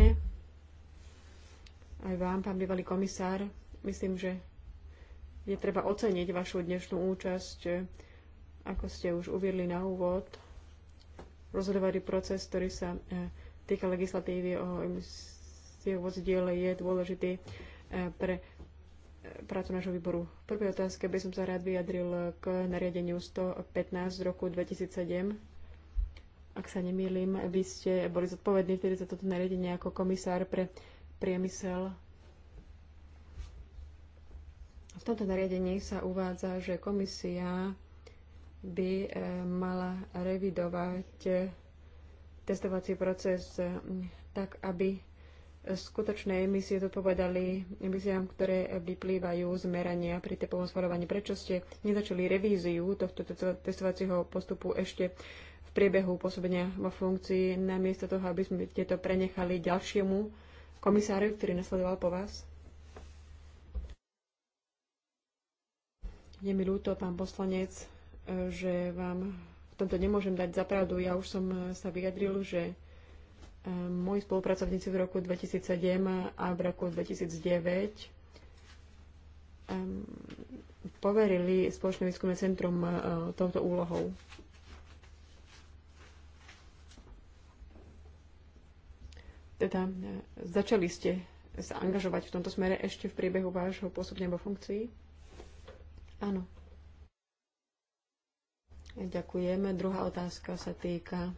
aj vám, pán bývalý komisár. Myslím, že je treba oceniť vašu dnešnú účasť, ako ste už uviedli na úvod. Rozhodovací proces, ktorý sa e, týka legislatívy o emisiách vozidiele, je dôležitý e, pre e, prácu nášho výboru. V prvej otázke by som sa rád vyjadril k nariadeniu 115 z roku 2007. Ak sa nemýlim, vy ste boli zodpovední vtedy za toto nariadenie ako komisár pre priemysel. V tomto nariadení sa uvádza, že komisia by eh, mala revidovať eh, testovací proces eh, tak, aby skutočné emisie zodpovedali emisiám, ktoré vyplývajú z merania pri tepovom schvalovaní. Prečo ste nezačali revíziu tohto testovacieho postupu ešte v priebehu pôsobenia vo funkcii, namiesto toho, aby sme tieto prenechali ďalšiemu komisáriu, ktorý nasledoval po vás. Je mi ľúto, pán poslanec, e, že vám v tomto nemôžem dať zapravdu. Ja už som e, sa vyjadril, že e, moji spolupracovníci v roku 2007 a v roku 2009 poverili Spoločné výskumné centrum touto úlohou. Teda e, začali ste sa angažovať v tomto smere ešte v priebehu vášho pôsobenia vo funkcii? Áno. Ďakujeme. Druhá otázka sa týka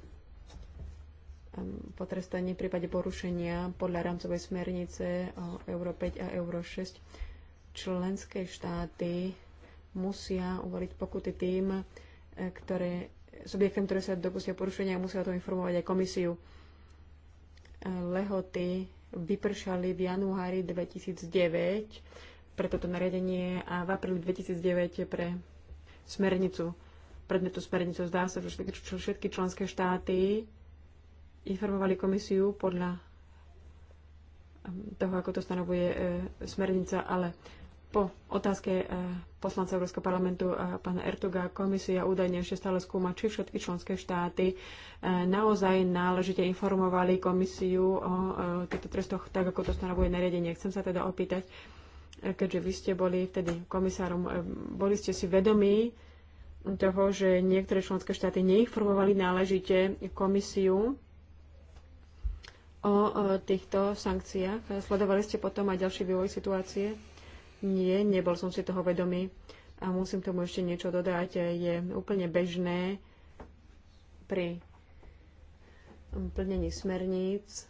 potrestanie v prípade porušenia podľa rámcovej smernice o Euro 5 a Euro 6. Členské štáty musia uvoliť pokuty tým, e, ktoré, subjektom, ktoré sa dopustia porušenia, musia o tom informovať aj komisiu lehoty vypršali v januári 2009 pre toto nariadenie a v apríli 2009 pre smernicu, predmetu smernicu. Zdá sa, že všetky členské štáty informovali komisiu podľa toho, ako to stanovuje e, smernica, ale po otázke eh, poslanca Európskeho parlamentu eh, pána Ertuga komisia údajne ešte stále skúma, či všetky členské štáty eh, naozaj náležite informovali komisiu o týchto trestoch, tak ako to stanovuje nariadenie. Chcem sa teda opýtať, keďže vy ste boli vtedy komisárom, boli ste si vedomí toho, že niektoré členské štáty neinformovali náležite komisiu o týchto sankciách. Sledovali ste potom aj ďalší vývoj situácie? Nie, nebol som si toho vedomý. A musím tomu ešte niečo dodať. Je úplne bežné pri plnení smerníc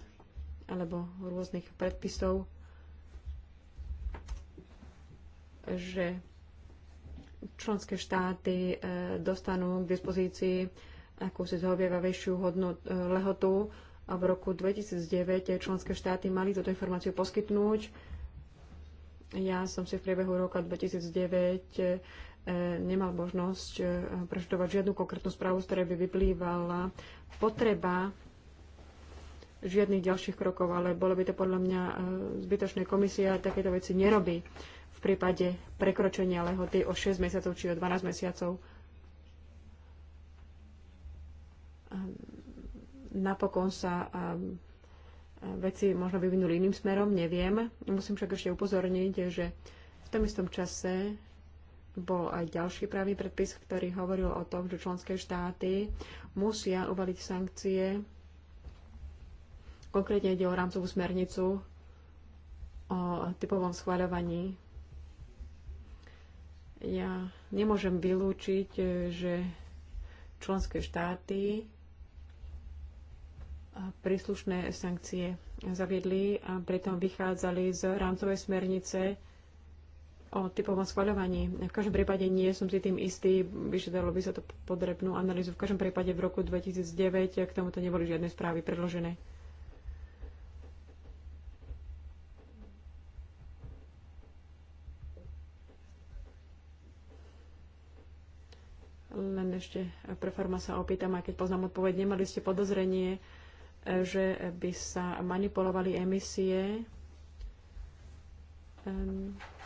alebo rôznych predpisov, že členské štáty e, dostanú k dispozícii akúsi zhovievavejšiu e, lehotu a v roku 2009 členské štáty mali túto informáciu poskytnúť ja som si v priebehu roka 2009 e, nemal možnosť e, preštudovať žiadnu konkrétnu správu, z ktorej by vyplývala potreba žiadnych ďalších krokov, ale bolo by to podľa mňa e, zbytočné. Komisia takéto veci nerobí v prípade prekročenia lehoty o 6 mesiacov či o 12 mesiacov. Ehm, napokon sa ehm, veci možno vyvinuli iným smerom, neviem. Musím však ešte upozorniť, že v tom istom čase bol aj ďalší právny predpis, ktorý hovoril o tom, že členské štáty musia uvaliť sankcie. Konkrétne ide o rámcovú smernicu o typovom schváľovaní. Ja nemôžem vylúčiť, že členské štáty príslušné sankcie zaviedli a pritom vychádzali z rámcovej smernice o typovom schvaľovaní. V každom prípade nie som si tým istý, vyšetalo by sa to podrebnú analýzu. V každom prípade v roku 2009 k tomuto neboli žiadne správy predložené. Len ešte pre forma sa opýtam, aj keď poznám odpoveď, nemali ste podozrenie, že by sa manipulovali emisie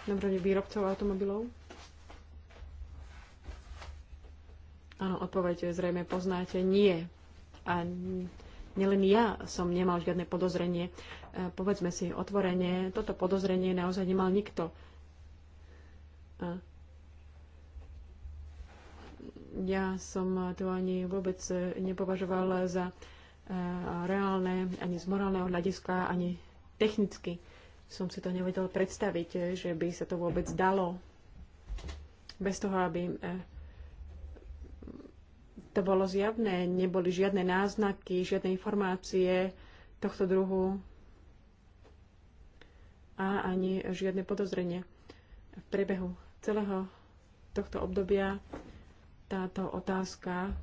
na výrobcov automobilov? Áno, odpoveď zrejme poznáte nie. A nielen ja som nemal žiadne podozrenie. E, povedzme si otvorenie. toto podozrenie naozaj nemal nikto. A ja som to ani vôbec nepovažoval za reálne, ani z morálneho hľadiska, ani technicky som si to nevedel predstaviť, e, že by sa to vôbec dalo bez toho, aby e, to bolo zjavné, neboli žiadne náznaky, žiadne informácie tohto druhu a ani žiadne podozrenie. V priebehu celého tohto obdobia táto otázka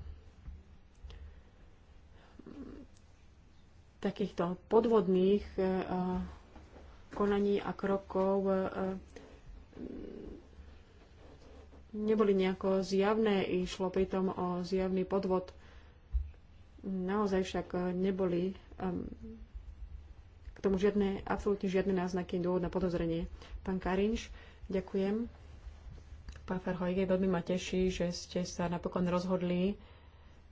takýchto podvodných eh, eh, konaní a krokov eh, neboli nejako zjavné, išlo pritom o zjavný podvod. Naozaj však neboli ehm, k tomu žiadne, absolútne žiadne náznaky, dôvod na podozrenie. Pán Karinš, ďakujem. Pán Ferhojge, veľmi ma teší, že ste sa napokon rozhodli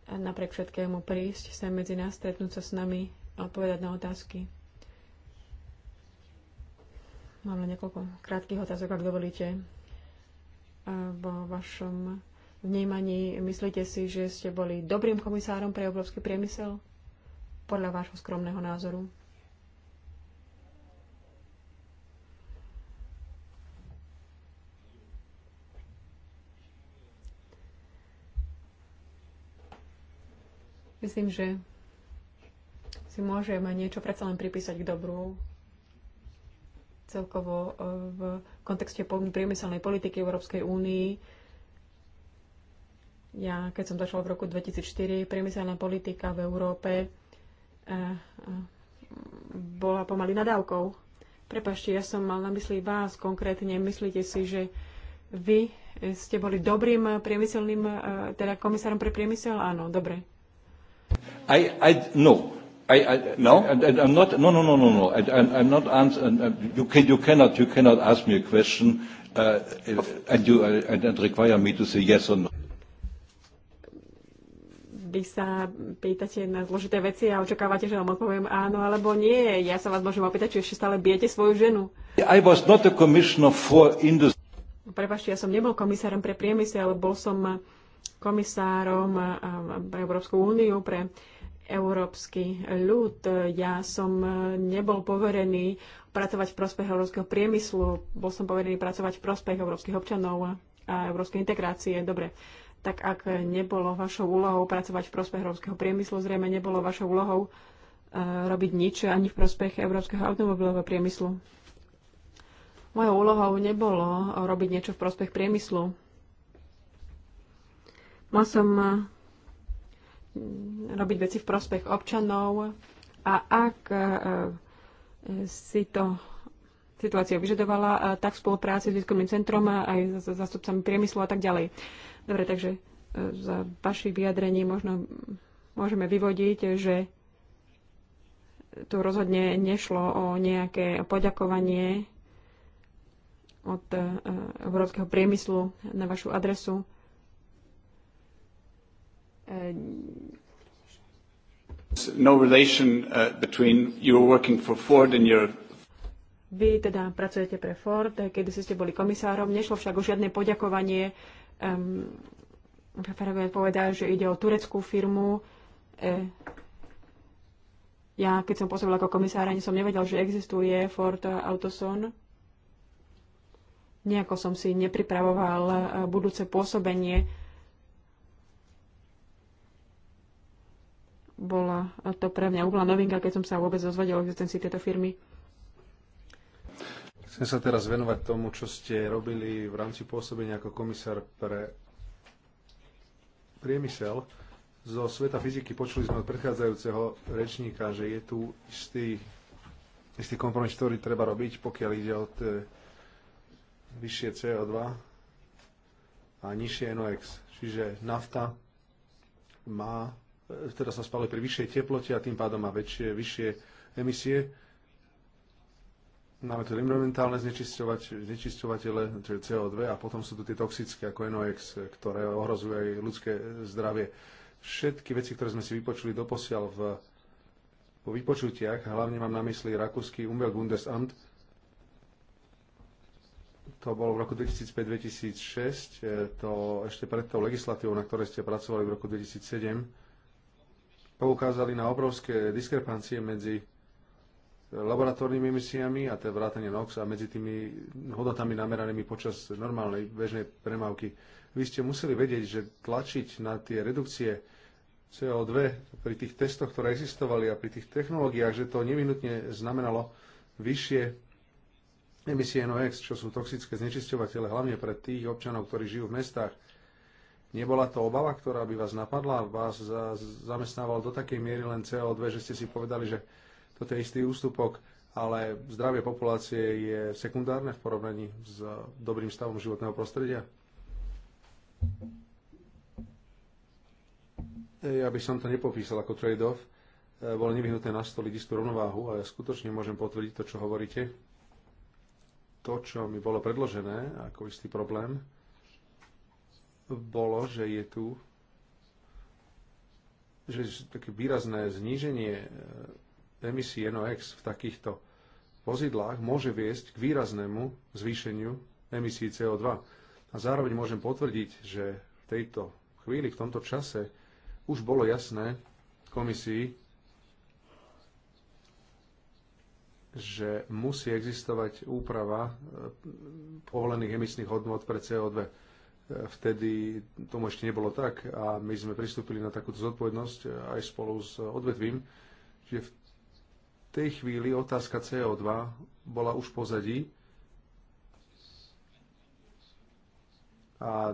napriek všetkému prísť sem medzi nás, stretnúť sa s nami a odpovedať na otázky. Mám len niekoľko krátkých otázok, ak dovolíte. Vo vašom vnímaní myslíte si, že ste boli dobrým komisárom pre obrovský priemysel? Podľa vášho skromného názoru. Myslím, že si môžeme niečo predsa len pripísať k dobru celkovo e, v kontexte priemyselnej politiky Európskej únii. Ja, keď som došla v roku 2004, priemyselná politika v Európe e, e, bola pomaly nadávkou. Prepašte, ja som mal na mysli vás konkrétne. Myslíte si, že vy ste boli dobrým priemyselným, teda komisárom pre priemysel? Áno, dobre. I, I, no. I, I, no, I, I'm not. No, no, no, no, no. I, I'm, I'm not answering. You, can, you cannot. You cannot ask me a question, uh, uh, and you uh, and and require me to say yes or no. Vy sa pýtate na zložité veci a očakávate, že vám odpoviem áno alebo nie. Ja sa vás môžem opýtať, či ešte stále bijete svoju ženu. I was not a commissioner for industry. Prepašte, ja som nebol komisárom pre priemysel, bol som komisárom pre Európsku úniu, pre uh, európsky ľud. Ja som e, nebol poverený pracovať v prospech európskeho priemyslu, bol som poverený pracovať v prospech európskych občanov a európskej integrácie. Dobre, tak ak nebolo vašou úlohou pracovať v prospech európskeho priemyslu, zrejme nebolo vašou úlohou e, robiť nič ani v prospech európskeho automobilového priemyslu. Mojou úlohou nebolo robiť niečo v prospech priemyslu. Mal som e, robiť veci v prospech občanov a ak e, si to situácia vyžadovala, e, tak v spolupráci s výskumným centrom a aj s zastupcami priemyslu a tak ďalej. Dobre, takže e, za vašich vyjadrení možno môžeme vyvodiť, že tu rozhodne nešlo o nejaké poďakovanie od európskeho priemyslu na vašu adresu. No relation uh, between you were working for Ford and your vy teda pracujete pre Ford, eh, kedy ste boli komisárom, nešlo však o žiadne poďakovanie. Um, povedal, že ide o tureckú firmu. E, ja, keď som pôsobila ako komisár, ani som nevedel, že existuje Ford Autoson. Nejako som si nepripravoval eh, budúce pôsobenie bola to pre mňa úplná novinka, keď som sa vôbec dozvedel o existencii tejto firmy. Chcem sa teraz venovať tomu, čo ste robili v rámci pôsobenia ako komisár pre priemysel. Zo sveta fyziky počuli sme od predchádzajúceho rečníka, že je tu istý, istý kompromis, ktorý treba robiť, pokiaľ ide o vyššie CO2 a nižšie NOx. Čiže nafta má E, teda sa spaluje pri vyššej teplote a tým pádom má väčšie, vyššie emisie. Máme tu environmentálne znečisťovatele, čiže teda CO2 a potom sú tu tie toxické ako NOx, ktoré ohrozujú aj ľudské zdravie. Všetky veci, ktoré sme si vypočuli doposiaľ v, po vypočutiach, hlavne mám na mysli rakúsky Umweltbundesamt, to bolo v roku 2005-2006, e, to ešte pred tou legislatívou, na ktorej ste pracovali v roku 2007, poukázali na obrovské diskrepancie medzi laboratórnymi emisiami a teda vrátanie NOx a medzi tými hodnotami nameranými počas normálnej bežnej premávky. Vy ste museli vedieť, že tlačiť na tie redukcie CO2 pri tých testoch, ktoré existovali a pri tých technológiách, že to nevyhnutne znamenalo vyššie emisie NOx, čo sú toxické znečisťovatele, hlavne pre tých občanov, ktorí žijú v mestách, Nebola to obava, ktorá by vás napadla, vás zamestnával do takej miery len CO2, že ste si povedali, že toto je istý ústupok, ale zdravie populácie je sekundárne v porovnaní s dobrým stavom životného prostredia? E, ja by som to nepopísal ako trade-off. E, bolo nevyhnuté nastoliť istú rovnováhu a ja skutočne môžem potvrdiť to, čo hovoríte. To, čo mi bolo predložené ako istý problém, bolo, že je tu že také výrazné zníženie e, emisí NOx v takýchto vozidlách môže viesť k výraznému zvýšeniu emisí CO2. A zároveň môžem potvrdiť, že v tejto chvíli, v tomto čase už bolo jasné komisii, že musí existovať úprava e, povolených emisných hodnot pre CO2 vtedy tomu ešte nebolo tak a my sme pristúpili na takúto zodpovednosť aj spolu s odvetvím, že v tej chvíli otázka CO2 bola už pozadí a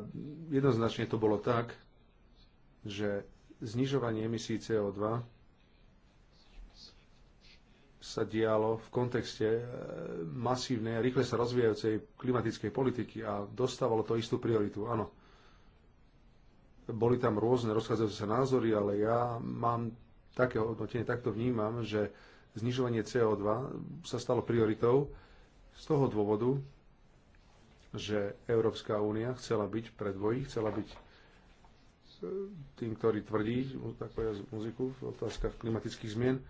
jednoznačne to bolo tak, že znižovanie emisí CO2 sa dialo v kontexte e, masívnej a rýchle sa rozvíjajúcej klimatickej politiky a dostávalo to istú prioritu. Áno, boli tam rôzne rozchádzajúce sa názory, ale ja mám také hodnotenie, takto vnímam, že znižovanie CO2 sa stalo prioritou z toho dôvodu, že Európska únia chcela byť predvojí, chcela byť e, tým, ktorý tvrdí, muziku v otázkach klimatických zmien,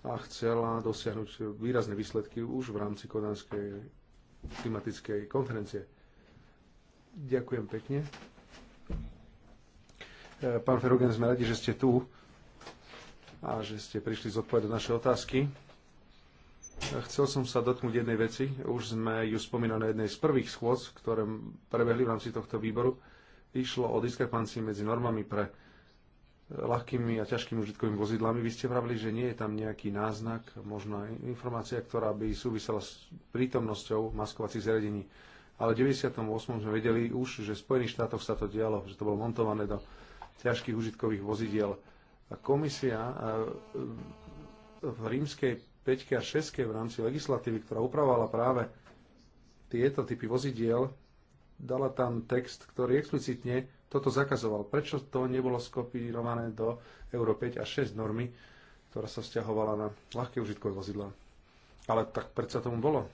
a chcela dosiahnuť výrazné výsledky už v rámci kodanskej klimatickej konferencie. Ďakujem pekne. E, pán Ferogen, sme radi, že ste tu a že ste prišli zodpovedať naše otázky. E, chcel som sa dotknúť jednej veci. Už sme ju spomínali na jednej z prvých schôdz, ktoré prebehli v rámci tohto výboru. Išlo o diskrepancii medzi normami pre ľahkými a ťažkými užitkovými vozidlami. Vy ste pravili, že nie je tam nejaký náznak, možno informácia, ktorá by súvisela s prítomnosťou maskovacích zariadení. Ale v 98. sme vedeli už, že v Spojených štátoch sa to dialo, že to bolo montované do ťažkých užitkových vozidiel. A komisia e, v rímskej 5 a 6 v rámci legislatívy, ktorá upravovala práve tieto typy vozidiel, dala tam text, ktorý explicitne toto zakazoval. Prečo to nebolo skopírované do Euro 5 a 6 normy, ktorá sa vzťahovala na ľahké užitkové vozidla? Ale tak predsa tomu bolo.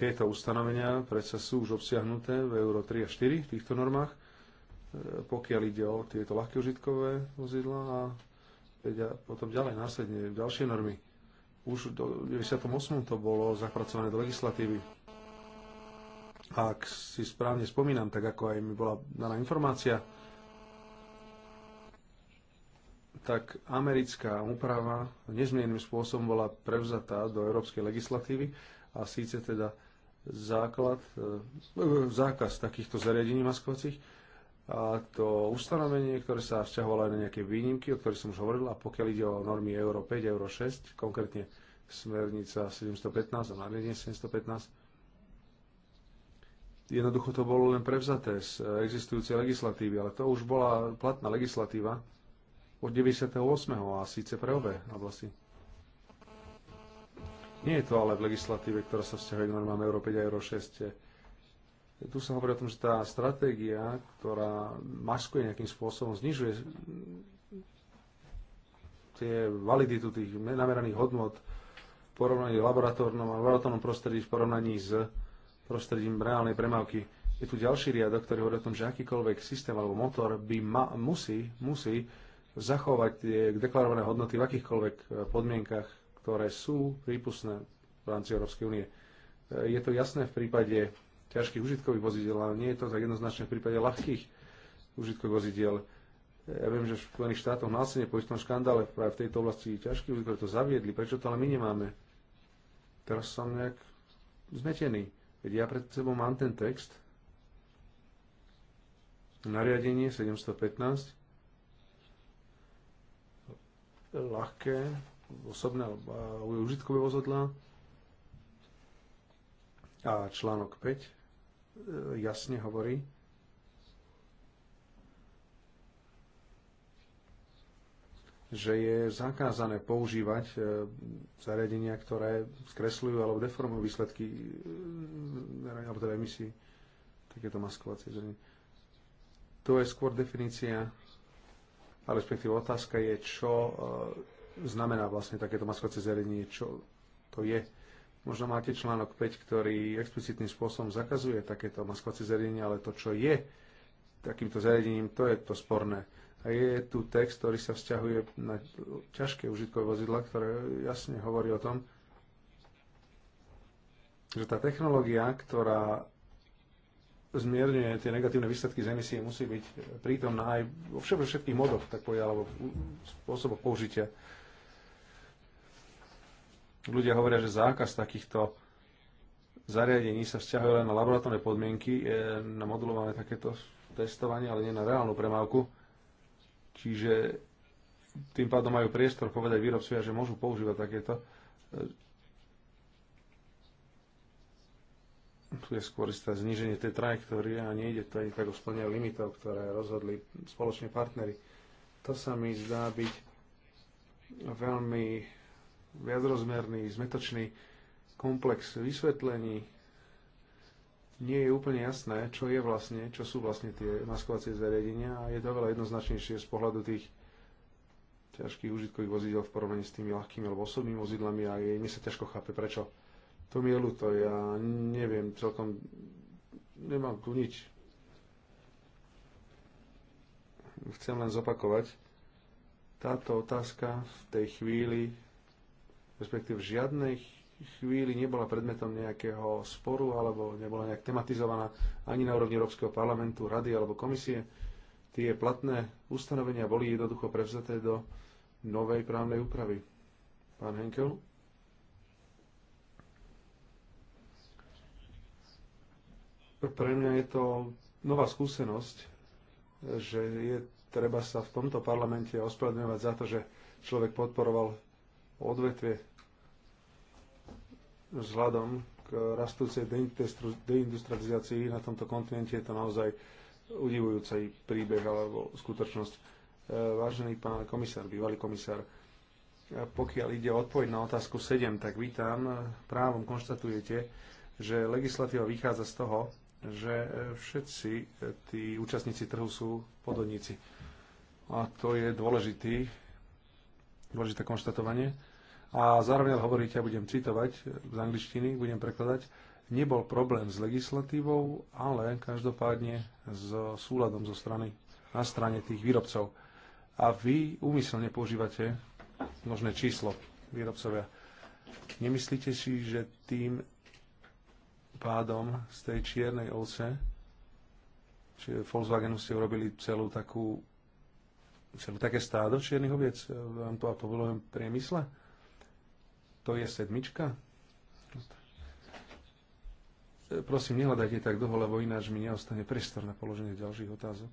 Tieto ustanovenia predsa sú už obsiahnuté v Euro 3 a 4 v týchto normách, e, pokiaľ ide o tieto ľahké užitkové vozidla a potom ďalej následne ďalšie normy. Už do 98. to bolo zapracované do legislatívy. Ak si správne spomínam, tak ako aj mi bola daná informácia, tak americká úprava nezmienným spôsobom bola prevzatá do európskej legislatívy a síce teda základ, e, e, zákaz takýchto zariadení maskovacích a to ustanovenie, ktoré sa vzťahovalo aj na nejaké výnimky, o ktorých som už hovoril, a pokiaľ ide o normy Euro 5, Euro 6, konkrétne smernica 715 a nariadenie 715, Jednoducho to bolo len prevzaté z eh, existujúcej legislatívy, ale to už bola platná legislatíva od 98. a síce pre obe oblasti. Nie je to ale v legislatíve, ktorá sa vzťahuje k normám Euro 5 a Euro 6. Eh, tu sa hovorí o tom, že tá stratégia, ktorá maskuje nejakým spôsobom, znižuje mm, tie validitu tých nameraných hodnot v porovnaní laboratórnom a laboratórnom prostredí v porovnaní s prostredím reálnej premávky. Je tu ďalší riadok, ktorý hovorí o tom, že akýkoľvek systém alebo motor by ma, musí, musí zachovať tie deklarované hodnoty v akýchkoľvek e, podmienkach, ktoré sú prípustné v rámci Európskej únie. E, je to jasné v prípade ťažkých užitkových vozidel, ale nie je to tak jednoznačné v prípade ľahkých užitkových vozidiel. E, ja viem, že v Spojených štátoch následne po istom škandále práve v tejto oblasti ťažkých užitkov to zaviedli. Prečo to ale my nemáme? Teraz som nejak zmetený keď ja pred sebou mám ten text, nariadenie 715, ľahké, osobné alebo užitkové vozidla a článok 5 e, jasne hovorí, že je zakázané používať e, zariadenia, ktoré skresľujú alebo deformujú výsledky e, e, alebo teda emisí takéto maskovacie zrenie. To je skôr definícia, a respektíve otázka je, čo znamená vlastne takéto maskovacie zariadenie, čo to je. Možno máte článok 5, ktorý explicitným spôsobom zakazuje takéto maskovacie zariadenie, ale to, čo je takýmto zariadením, to je to sporné je tu text, ktorý sa vzťahuje na ťažké užitkové vozidla, ktoré jasne hovorí o tom, že tá technológia, ktorá zmierňuje tie negatívne výsledky z emisie, musí byť prítomná aj vo všetkých modoch, tak povedať, alebo spôsoboch použitia. Ľudia hovoria, že zákaz takýchto zariadení sa vzťahuje len na laboratórne podmienky, na modulované takéto testovanie, ale nie na reálnu premávku. Čiže tým pádom majú priestor povedať výrobcovia, že môžu používať takéto. E, tu je skôr isté zníženie tej trajektórie a nejde to ani tak o splnenie limitov, ktoré rozhodli spoločne partnery. To sa mi zdá byť veľmi viacrozmerný, zmetočný komplex vysvetlení, nie je úplne jasné, čo je vlastne, čo sú vlastne tie maskovacie zariadenia a je to veľa jednoznačnejšie z pohľadu tých ťažkých užitkových vozidel v porovnaní s tými ľahkými alebo osobnými vozidlami a je, mi sa ťažko chápe, prečo. To mi je ľúto, ja neviem, celkom nemám tu nič. Chcem len zopakovať. Táto otázka v tej chvíli, respektíve v žiadnej chvíli nebola predmetom nejakého sporu alebo nebola nejak tematizovaná ani na úrovni Európskeho parlamentu, rady alebo komisie. Tie platné ustanovenia boli jednoducho prevzaté do novej právnej úpravy. Pán Henkel? Pre mňa je to nová skúsenosť, že je treba sa v tomto parlamente ospravedlňovať za to, že človek podporoval odvetvie vzhľadom k rastúcej deindustrializácii na tomto kontinente je to naozaj udivujúcej príbeh alebo skutočnosť. E, vážený pán komisár, bývalý komisár, e, pokiaľ ide o odpoveď na otázku 7, tak vítam, právom konštatujete, že legislatíva vychádza z toho, že všetci tí účastníci trhu sú pododníci. A to je dôležitý, dôležité konštatovanie a zároveň hovoríte, a budem citovať z angličtiny, budem prekladať, nebol problém s legislatívou, ale každopádne s súladom zo strany, na strane tých výrobcov. A vy úmyselne používate množné číslo výrobcovia. Nemyslíte si, že tým pádom z tej čiernej ovce, čiže Volkswagenu ste urobili celú takú, celú také stádo čiernych oviec v automobilovom priemysle? To je sedmička? Prosím, nehľadajte tak dlho, lebo ináč mi neostane priestor na položenie ďalších otázok.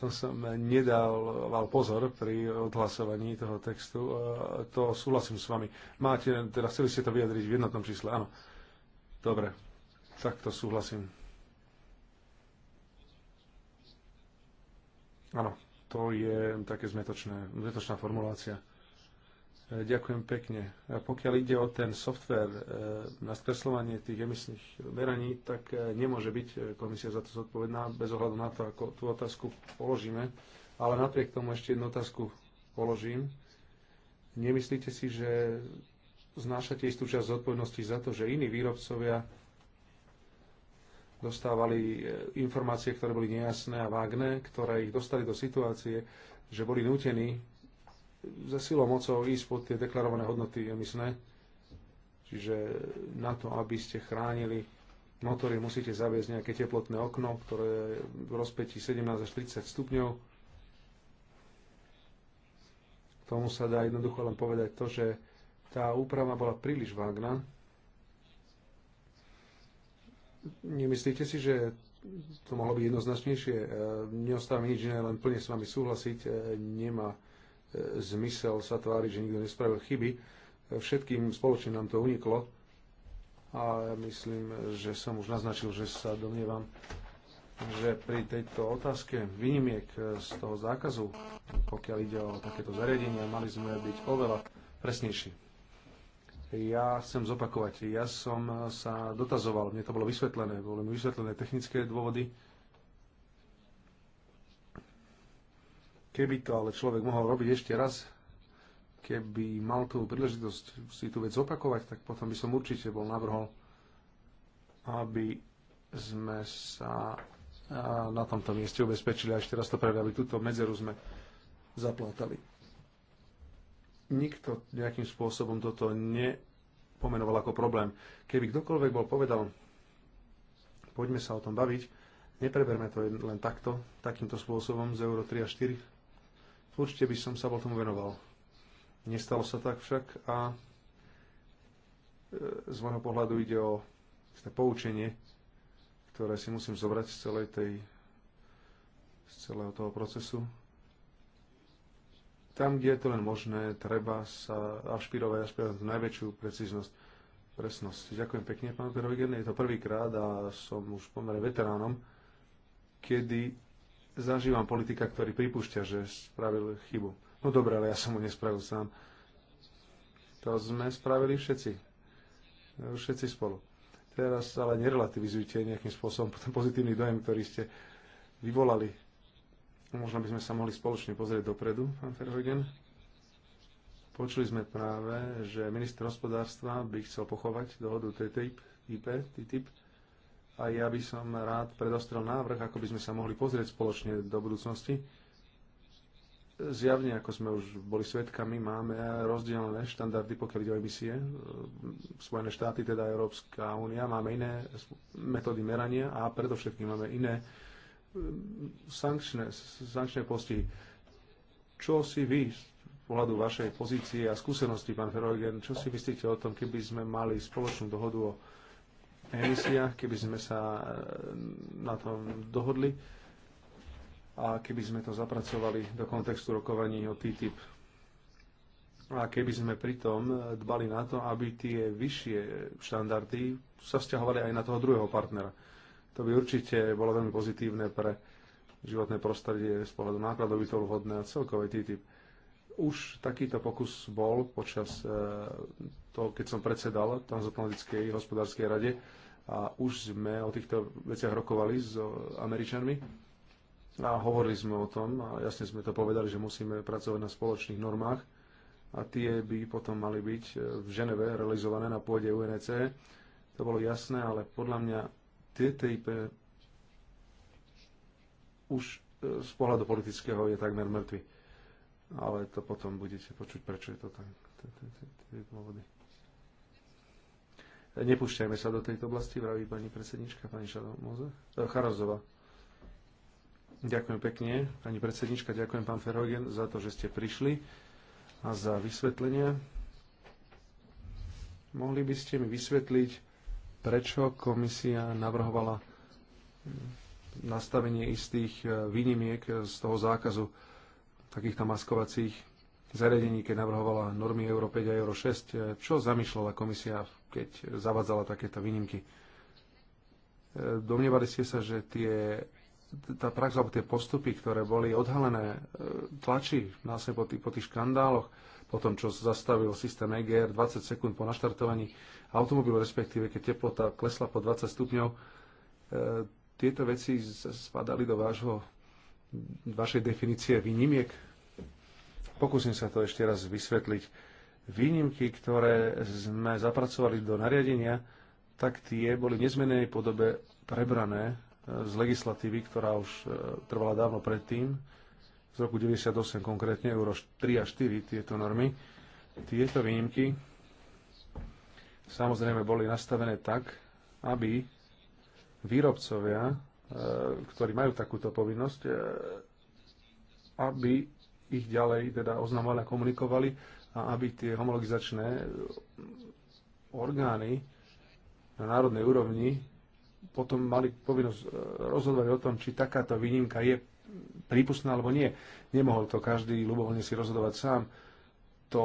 To som nedával pozor pri odhlasovaní toho textu. To súhlasím s vami. Máte, teda chceli ste to vyjadriť v jednotnom čísle, áno. Dobre, tak to súhlasím. Áno, to je také zmetočné, zmetočná formulácia. E, ďakujem pekne. A Pokiaľ ide o ten software e, na skreslovanie tých emisných meraní, tak e, nemôže byť komisia za to zodpovedná, bez ohľadu na to, ako tú otázku položíme. Ale napriek tomu ešte jednu otázku položím. Nemyslíte si, že znášate istú časť zodpovednosti za to, že iní výrobcovia dostávali eh, informácie, ktoré boli nejasné a vágne, ktoré ich dostali do situácie, že boli nútení za silou mocou ísť pod tie deklarované hodnoty emisné. Čiže na to, aby ste chránili motory, musíte zaviesť nejaké teplotné okno, ktoré v rozpetí 17 až 30 stupňov. K tomu sa dá jednoducho len povedať to, že tá úprava bola príliš vágna, Nemyslíte si, že to mohlo byť jednoznačnejšie? E, Neostáva nič iné, len plne s vami súhlasiť. E, Nemá e, zmysel sa tváriť, že nikto nespravil chyby. Všetkým spoločne nám to uniklo. A ja myslím, že som už naznačil, že sa domnievam, že pri tejto otázke výnimiek z toho zákazu, pokiaľ ide o takéto zariadenia, mali sme byť oveľa presnejší. Ja chcem zopakovať, ja som sa dotazoval, mne to bolo vysvetlené, boli mi vysvetlené technické dôvody. Keby to ale človek mohol robiť ešte raz, keby mal tú príležitosť si tú vec zopakovať, tak potom by som určite bol navrhol, aby sme sa eh, na tomto mieste ubezpečili a ešte raz to prejavili. Túto medzeru sme zaplátali nikto nejakým spôsobom toto nepomenoval ako problém. Keby kdokoľvek bol povedal, poďme sa o tom baviť, nepreberme to len takto, takýmto spôsobom z Euro 3 a 4, určite by som sa bol tomu venoval. Nestalo sa tak však a e, z môjho pohľadu ide o poučenie, ktoré si musím zobrať z celej tej z celého toho procesu tam, kde je to len možné, treba sa ašpirovať, ašpirovať najväčšiu precíznosť, presnosť. Ďakujem pekne, pán Perovigerne. Je to prvýkrát a som už pomerne veteránom, kedy zažívam politika, ktorý pripúšťa, že spravil chybu. No dobre, ale ja som mu nespravil sám. To sme spravili všetci. Všetci spolu. Teraz ale nerelativizujte nejakým spôsobom ten pozitívny dojem, ktorý ste vyvolali Možno by sme sa mohli spoločne pozrieť dopredu, pán Ferhojden. Počuli sme práve, že minister hospodárstva by chcel pochovať dohodu TTIP, IP, TTIP. A ja by som rád predostrel návrh, ako by sme sa mohli pozrieť spoločne do budúcnosti. Zjavne, ako sme už boli svetkami, máme rozdielne štandardy, pokiaľ ide o emisie. Spojené štáty, teda Európska únia, máme iné metódy merania a predovšetkým máme iné Eh, sankčné, sankčné postihy. Čo si vy pohľadu vašej pozície a skúsenosti, pán Ferogen, čo si myslíte o tom, keby sme mali spoločnú dohodu o emisiách, keby sme sa eh, na tom dohodli a keby sme to zapracovali do kontextu rokovaní o TTIP a keby sme pritom eh, dbali na to, aby tie vyššie štandardy sa vzťahovali aj na toho druhého partnera. To by určite bolo veľmi pozitívne pre životné prostredie z pohľadu nákladov, by to bolo vhodné a celkovej TTIP. Už takýto pokus bol počas e, toho, keď som predsedal Transatlantickej hospodárskej rade a už sme o týchto veciach rokovali s Američanmi a hovorili sme o tom a jasne sme to povedali, že musíme pracovať na spoločných normách a tie by potom mali byť v Ženeve realizované na pôde UNEC. To bolo jasné, ale podľa mňa TTIP už e, z pohľadu politického je takmer mŕtvy. Ale to potom budete počuť, prečo je to tak. Nepúšťajme sa do tejto oblasti, vraví pani predsednička, pani Šaromoze, Charozova. Ďakujem pekne, pani predsednička, ďakujem pán Ferhogen za to, že ste prišli a za vysvetlenia. Mohli by ste mi vysvetliť, prečo komisia navrhovala nastavenie istých e, výnimiek z toho zákazu takýchto maskovacích zariadení, keď navrhovala normy Euro 5 a Euro 6. E, čo zamýšľala komisia, keď zavadzala takéto výnimky? E, Domnievali ste sa, že tie, tá prax alebo tie postupy, ktoré boli odhalené tlači následne po, tých, po tých škandáloch, po tom, čo zastavil systém EGR 20 sekúnd po naštartovaní, automobilu, respektíve keď teplota klesla po 20 stupňov, e, tieto veci spadali do vášho, vašej definície výnimiek? Pokúsim sa to ešte raz vysvetliť. Výnimky, ktoré sme zapracovali do nariadenia, tak tie boli v nezmenej podobe prebrané e, z legislatívy, ktorá už e, trvala dávno predtým, z roku 1998 konkrétne, euro 3 a 4 tieto normy. Tieto výnimky samozrejme boli nastavené tak, aby výrobcovia, e, ktorí majú takúto povinnosť, e, aby ich ďalej teda oznamovali a komunikovali a aby tie homologizačné orgány na národnej úrovni potom mali povinnosť e, rozhodovať o tom, či takáto výnimka je prípustná alebo nie. Nemohol to každý ľubovoľne si rozhodovať sám. To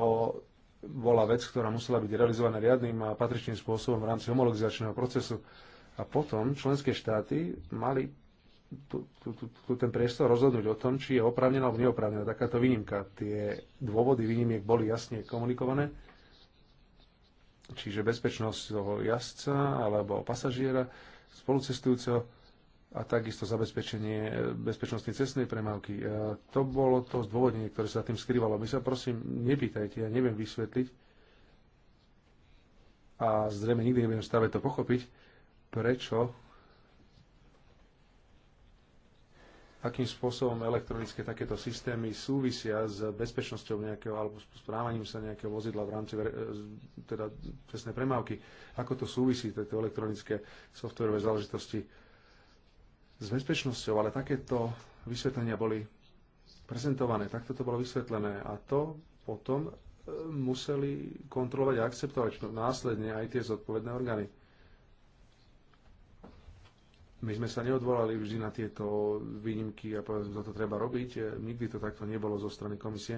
bola vec, ktorá musela byť realizovaná riadnym a patričným spôsobom v rámci homologizačného procesu. A potom členské štáty mali tu, tu, tu, tu ten priestor rozhodnúť o tom, či je oprávnená alebo neoprávnená takáto výnimka. Tie dôvody výnimiek boli jasne komunikované, čiže bezpečnosť toho jazdca alebo pasažiera, spolucestujúceho a takisto zabezpečenie eh, bezpečnostnej cestnej premávky. A to bolo to zdôvodnenie, ktoré sa tým skrývalo. My sa prosím, nepýtajte, ja neviem vysvetliť a zrejme nikdy nebudem stave to pochopiť, prečo akým spôsobom elektronické takéto systémy súvisia s bezpečnosťou nejakého alebo správaním sa nejakého vozidla v rámci eh, teda cestnej premávky. Ako to súvisí, tieto elektronické softverové záležitosti s bezpečnosťou, ale takéto vysvetlenia boli prezentované, takto to bolo vysvetlené a to potom e, museli kontrolovať a akceptovať no, následne aj tie zodpovedné orgány. My sme sa neodvolali vždy na tieto výnimky a že to treba robiť. E, nikdy to takto nebolo zo strany komisie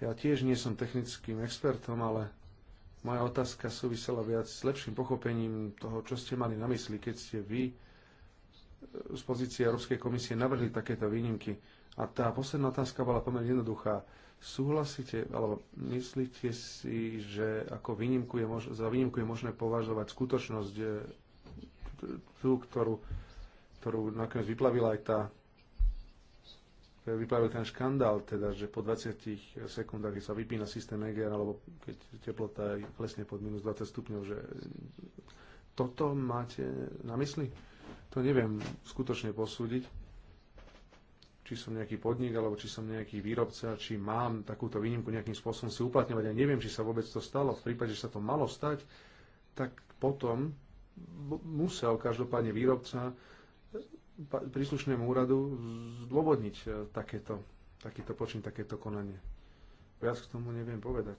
Ja tiež nie som technickým expertom, ale moja otázka súvisela viac s lepším pochopením toho, čo ste mali na mysli, keď ste vy e, z pozície Európskej komisie navrhli takéto výnimky. A tá posledná otázka bola pomerne jednoduchá. Súhlasíte, alebo myslíte si, že ako výnimku je mož- za výnimku je možné považovať skutočnosť e, tú, ktorú, ktorú nakoniec vyplavila aj tá vyplavil ten škandál, teda, že po 20 sekundách, sa vypína systém EGR, alebo keď teplota je klesne pod minus 20 stupňov, že toto máte na mysli? To neviem skutočne posúdiť, či som nejaký podnik, alebo či som nejaký výrobca, či mám takúto výnimku nejakým spôsobom si uplatňovať. Ja neviem, či sa vôbec to stalo. V prípade, že sa to malo stať, tak potom musel každopádne výrobca príslušnému úradu zdôvodniť e, takéto, takýto počin, takéto konanie. Viac k tomu neviem povedať.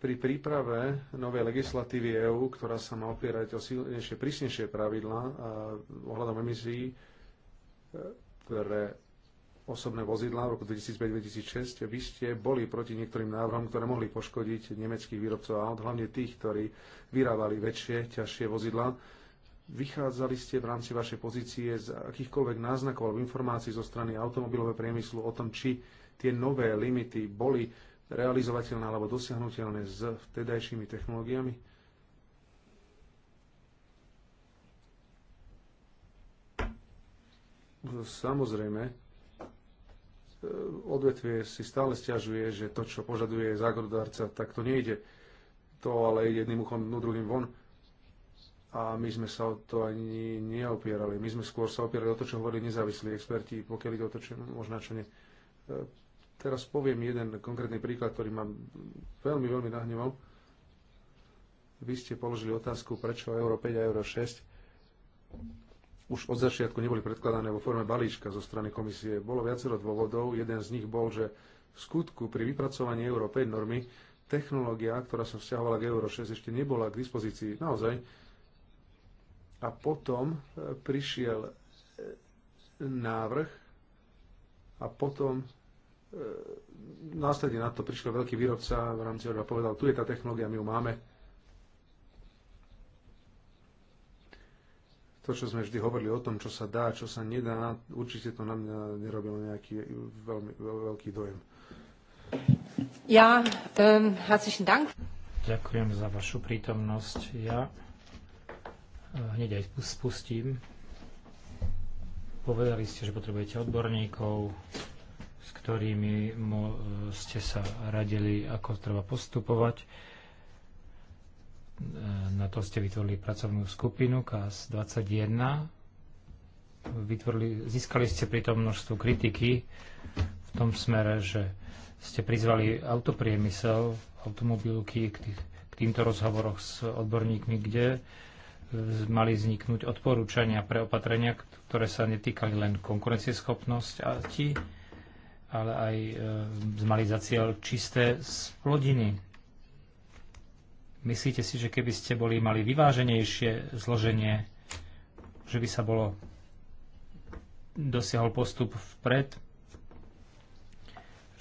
Pri príprave novej legislatívy EÚ, ktorá sa má opierať o silnejšie, prísnejšie pravidlá ohľadom emisí e, pre osobné vozidlá v roku 2005-2006, vy ste boli proti niektorým návrhom, ktoré mohli poškodiť nemeckých výrobcov aut, hlavne tých, ktorí vyrábali väčšie, ťažšie vozidlá Vychádzali ste v rámci vašej pozície z akýchkoľvek náznakov alebo informácií zo strany automobilového priemyslu o tom, či tie nové limity boli realizovateľné alebo dosiahnuteľné s vtedajšími technológiami? Samozrejme, e, odvetvie si stále stiažuje, že to, čo požaduje zákonodárca, tak to nejde. To ale ide jedným uchom, no druhým von a my sme sa o to ani neopierali. My sme skôr sa opierali o to, čo hovorili nezávislí experti, pokiaľ ide o to, čo možno čo nie. E, teraz poviem jeden konkrétny príklad, ktorý ma veľmi, veľmi nahneval. Vy ste položili otázku, prečo euro 5 a euro 6 už od začiatku neboli predkladané vo forme balíčka zo strany komisie. Bolo viacero dôvodov. Jeden z nich bol, že v skutku pri vypracovaní euro 5 normy technológia, ktorá sa vzťahovala k euro 6, ešte nebola k dispozícii. Naozaj, a potom e, prišiel e, návrh a potom e, následne na to prišiel veľký výrobca v rámci a povedal, tu je tá technológia, my ju máme. To, čo sme vždy hovorili o tom, čo sa dá, čo sa nedá, určite to na mňa nerobilo nejaký veľmi, veľký dojem. Ja, um, herzlichen Dank. Ďakujem za vašu prítomnosť. Ja hneď aj spustím. Povedali ste, že potrebujete odborníkov, s ktorými e, ste sa radili, ako treba postupovať. E, na to ste vytvorili pracovnú skupinu KAS 21. Vytvorili, získali ste pritom množstvo kritiky v tom smere, že ste prizvali autopriemysel, automobilky k, tých, k týmto rozhovoroch s odborníkmi, kde mali vzniknúť odporúčania pre opatrenia, ktoré sa netýkali len konkurencieschopnosť a ti, ale aj e, mali za cieľ čisté splodiny. Myslíte si, že keby ste boli mali vyváženejšie zloženie, že by sa bolo dosiahol postup vpred,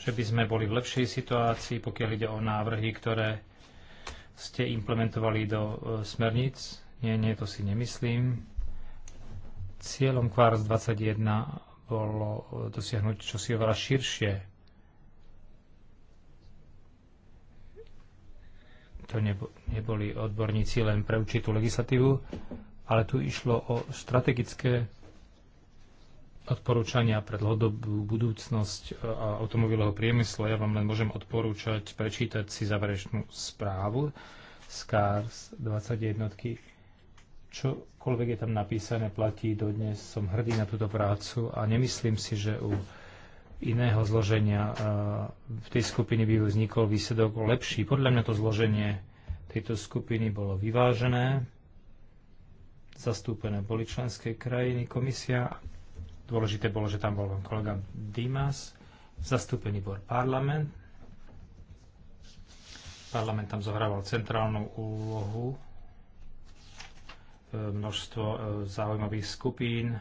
že by sme boli v lepšej situácii, pokiaľ ide o návrhy, ktoré ste implementovali do e, smerníc nie, nie, to si nemyslím. Cieľom Quartz 21 bolo dosiahnuť čosi oveľa širšie. To neboli odborníci len pre určitú legislatívu, ale tu išlo o strategické odporúčania pre dlhodobú budúcnosť e, automobilového priemyslu. Ja vám len môžem odporúčať prečítať si záverečnú správu z CARS 21 čokoľvek je tam napísané, platí dodnes. Som hrdý na túto prácu a nemyslím si, že u iného zloženia v tej skupiny by vznikol výsledok lepší. Podľa mňa to zloženie tejto skupiny bolo vyvážené, zastúpené boli členské krajiny, komisia. Dôležité bolo, že tam bol kolega Dimas, zastúpený bol parlament. Parlament tam zohrával centrálnu úlohu množstvo e, záujmových skupín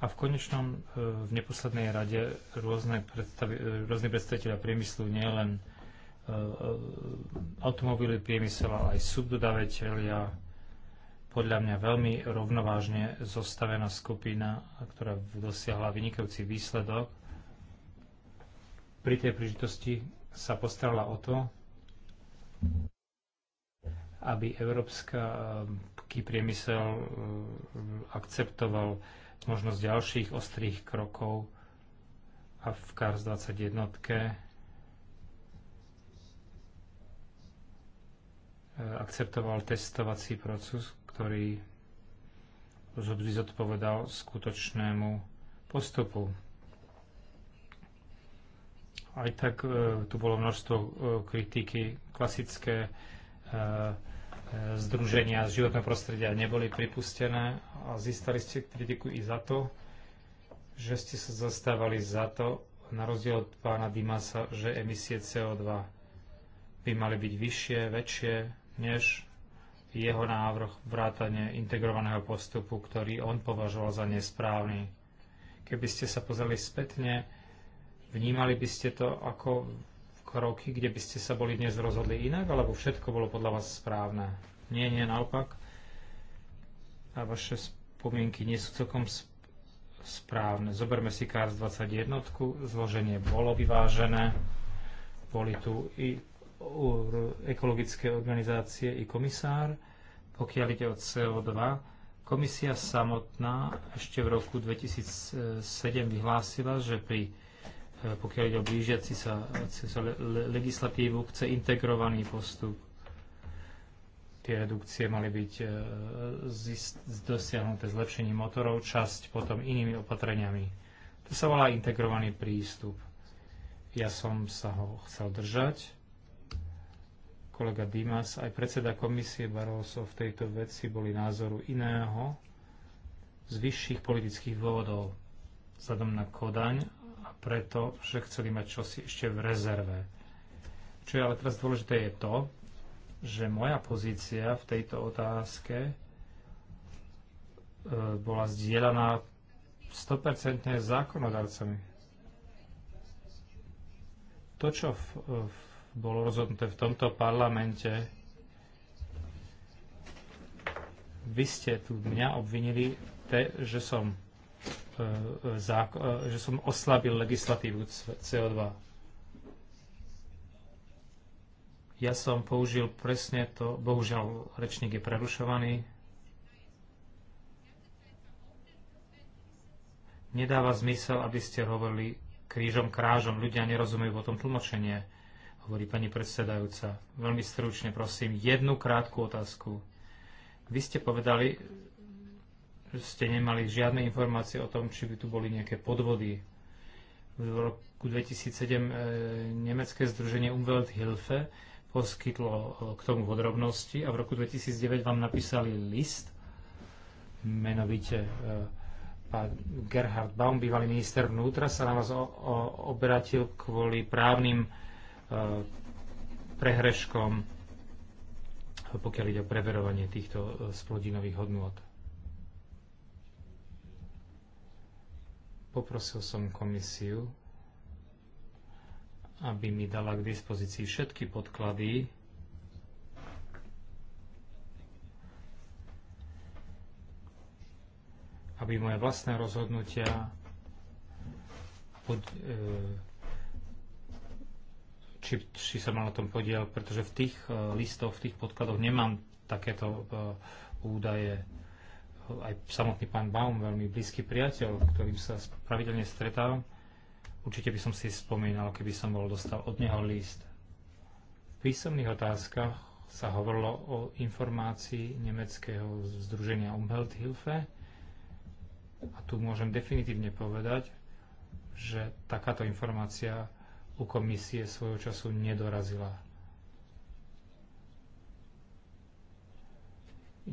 a v konečnom, e, v neposlednej rade rôzne predstavi, e, rôzne predstaviteľa priemyslu, nielen automobily priemysel, ale aj subdodávateľia, podľa mňa veľmi rovnovážne zostavená skupina, ktorá dosiahla vynikajúci výsledok. Pri tej príležitosti sa postarala o to, aby európsky eh, priemysel eh, akceptoval možnosť ďalších ostrých krokov a v CARS 21 eh, akceptoval testovací proces, ktorý zodpovedal skutočnému postupu. Aj tak tu bolo množstvo kritiky, klasické E, združenia z životného prostredia neboli pripustené a zistali ste kritiku i za to, že ste sa zastávali za to, na rozdiel od pána Dimasa, že emisie CO2 by mali byť vyššie, väčšie, než jeho návrh vrátane integrovaného postupu, ktorý on považoval za nesprávny. Keby ste sa pozreli spätne, vnímali by ste to ako kroky, kde by ste sa boli dnes rozhodli inak, alebo všetko bolo podľa vás správne? Nie, nie, naopak. A vaše spomienky nie sú celkom správne. Zoberme si KARS 21, zloženie bolo vyvážené, boli tu i ekologické organizácie, i komisár. Pokiaľ ide o CO2, komisia samotná ešte v roku 2007 vyhlásila, že pri E, pokiaľ ide o blížiaci sa, sa legislatívu, chce integrovaný postup. Tie redukcie mali byť e, dosiahnuté zlepšením motorov, časť potom inými opatreniami. To sa volá integrovaný prístup. Ja som sa ho chcel držať. Kolega Dimas, aj predseda komisie Barroso v tejto veci boli názoru iného z vyšších politických dôvodov vzhľadom na Kodaň preto, že chceli mať čosi ešte v rezerve. Čo je ale teraz dôležité je to, že moja pozícia v tejto otázke e, bola zdieľaná 100% zákonodarcami. To, čo v, v, bolo rozhodnuté v tomto parlamente, vy ste tu mňa obvinili, te, že som E, e, že som oslabil legislatívu CO2. Ja som použil presne to, bohužiaľ rečník je prerušovaný. Nedáva zmysel, aby ste hovorili krížom krážom. Ľudia nerozumejú o tom tlmočenie, hovorí pani predsedajúca. Veľmi stručne, prosím, jednu krátku otázku. Vy ste povedali, ste nemali žiadne informácie o tom, či by tu boli nejaké podvody. V roku 2007 e, nemecké združenie Umwelthilfe poskytlo e, k tomu podrobnosti a v roku 2009 vám napísali list, menovite e, pán Gerhard Baum, bývalý minister vnútra, sa na vás o, o, obratil kvôli právnym e, prehreškom, pokiaľ ide o preverovanie týchto splodinových hodnôt. Poprosil som komisiu, aby mi dala k dispozícii všetky podklady, aby moje vlastné rozhodnutia pod, e, či, či sa mal na tom podiel, pretože v tých e, listoch, v tých podkladoch nemám takéto e, údaje aj samotný pán Baum, veľmi blízky priateľ, ktorým sa pravidelne stretávam. Určite by som si spomínal, keby som bol dostal od neho list. V písomných otázkach sa hovorilo o informácii nemeckého združenia Umwelthilfe a tu môžem definitívne povedať, že takáto informácia u komisie svojho času nedorazila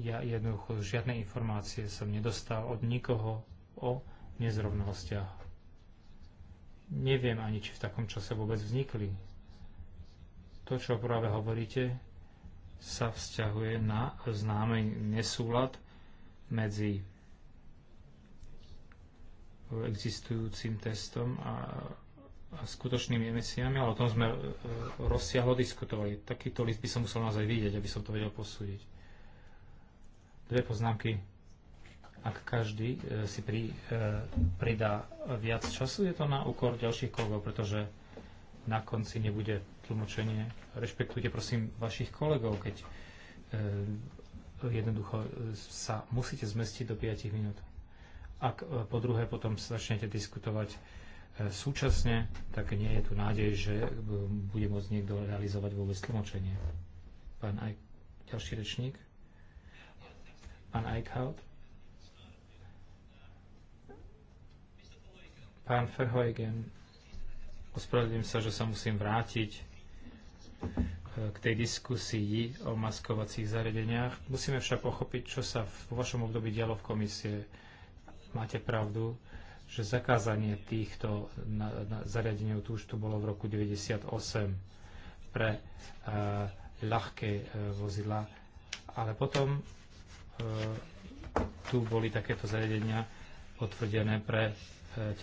Ja jednoducho žiadne informácie som nedostal od nikoho o nezrovnalostiach. Neviem ani, či v takom čase vôbec vznikli. To, čo práve hovoríte, sa vzťahuje na známy nesúlad medzi existujúcim testom a, a skutočnými emisiami, ale o tom sme e, e, rozsiahlo diskutovali. Takýto list by som musel naozaj vidieť, aby som to vedel posúdiť. Dve poznámky. Ak každý e, si pri, e, pridá viac času, je to na úkor ďalších kolegov, pretože na konci nebude tlmočenie. Rešpektujte prosím vašich kolegov, keď e, jednoducho sa musíte zmestiť do 5 minút. Ak po druhé potom začnete diskutovať súčasne, tak nie je tu nádej, že bude môcť niekto realizovať vôbec tlmočenie. Pán aj ďalší rečník pán Eichhout. Pán Verhoegen, ospravedlím sa, že sa musím vrátiť e, k tej diskusii o maskovacích zariadeniach. Musíme však pochopiť, čo sa v vašom období dialo v komisie. Máte pravdu, že zakázanie týchto na, na zariadení tu už tu bolo v roku 98 pre uh, ľahké uh, vozidla, ale potom E, tu boli takéto zariadenia potvrdené pre e,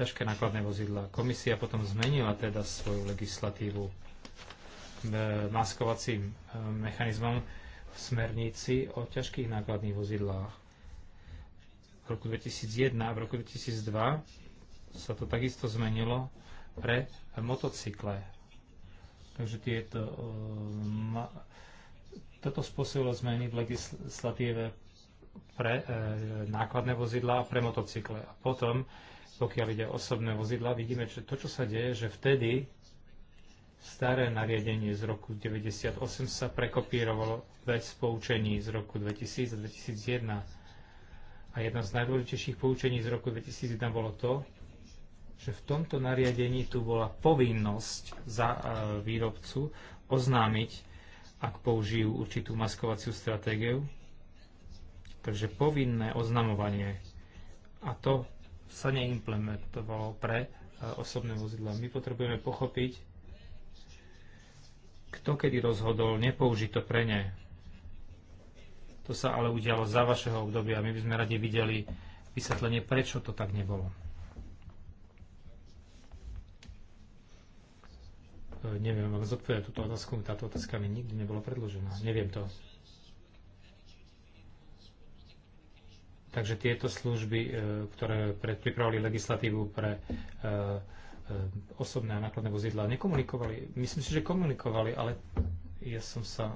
ťažké nákladné vozidla. Komisia potom zmenila teda svoju legislatívu e, maskovacím mechanizmom v smernici o ťažkých nákladných vozidlách. V roku 2001 a v roku 2002 sa to takisto zmenilo pre motocykle. Takže tieto, toto spôsobilo zmeny v legislatíve pre e, nákladné vozidla a pre motocykle. A potom, pokiaľ ide osobné vozidla, vidíme, že to, čo sa deje, že vtedy staré nariadenie z roku 98 sa prekopírovalo bez poučení z roku 2000 a 2001. A jedno z najdôležitejších poučení z roku 2001 bolo to, že v tomto nariadení tu bola povinnosť za e, výrobcu oznámiť, ak použijú určitú maskovaciu stratégiu, Takže povinné oznamovanie. A to sa neimplementovalo pre e, osobné vozidla. My potrebujeme pochopiť, kto kedy rozhodol nepoužiť to pre ne. To sa ale udialo za vašeho obdobia. My by sme radi videli vysvetlenie, prečo to tak nebolo. E, neviem vám zodpovedať túto otázku, táto otázka mi nikdy nebola predložená. Neviem to. Takže tieto služby, e, ktoré predpripravili legislatívu pre e, e, osobné a nákladné vozidla, nekomunikovali. Myslím si, že komunikovali, ale ja som sa...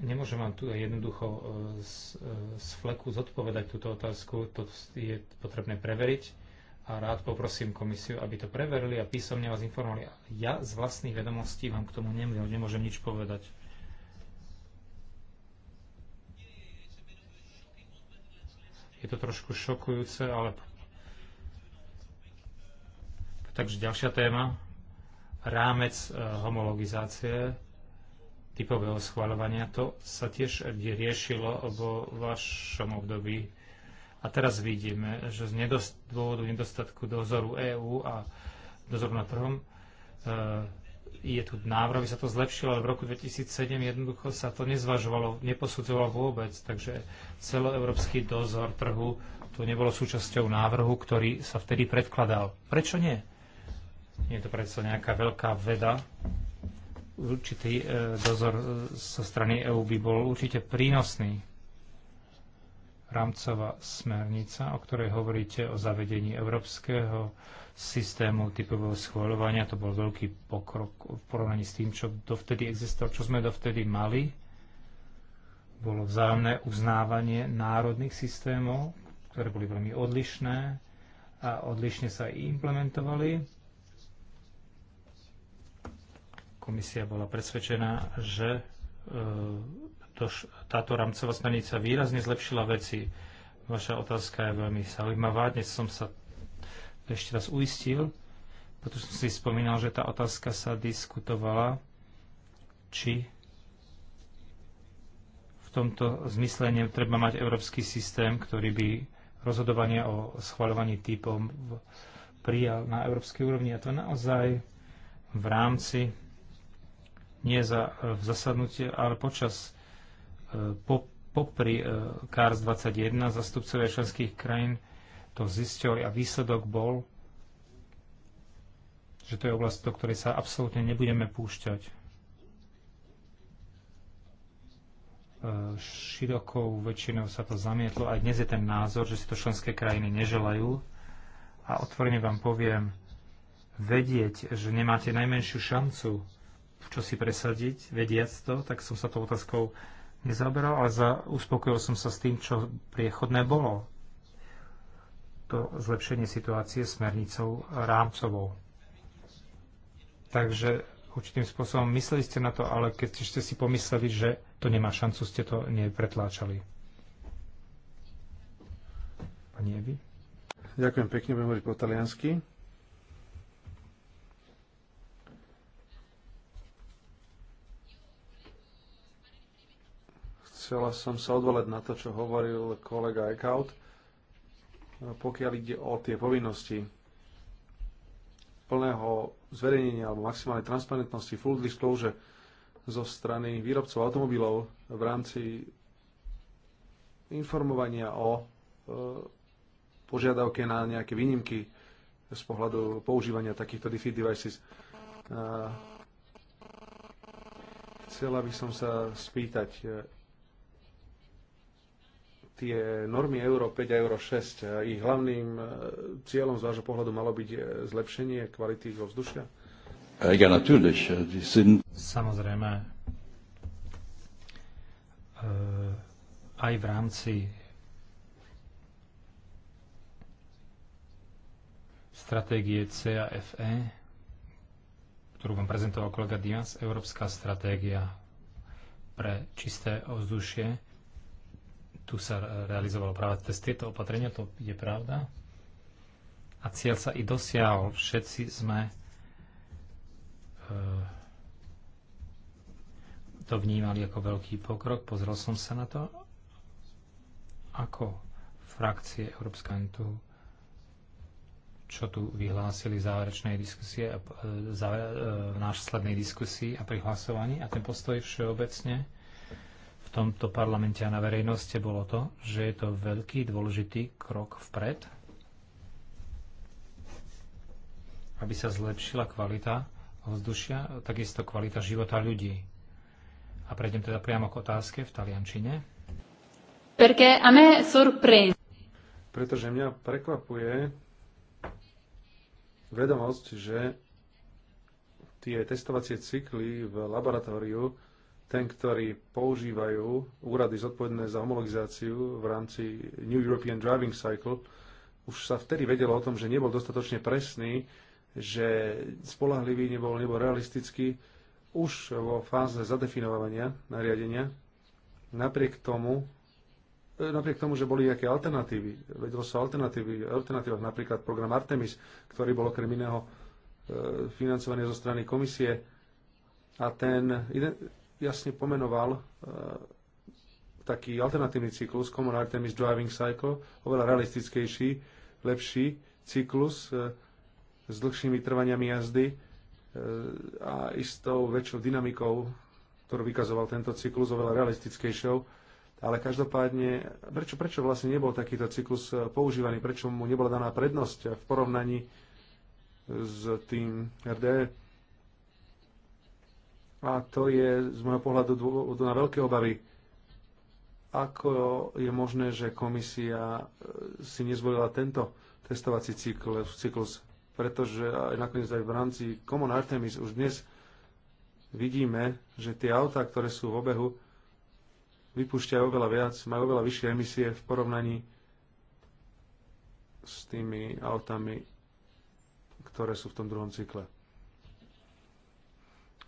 Nemôžem vám tu jednoducho z, z fleku zodpovedať túto otázku. To je potrebné preveriť a rád poprosím komisiu, aby to preverili a písomne vás informovali. Ja z vlastných vedomostí vám k tomu nemôžem nič povedať. Je to trošku šokujúce, ale... Takže ďalšia téma. Rámec e, homologizácie typového schváľovania. To sa tiež riešilo vo vašom období. A teraz vidíme, že z nedost- dôvodu nedostatku dozoru EÚ a dozoru na trhom e, je tu návrh, aby sa to zlepšilo, ale v roku 2007 jednoducho sa to nezvažovalo, neposudzovalo vôbec, takže celoeurópsky dozor trhu to nebolo súčasťou návrhu, ktorý sa vtedy predkladal. Prečo nie? Nie je to predsa nejaká veľká veda. Určitý e, dozor e, zo strany EÚ by bol určite prínosný rámcová smernica, o ktorej hovoríte o zavedení európskeho systému typového schváľovania. To bol veľký pokrok v porovnaní s tým, čo dovtedy existovalo, čo sme dovtedy mali. Bolo vzájomné uznávanie národných systémov, ktoré boli veľmi odlišné a odlišne sa i implementovali. Komisia bola presvedčená, že e, to, táto rámcová smernica výrazne zlepšila veci. Vaša otázka je veľmi zaujímavá. Dnes som sa ešte raz uistil, pretože som si spomínal, že tá otázka sa diskutovala, či v tomto zmysle treba mať európsky systém, ktorý by rozhodovanie o schvaľovaní typom prijal na európskej úrovni. A to naozaj v rámci, nie za, v zasadnutie, ale počas popri e, CARS 21 zastupcovia členských krajín to zistili a výsledok bol, že to je oblasť, do ktorej sa absolútne nebudeme púšťať. E, širokou väčšinou sa to zamietlo. Aj dnes je ten názor, že si to členské krajiny neželajú. A otvorene vám poviem, vedieť, že nemáte najmenšiu šancu čo si presadiť, vediac to, tak som sa tou otázkou nezaoberal, ale za, uspokojil som sa s tým, čo priechodné bolo. To zlepšenie situácie smernicou rámcovou. Takže určitým spôsobom mysleli ste na to, ale keď ste si pomysleli, že to nemá šancu, ste to nepretláčali. Pani Evi? Ďakujem pekne, budem hovoriť po taliansky. Chcela som sa odvolať na to, čo hovoril kolega Eckhout, pokiaľ ide o tie povinnosti plného zverejnenia alebo maximálnej transparentnosti full disclosure zo strany výrobcov automobilov v rámci informovania o e, požiadavke na nejaké výnimky z pohľadu používania takýchto defeat devices. E, chcela by som sa spýtať, e, tie normy Euro 5 a Euro 6, ich hlavným e, cieľom z vášho pohľadu malo byť e, zlepšenie kvality ich vzdušia? Ja, natürlich. E, Samozrejme, aj v rámci stratégie CAFE, ktorú vám prezentoval kolega Dias, Európska stratégia pre čisté ovzdušie, tu sa realizovalo práve cez tieto opatrenia, to je pravda. A cieľ sa i dosiahol. Všetci sme e, to vnímali ako veľký pokrok. Pozrel som sa na to, ako frakcie tu, čo tu vyhlásili v záverečnej diskusie, e, e, v následnej diskusii a pri hlasovaní a ten postoj všeobecne v tomto parlamente a na verejnosti bolo to, že je to veľký dôležitý krok vpred, aby sa zlepšila kvalita ovzdušia, takisto kvalita života ľudí. A prejdem teda priamo k otázke v taliančine. Perché a me sorprende. Pretože mňa prekvapuje vedomosť, že tie testovacie cykly v laboratóriu ten, ktorý používajú úrady zodpovedné za homologizáciu v rámci New European Driving Cycle, už sa vtedy vedelo o tom, že nebol dostatočne presný, že spolahlivý nebol, nebol realistický už vo fáze zadefinovania nariadenia. Napriek tomu, e, napriek tomu, že boli nejaké alternatívy, vedelo sa o alternatívy, alternatívach, napríklad program Artemis, ktorý bol okrem iného e, financovaný zo strany komisie a ten jasne pomenoval eh, taký alternatívny cyklus, Common Artemis Driving Cycle, oveľa realistickejší, lepší cyklus eh, s dlhšími trvaniami jazdy eh, a istou väčšou dynamikou, ktorú vykazoval tento cyklus, oveľa realistickejšou. Ale každopádne, prečo, prečo vlastne nebol takýto cyklus používaný? Prečo mu nebola daná prednosť v porovnaní s tým RDE? A to je z môjho pohľadu dôvodu na veľké obavy. Ako je možné, že komisia e, si nezvolila tento testovací cyklus? Pretože aj nakoniec aj v rámci Common Artemis už dnes vidíme, že tie autá, ktoré sú v obehu, vypúšťajú oveľa viac, majú oveľa vyššie emisie v porovnaní s tými autami, ktoré sú v tom druhom cykle.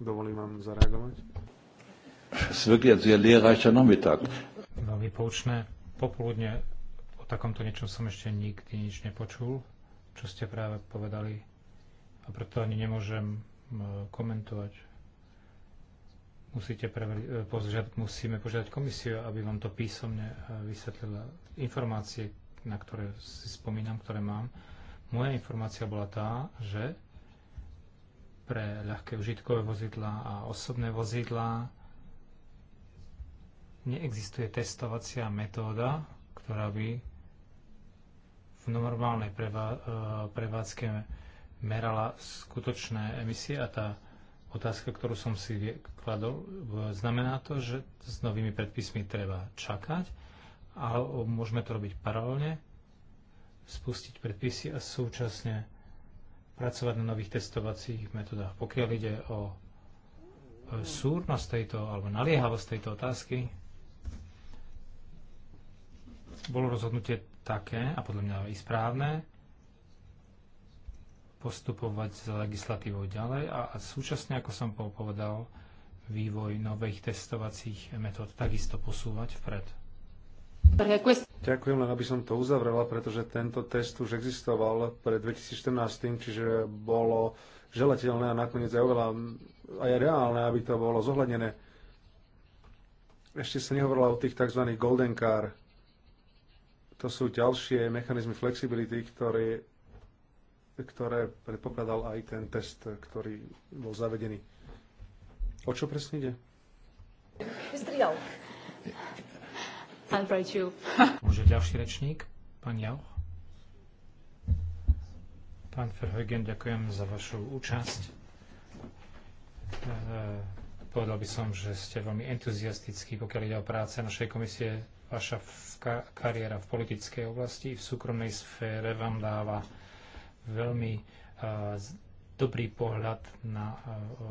Dovolím vám zareagovať. Veľmi poučné. Popoludne o takomto niečom som ešte nikdy nič nepočul, čo ste práve povedali. A preto ani nemôžem komentovať. Musíte preveri- e, požiadať, musíme požiadať komisiu, aby vám to písomne e, vysvetlila. Informácie, na ktoré si spomínam, ktoré mám, moja informácia bola tá, že pre ľahké užitkové vozidlá a osobné vozidlá. Neexistuje testovacia metóda, ktorá by v normálnej e, prevádzke merala skutočné emisie a tá otázka, ktorú som si kladol, znamená to, že s novými predpismi treba čakať, ale môžeme to robiť paralelne, spustiť predpisy a súčasne pracovať na nových testovacích metodách. Pokiaľ ide o e, súrnosť tejto alebo naliehavosť tejto otázky, bolo rozhodnutie také, a podľa mňa i správne, postupovať s legislatívou ďalej a, a súčasne, ako som povedal, vývoj nových testovacích metód takisto posúvať vpred. Ďakujem, len aby som to uzavrela, pretože tento test už existoval pred 2014, čiže bolo želateľné a nakoniec aj oveľa aj reálne, aby to bolo zohľadnené. Ešte sa nehovorila o tých tzv. golden car. To sú ďalšie mechanizmy flexibility, ktoré, ktoré predpokladal aj ten test, ktorý bol zavedený. O čo presne ide? Vystrial. I'll write you. Môže ďalší rečník, pán Jauch? Pán Ferhojgen, ďakujem za vašu účasť. E, povedal by som, že ste veľmi entuziastickí, pokiaľ ide o práce našej komisie. Vaša kariéra v politickej oblasti i v súkromnej sfére vám dáva veľmi e, dobrý pohľad na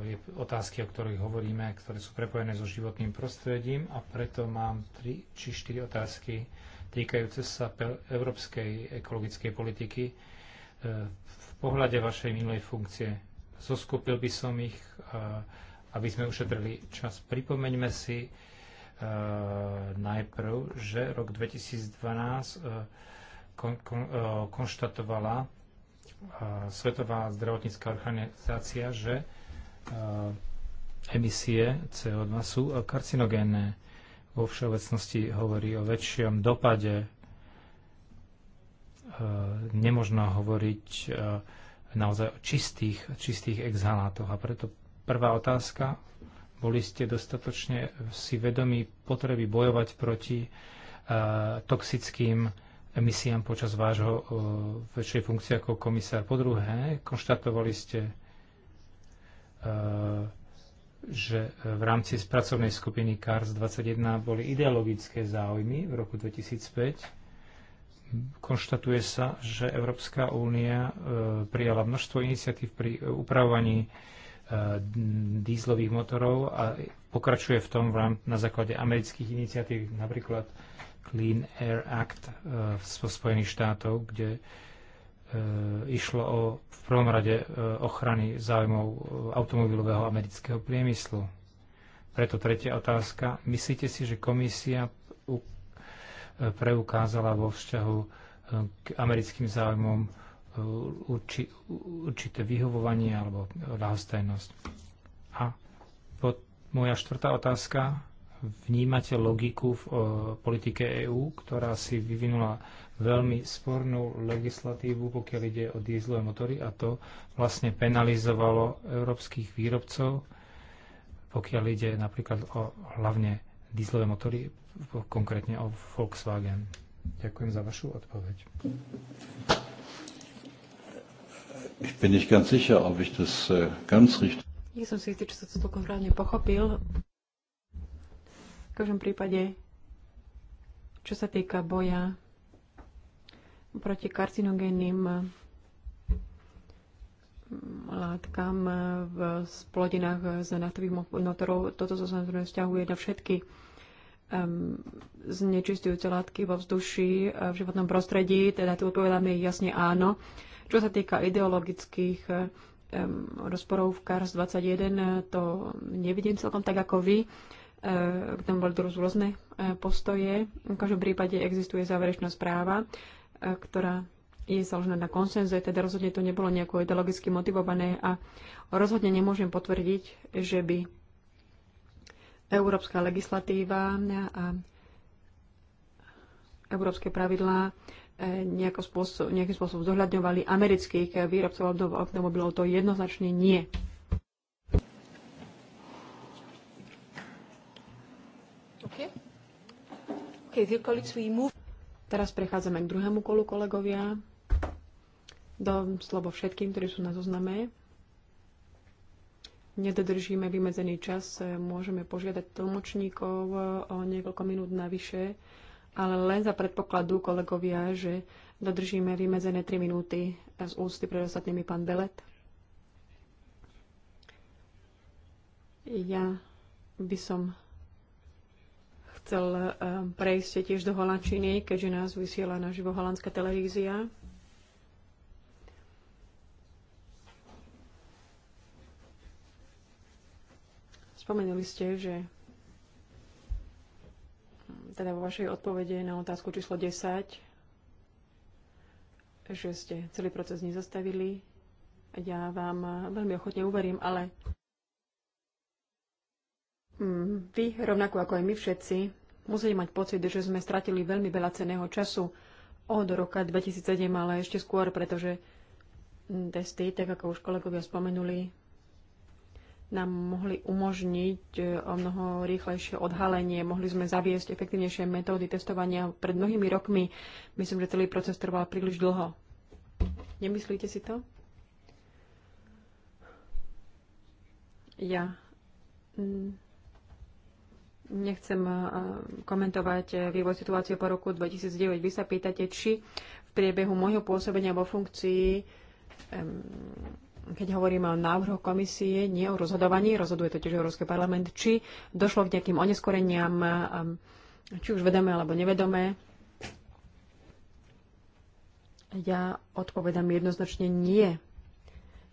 eh, otázky, o ktorých hovoríme, ktoré sú prepojené so životným prostredím a preto mám 3 či 4 otázky týkajúce sa európskej ekologickej politiky. Eh, v pohľade vašej minulej funkcie zoskupil by som ich, eh, aby sme ušetrili čas. Pripomeňme si najprv, že rok 2012 kon, kon, konštatovala Svetová zdravotnícká organizácia, že e, emisie CO2 sú karcinogénne. Vo všeobecnosti hovorí o väčšom dopade. E, nemožno hovoriť e, naozaj o čistých, čistých exhalátoch. A preto prvá otázka, boli ste dostatočne si vedomí potreby bojovať proti toxickým emisiám počas vášho e, väčšej funkcie ako komisár. Po druhé, konštatovali ste, e, že v rámci pracovnej skupiny CARS 21 boli ideologické záujmy v roku 2005. Konštatuje sa, že Európska únia e, prijala množstvo iniciatív pri upravovaní dízlových motorov a pokračuje v tom na základe amerických iniciatív, napríklad Clean Air Act e, zo Spojených štátov, kde e, išlo o v prvom rade e, ochrany záujmov automobilového amerického priemyslu. Preto tretia otázka. Myslíte si, že komisia preukázala vo vzťahu k americkým záujmom urči, určité vyhovovanie alebo ľahostajnosť? A pod, moja štvrtá otázka vnímate logiku v e, politike EÚ, ktorá si vyvinula veľmi spornú legislatívu, pokiaľ ide o dieselové motory a to vlastne penalizovalo európskych výrobcov, pokiaľ ide napríklad o hlavne dieselové motory, konkrétne o Volkswagen. Ďakujem za vašu odpoveď. Ich bin nicht ganz sicher, ob ich das äh, ganz richtig... Nie som si istý, či som to celkom správne pochopil každom prípade, čo sa týka boja proti karcinogénnym mm, látkam v splodinách z naftových motorov, toto sa samozrejme vzťahuje na všetky um, znečistujúce látky vo vzduši, eh, v životnom prostredí, teda tu odpovedáme jasne áno. Čo sa týka ideologických um, rozporov v CARS 21, to nevidím celkom tak ako vy k eh, tomu boli rôzne eh, postoje. V každom prípade existuje záverečná správa, eh, ktorá je založená na konsenze, teda rozhodne to nebolo nejako ideologicky motivované a rozhodne nemôžem potvrdiť, že by európska legislatíva a európske pravidlá spôsob, nejakým spôsobom zohľadňovali amerických výrobcov automobilov. To jednoznačne nie. Teraz prechádzame k druhému kolu kolegovia. Dám slovo všetkým, ktorí sú na zozname. Nedodržíme vymedzený čas, môžeme požiadať tlmočníkov o niekoľko minút navyše, ale len za predpokladu kolegovia, že dodržíme vymedzené 3 minúty z ústy pre ostatnými pán Belet. Ja by som chcel eh, prejsť tiež do holandčiny, keďže nás vysiela naživo holandská televízia. Spomenuli ste, že hm, teda vo vašej odpovede na otázku číslo 10, že ste celý proces nezastavili. Ja vám eh, veľmi ochotne uverím, ale hm, vy, rovnako ako aj my všetci, museli mať pocit, že sme stratili veľmi veľa ceného času od roka 2007, ale ešte skôr, pretože mm, testy, tak ako už kolegovia spomenuli, nám mohli umožniť e, o mnoho rýchlejšie odhalenie, mohli sme zaviesť efektívnejšie metódy testovania pred mnohými rokmi. Myslím, že celý proces trval príliš dlho. Nemyslíte si to? Ja mm, Nechcem eh, komentovať eh, vývoj situácie po roku 2009. Vy sa pýtate, či v priebehu môjho pôsobenia vo funkcii, keď hovoríme o návrhu komisie, nie o rozhodovaní, rozhoduje totiž Európsky parlament, či došlo k nejakým oneskoreniam, či už vedome alebo nevedome. Ja odpovedám jednoznačne nie.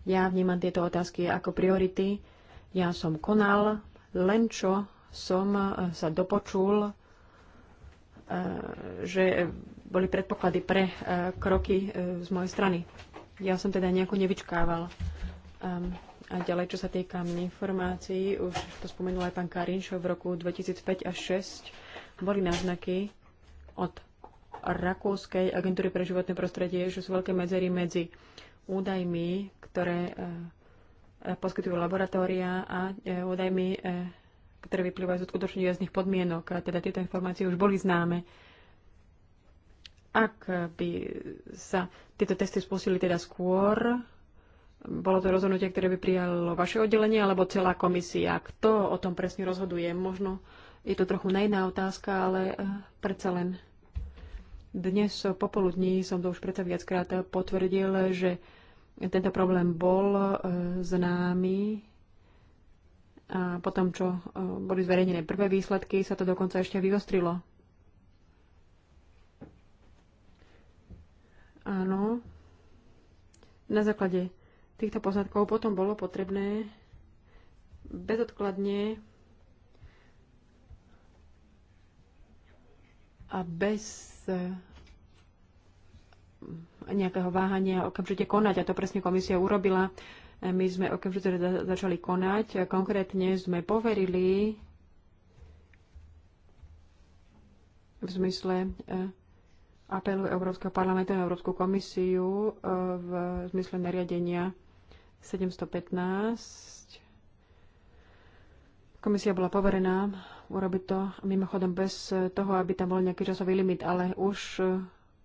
Ja vnímam tieto otázky ako priority. Ja som konal len čo som eh, sa dopočul, eh, že boli predpoklady pre eh, kroky z mojej strany. Ja som teda nejako nevyčkával. Ehm, a ďalej, čo sa týka informácií, už to spomenul aj pán že v roku 2005 až 2006 boli náznaky od Rakúskej agentúry pre životné prostredie, že sú veľké medzery medzi údajmi, ktoré poskytujú laboratória a údajmi ktoré vyplývajú z skutočne jazdných podmienok, a teda tieto informácie už boli známe. Ak by sa tieto testy spustili teda skôr, bolo to rozhodnutie, ktoré by prijalo vaše oddelenie alebo celá komisia. Kto o tom presne rozhoduje? Možno je to trochu najná otázka, ale eh, predsa len. Dnes popoludní som to už predsa viackrát potvrdil, že tento problém bol eh, známy a potom, čo e, boli zverejnené prvé výsledky, sa to dokonca ešte vyostrilo. Áno. Na základe týchto poznatkov potom bolo potrebné bezodkladne a bez e, nejakého váhania okamžite konať. A to presne komisia urobila. My sme okamžite začali konať. Konkrétne sme poverili v zmysle eh, apelu Európskeho parlamentu a Európsku komisiu eh, v zmysle nariadenia 715 Komisia bola poverená urobiť to mimochodom bez toho, aby tam bol nejaký časový limit, ale už eh,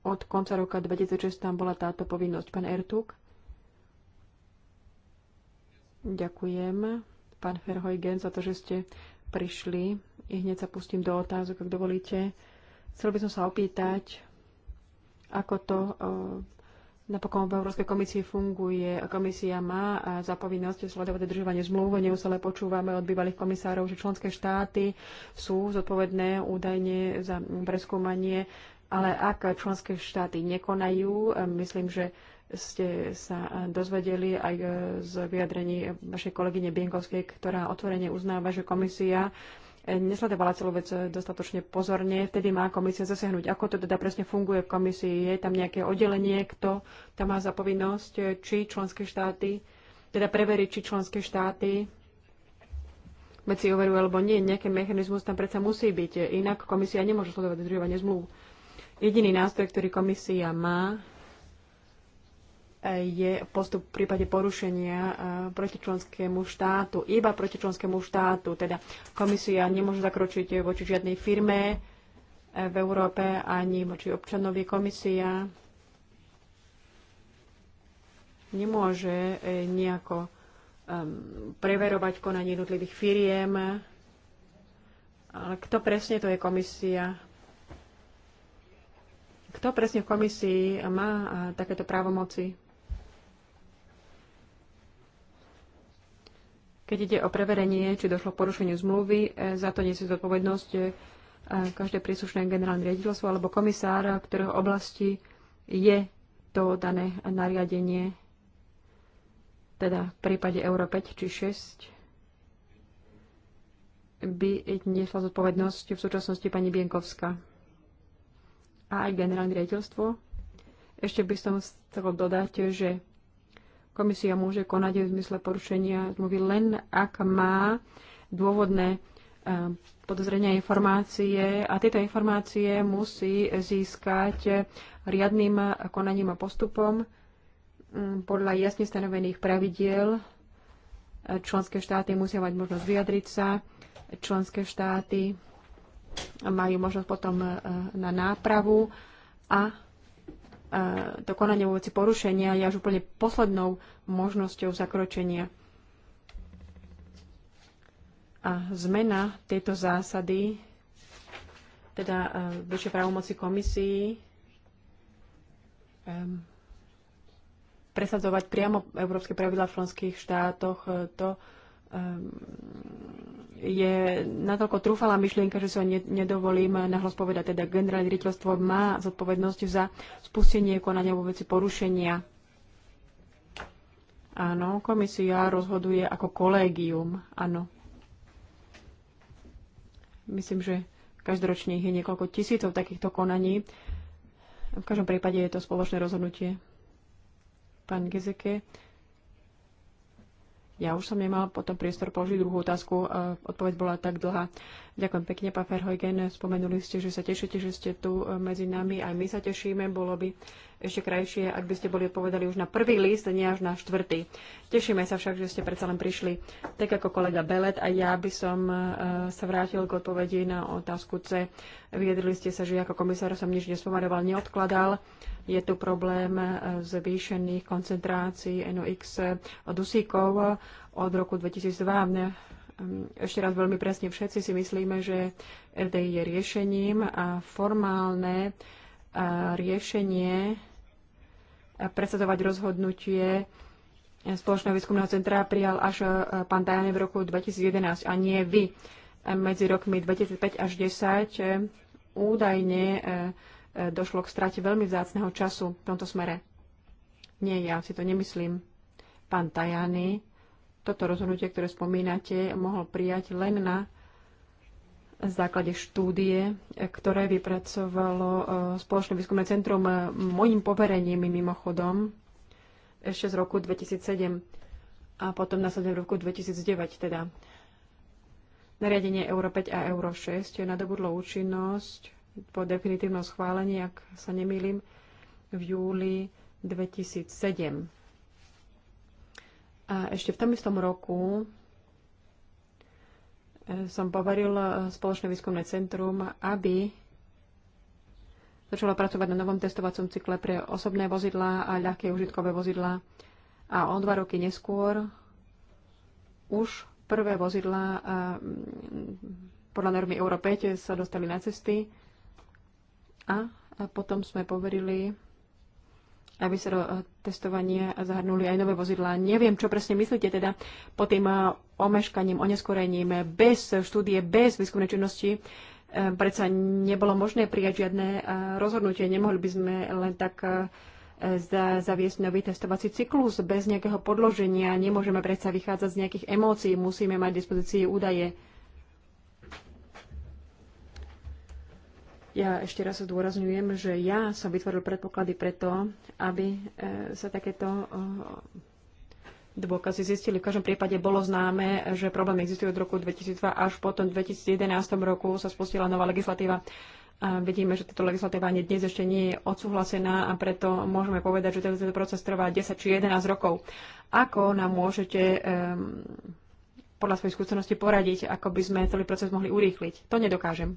od konca roka 2006 tam bola táto povinnosť. Pán Ertuk? Ďakujem, pán Ferhojgen, za to, že ste prišli. I hneď sa pustím do otázok, ak dovolíte. Chcel by som sa opýtať, ako to e, napokon v Európskej komisii funguje. Komisia má e, za povinnosť sledovať dodržovanie zmluv. Neusále počúvame od bývalých komisárov, že členské štáty sú zodpovedné údajne za preskúmanie, ale ak členské štáty nekonajú, e, myslím, že ste sa dozvedeli aj z vyjadrení vašej kolegyne Bienkovskej, ktorá otvorene uznáva, že komisia nesledovala celú vec dostatočne pozorne. Vtedy má komisia zasiahnuť. Ako to teda presne funguje v komisii? Je tam nejaké oddelenie, kto tam má za povinnosť, či členské štáty, teda preveriť, či členské štáty veci overujú alebo nie. Nejaký mechanizmus tam predsa musí byť. Inak komisia nemôže sledovať dodržovanie zmluv. Jediný nástroj, ktorý komisia má, je postup v prípade porušenia e, proti členskému štátu, iba proti členskému štátu. Teda komisia nemôže zakročiť voči žiadnej firme e, v Európe ani voči občanovi. Komisia nemôže e, nejako preverovať konanie jednotlivých firiem. Ale kto presne to je komisia? Kto presne v komisii má takéto právomoci? Keď ide o preverenie, či došlo k porušeniu zmluvy, e, za to nesie zodpovednosť e, každé príslušné generálne riaditeľstvo alebo komisár, v ktorého oblasti je to dané nariadenie, teda v prípade Euro 5 či 6, by nesla zodpovednosť v súčasnosti pani Bienkovská a aj generálne riaditeľstvo. Ešte by som chcel dodať, že Komisia môže konať v zmysle porušenia zmluvy len ak má dôvodné eh, podozrenia informácie a tieto informácie musí získať eh, riadným konaním a postupom mm, podľa jasne stanovených pravidiel. Eh, členské štáty musia mať možnosť vyjadriť sa. Členské štáty majú možnosť potom na nápravu a to konanie vo veci porušenia je až úplne poslednou možnosťou zakročenia. A zmena tejto zásady, teda e, väčšie právomoci komisii, e, presadzovať priamo európske pravidla v členských štátoch, e, to je natoľko trúfala myšlienka, že sa ne, nedovolím nahlas povedať. Teda generálne riteľstvo má zodpovednosť za spustenie konania vo veci porušenia. Áno, komisia rozhoduje ako kolégium, áno. Myslím, že každoročne je niekoľko tisícov takýchto konaní. V každom prípade je to spoločné rozhodnutie. Pán Gezeke, ja už som nemal potom priestor položiť druhú otázku. E, odpoveď bola tak dlhá. Ďakujem pekne, pán Ferhojgen. Spomenuli ste, že sa tešíte, že ste tu e, medzi nami. Aj my sa tešíme. Bolo by ešte krajšie, ak by ste boli odpovedali už na prvý list, nie až na štvrtý. Tešíme sa však, že ste predsa len prišli, tak ako kolega Belet a ja by som e, sa vrátil k odpovedi na otázku C. Viedli ste sa, že ako komisár som nič nespomadoval, neodkladal. Je tu problém e, zvýšených koncentrácií NOx od usíkov od roku 2002 e, ešte raz veľmi presne, všetci si myslíme, že RDI je riešením a formálne riešenie presadzovať rozhodnutie Spoločného výskumného centra prijal až e, pán Dajane v roku 2011 a nie vy. Medzi rokmi 2005 až 2010 e, údajne e, došlo k strate veľmi vzácného času v tomto smere. Nie, ja si to nemyslím. Pán Tajany, toto rozhodnutie, ktoré spomínate, mohol prijať len na základe štúdie, ktoré vypracovalo e, Spoločné výskumné centrum e, mojim poverením mimochodom ešte z roku 2007 a potom následne v roku 2009 teda. Nariadenie Euro 5 a Euro 6 nadobudlo účinnosť po definitívnom schválení, ak sa nemýlim, v júli 2007. A ešte v tom istom roku som poveril eh, Spoločné výskumné centrum, aby začala pracovať na novom testovacom cykle pre osobné vozidlá a ľahké užitkové vozidlá. A o dva roky neskôr už prvé vozidlá eh, podľa normy Euro 5 sa dostali na cesty a potom sme poverili aby sa do eh, testovania zahrnuli aj nové vozidlá. Neviem, čo presne myslíte teda pod tým eh, omeškaním, oneskorením, bez štúdie, bez výskumnej činnosti. Eh, predsa nebolo možné prijať žiadne rozhodnutie. Nemohli by sme len tak zaviesť nový testovací cyklus bez nejakého podloženia. Nemôžeme predsa vychádzať z nejakých emócií. Musíme mať dispozícii údaje. Ja ešte raz zdôrazňujem, že ja som vytvoril predpoklady preto, aby e, sa takéto e, dôkazy zistili. V každom prípade bolo známe, že problém existuje od roku 2002 až potom v 2011 roku sa spustila nová legislatíva. A vidíme, že táto legislatíva ani dnes ešte nie je odsúhlasená a preto môžeme povedať, že tento proces trvá 10 či 11 rokov. Ako nám môžete um, podľa svojej skúsenosti poradiť, ako by sme celý proces mohli urýchliť? To nedokážem.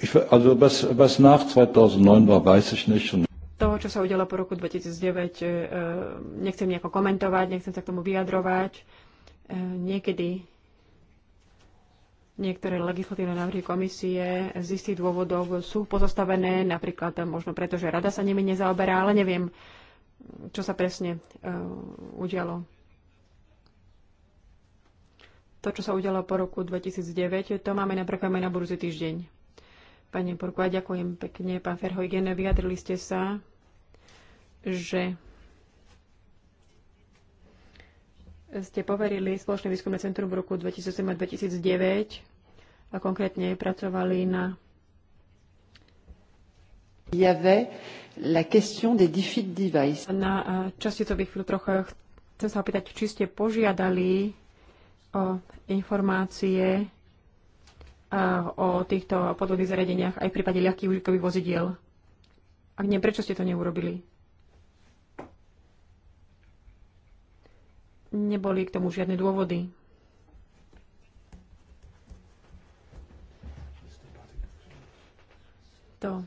Ich, also was, was nach 2009 war, weiß ich nicht. Und toho, čo sa udialo po roku 2009, eh, nechcem nejako komentovať, nechcem sa k tomu vyjadrovať. Eh, niekedy niektoré legislatívne návrhy komisie z istých dôvodov sú pozostavené, napríklad možno preto, že rada sa nimi nezaoberá, ale neviem, čo sa presne eh, udialo. To, čo sa udialo po roku 2009, to máme napríklad aj na budúci týždeň. Pani Burkova, ďakujem pekne. Pán Ferhojgen, vyjadrili ste sa, že ste poverili Spoločné výskumné centrum v roku 2007 a 2009 a konkrétne pracovali na Il y avait la question des defeat devices. Na časticových filtroch chcem sa opýtať, či ste požiadali o informácie o týchto podvodných zariadeniach aj v prípade ľahkých užitkových vozidiel? Ak nie, prečo ste to neurobili? Neboli k tomu žiadne dôvody. To.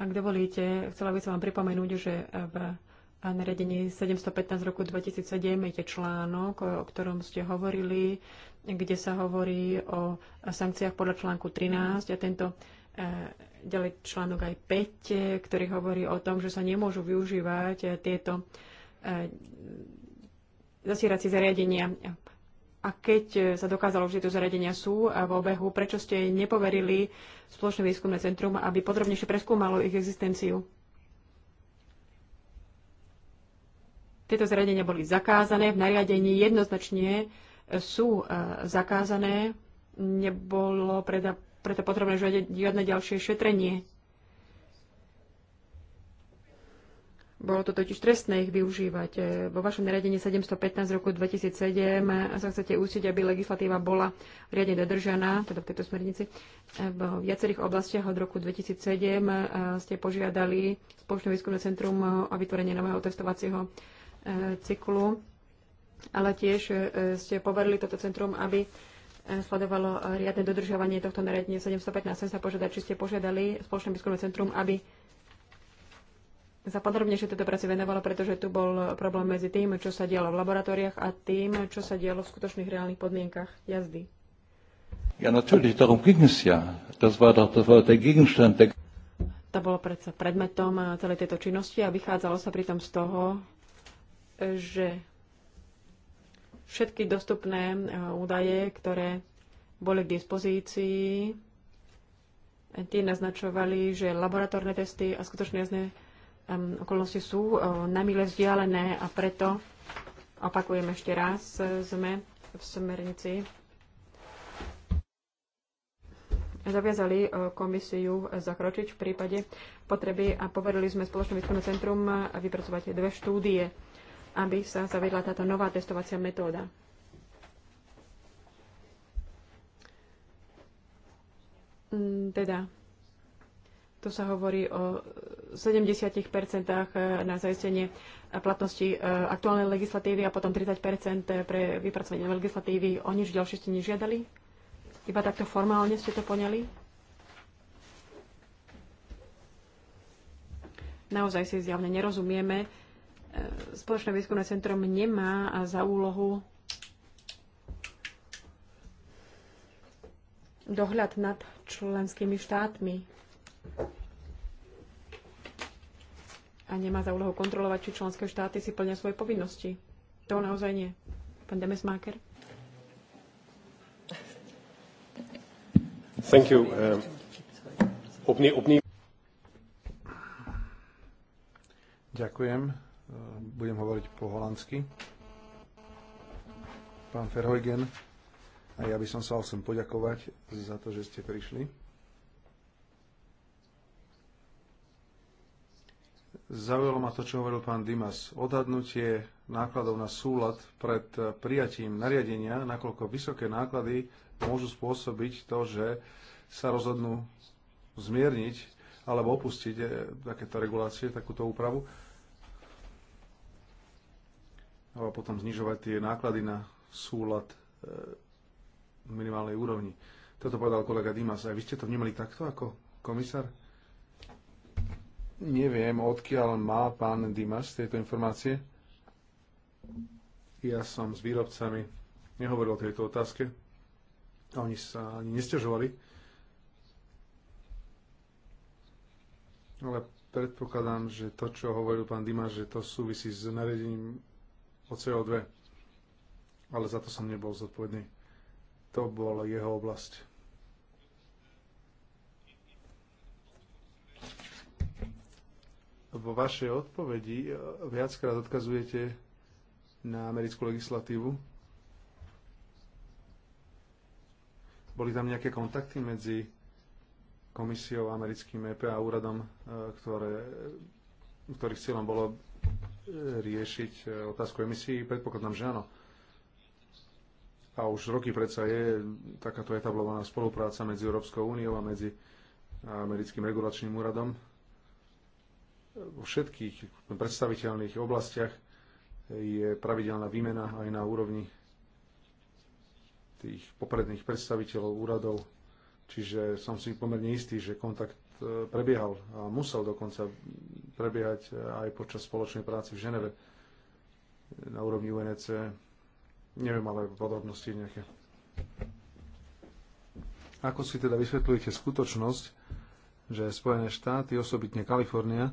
Ak dovolíte, chcela by som vám pripomenúť, že v a nariadenie 715 roku 2007 je článok, o ktorom ste hovorili, kde sa hovorí o sankciách podľa článku 13 a tento e, ďalej článok aj 5, ktorý hovorí o tom, že sa nemôžu využívať e, tieto e, zasieracie zariadenia. A keď sa dokázalo, že tieto zariadenia sú v obehu, prečo ste nepoverili spoločné výskumné centrum, aby podrobnejšie preskúmalo ich existenciu? Tieto zariadenia boli zakázané, v nariadení jednoznačne sú e, zakázané, nebolo preto, preto potrebné žiadne ďalšie šetrenie. Bolo to totiž trestné ich využívať. E, vo vašom nariadení 715 roku 2007 sa chcete úsiť, aby legislatíva bola riadne dodržaná, teda v tejto smernici. E, v viacerých oblastiach od roku 2007 ste požiadali Spoločné výskumné centrum o vytvorenie nového testovacieho cyklu, ale tiež e, ste poverili toto centrum, aby e, sledovalo riadne dodržiavanie tohto nariadenia 715. Chcem sa požiadať, či ste požiadali spoločné biskupové centrum, aby sa podrobnejšie tejto práci venovalo, pretože tu bol problém medzi tým, čo sa dialo v laboratóriách a tým, čo sa dialo v skutočných reálnych podmienkach jazdy. Ja natürlich, darum ging es ja. Das war doch, das war der Gegenstand der... To bolo predsa predmetom e, celej tejto činnosti a vychádzalo sa pritom z toho, že všetky dostupné e, údaje, ktoré boli k dispozícii, tie naznačovali, že laboratórne testy a skutočne jasné okolnosti sú e, na mile vzdialené a preto, opakujem ešte raz, e, sme v smernici zaviazali komisiu zakročiť v prípade potreby a poverili sme spoločné výskumné centrum vypracovať dve štúdie aby sa zavedla táto nová testovacia metóda. Mm, teda, tu sa hovorí o 70% eh, na zaistenie eh, platnosti eh, aktuálnej legislatívy a potom 30% pre vypracovanie legislatívy. O nič ďalšie ste nežiadali? Iba takto formálne ste to poňali? Naozaj si zjavne nerozumieme Spoločné výskumné centrum nemá za úlohu dohľad nad členskými štátmi a nemá za úlohu kontrolovať, či členské štáty si plnia svoje povinnosti. To naozaj nie. Pán Demesmaker. Thank you. Um, Ďakujem. Eh, budem hovoriť po holandsky. Pán Ferhojgen, a ja by som sa chcel poďakovať za to, že ste prišli. Zaujalo ma to, čo hovoril pán Dimas. Odhadnutie nákladov na súlad pred prijatím nariadenia, nakoľko vysoké náklady môžu spôsobiť to, že sa rozhodnú zmierniť alebo opustiť eh, takéto regulácie, takúto úpravu a potom znižovať tie náklady na súlad e, minimálnej úrovni. Toto povedal kolega Dimas. A vy ste to vnímali takto ako komisár? Neviem, odkiaľ má pán Dimas tieto informácie. Ja som s výrobcami nehovoril o tejto otázke. A oni sa ani nestežovali. Ale predpokladám, že to, čo hovoril pán Dimas, že to súvisí s nariadením o CO2. Ale za to som nebol zodpovedný. To bola jeho oblasť. Vo vašej odpovedi eh, viackrát odkazujete na americkú legislatívu. Boli tam nejaké kontakty medzi komisiou americkým EPA a úradom, eh, ktoré, ktorých cieľom bolo riešiť e, otázku emisí? Predpokladám, že áno. A už roky predsa je takáto etablovaná spolupráca medzi Európskou úniou a medzi americkým regulačným úradom. Vo všetkých predstaviteľných oblastiach je pravidelná výmena aj na úrovni tých popredných predstaviteľov úradov. Čiže som si pomerne istý, že kontakt e, prebiehal a musel dokonca prebiehať e, aj počas spoločnej práce v Ženeve e, na úrovni UNEC. Neviem ale podrobnosti nejaké. Ako si teda vysvetľujete skutočnosť, že Spojené štáty, osobitne Kalifornia,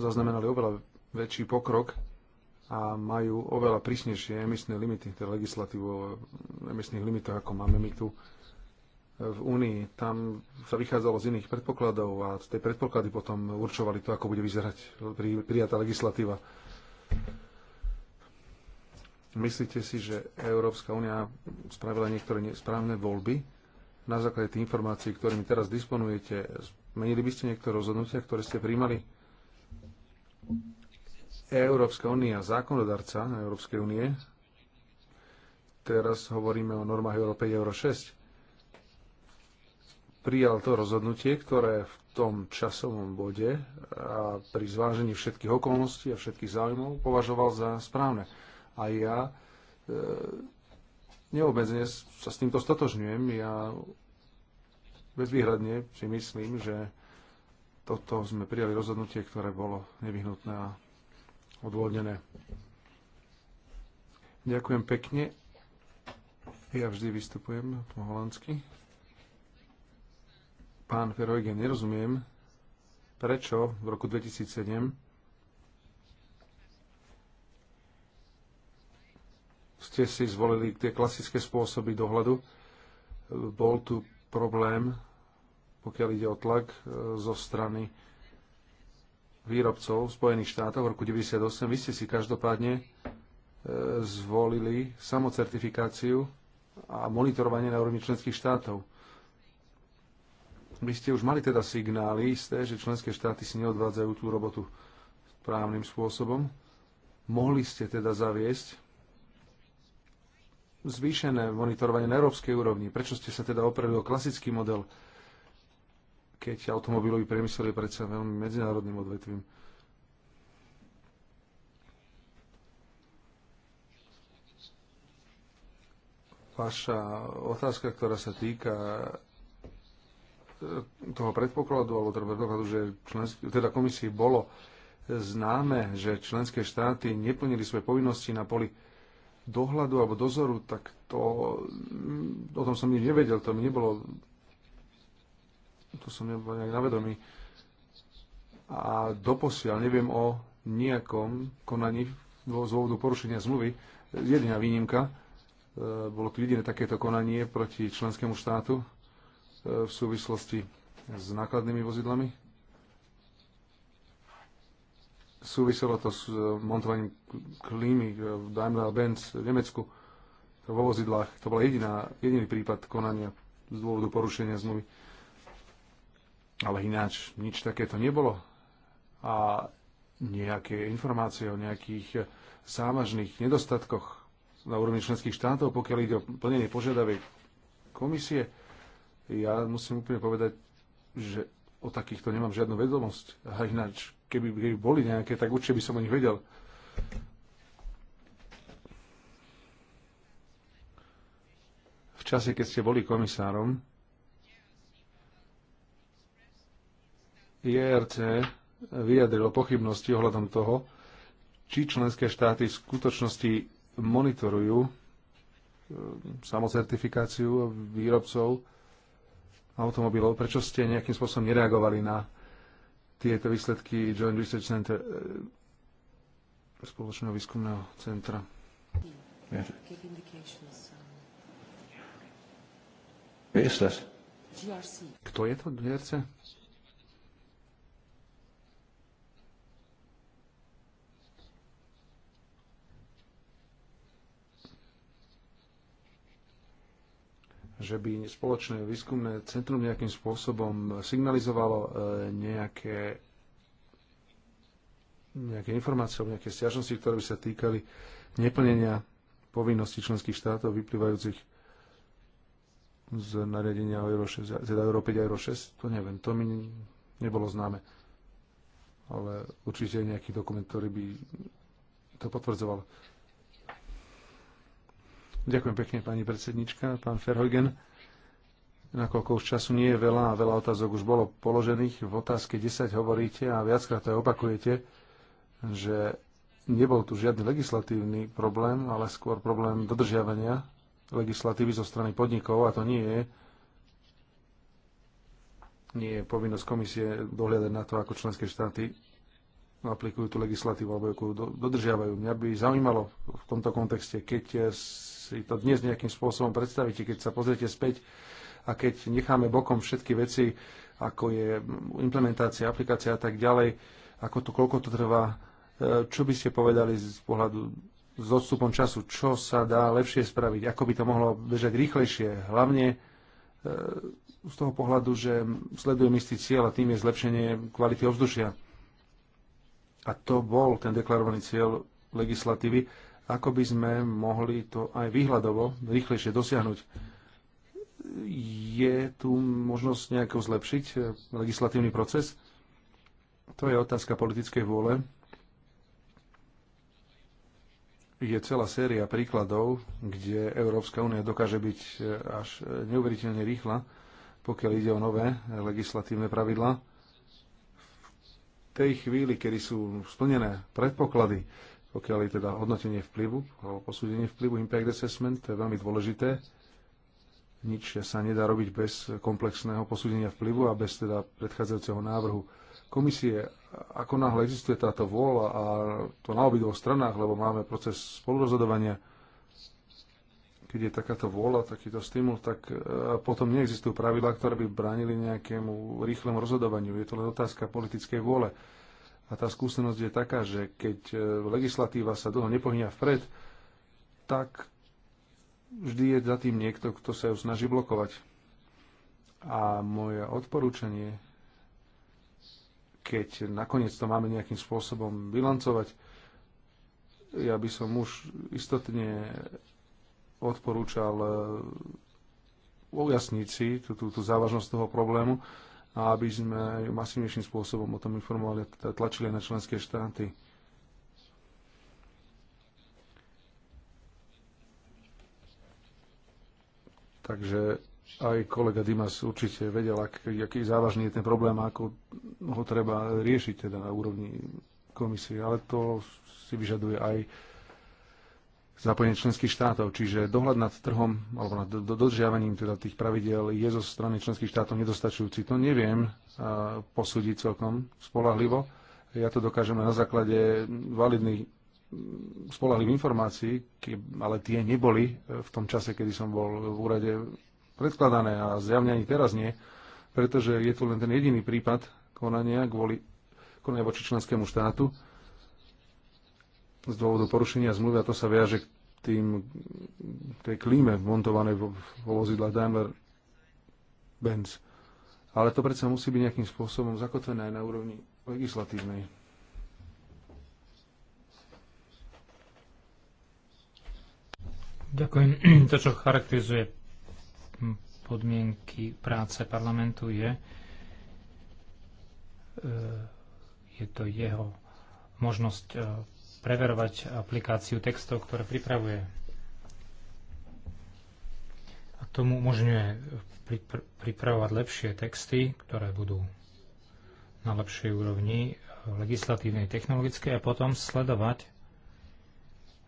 zaznamenali oveľa väčší pokrok a majú oveľa prísnejšie emisné limity, teda legislatívu o emisných limitoch, ako máme my tu v Únii. Tam sa vychádzalo z iných predpokladov a tie predpoklady potom určovali to, ako bude vyzerať pri, prijatá legislatíva. Myslíte si, že Európska únia spravila niektoré správne voľby na základe tých informácií, ktorými teraz disponujete? Menili by ste niektoré rozhodnutia, ktoré ste príjmali? Európska únia, zákonodarca Európskej únie, teraz hovoríme o normách Európe Euro 6, prijal to rozhodnutie, ktoré v tom časovom bode a pri zvážení všetkých okolností a všetkých záujmov považoval za správne. A ja e, neobmedzene sa s týmto stotožňujem. Ja bezvýhradne si myslím, že toto sme prijali rozhodnutie, ktoré bolo nevyhnutné a odvodnené. Ďakujem pekne. Ja vždy vystupujem po holandsky. Pán Verhoeven, nerozumiem, prečo v roku 2007 ste si zvolili tie klasické spôsoby dohľadu. Bol tu problém, pokiaľ ide o tlak e, zo strany výrobcov v Spojených štátoch v roku 1998. Vy ste si každopádne e, zvolili samocertifikáciu a monitorovanie na úrovni členských štátov. Vy ste už mali teda signály isté, že členské štáty si neodvádzajú tú robotu správnym spôsobom. Mohli ste teda zaviesť zvýšené monitorovanie na európskej úrovni. Prečo ste sa teda opreli o klasický model, keď automobilový priemysel je predsa veľmi medzinárodným odvetvím? vaša otázka, ktorá sa týka toho predpokladu, alebo teda predpokladu, že členský, teda komisii bolo známe, že členské štáty neplnili svoje povinnosti na poli dohľadu alebo dozoru, tak to, mm, o tom som nič nevedel, to mi nebolo, to som nebol nejak vedomí. A doposiaľ neviem o nejakom konaní z dôvodu porušenia zmluvy, jediná výnimka, e, bolo tu jediné takéto konanie proti členskému štátu, E, v súvislosti s nákladnými vozidlami. Súviselo to s e, montovaním klímy v e, Daimler-Benz v Nemecku vo vozidlách. To bol jediná, jediný prípad konania z dôvodu porušenia zmluvy. Ale ináč nič takéto nebolo. A nejaké informácie o nejakých závažných nedostatkoch na úrovni členských štátov, pokiaľ ide o plnenie požiadaviek komisie, ja musím úplne povedať, že o takýchto nemám žiadnu vedomosť. A ináč, keby, keby boli nejaké, tak určite by som o nich vedel. V čase, keď ste boli komisárom, IRC vyjadrilo pochybnosti ohľadom toho, či členské štáty v skutočnosti monitorujú ehm, samocertifikáciu výrobcov automobilov. Prečo ste nejakým spôsobom nereagovali na tieto výsledky Joint Research Center, e, spoločného výskumného centra? Um, Kto je to GRC? že by spoločné výskumné centrum nejakým spôsobom signalizovalo e, nejaké, nejaké informácie o nejaké stiažnosti, ktoré by sa týkali neplnenia povinností členských štátov vyplývajúcich z nariadenia Euro 6, teda Euro 5 a Euro 6, to neviem, to mi nebolo známe. Ale určite je nejaký dokument, ktorý by to potvrdzoval. Ďakujem pekne, pani predsednička, pán Ferhogen. Nakoľko už času nie je veľa a veľa otázok už bolo položených, v otázke 10 hovoríte a viackrát aj opakujete, že nebol tu žiadny legislatívny problém, ale skôr problém dodržiavania legislatívy zo strany podnikov a to nie je nie je povinnosť komisie dohľadať na to, ako členské štáty aplikujú tú legislatívu alebo ju dodržiavajú. Mňa by zaujímalo v tomto kontexte, keď si to dnes nejakým spôsobom predstavíte, keď sa pozriete späť a keď necháme bokom všetky veci, ako je implementácia, aplikácia a tak ďalej, ako to, koľko to trvá, e, čo by ste povedali z pohľadu s odstupom času, čo sa dá lepšie spraviť, ako by to mohlo bežať rýchlejšie, hlavne e, z toho pohľadu, že sledujem istý cieľ a tým je zlepšenie kvality ovzdušia. A to bol ten deklarovaný cieľ legislatívy ako by sme mohli to aj výhľadovo rýchlejšie dosiahnuť. Je tu možnosť nejako zlepšiť eh, legislatívny proces? To je otázka politickej vôle. Je celá séria príkladov, kde Európska únia dokáže byť eh, až eh, neuveriteľne rýchla, pokiaľ ide o nové legislatívne pravidlá. V tej chvíli, kedy sú splnené predpoklady, pokiaľ je teda hodnotenie vplyvu alebo posúdenie vplyvu impact assessment, to je veľmi dôležité. Nič sa nedá robiť bez komplexného posúdenia vplyvu a bez teda predchádzajúceho návrhu komisie. Ako náhle existuje táto vôľa a to na obidvoch stranách, lebo máme proces spolurozhodovania, keď je takáto vôľa, takýto stimul, tak e, potom neexistujú pravidlá, ktoré by bránili nejakému rýchlemu rozhodovaniu. Je to len otázka politickej vôle a tá skúsenosť je taká, že keď e, legislatíva sa dlho nepohňa vpred, tak vždy je za tým niekto, kto sa ju snaží blokovať. A moje odporúčanie, keď nakoniec to máme nejakým spôsobom bilancovať, ja by som už istotne odporúčal e, ujasniť si tú, tú, tú závažnosť toho problému, a aby sme masívnejším spôsobom o tom informovali a tlačili na členské štáty. Takže aj kolega Dimas určite vedel, ak, aký závažný je ten problém, ako ho treba riešiť teda na úrovni komisie, ale to si vyžaduje aj zapojenie členských štátov. Čiže dohľad nad trhom alebo nad dodržiavaním teda tých pravidel je zo strany členských štátov nedostačujúci. To neviem posúdiť celkom spolahlivo. Ja to dokážem na základe validných spolahlivých informácií, ale tie neboli e, v tom čase, kedy som bol v úrade predkladané a zjavne ani teraz nie, pretože je tu len ten jediný prípad konania kvôli konania voči členskému štátu, z dôvodu porušenia zmluvy a to sa viaže k tým, tej klíme montovanej vo, vo vozidlách Daimler Benz. Ale to predsa musí byť nejakým spôsobom zakotvené aj na úrovni legislatívnej. Ďakujem. To, čo charakterizuje podmienky práce parlamentu, je, e, je to jeho možnosť e, preverovať aplikáciu textov, ktoré pripravuje. A tomu umožňuje pripravovať lepšie texty, ktoré budú na lepšej úrovni legislatívnej, technologickej a potom sledovať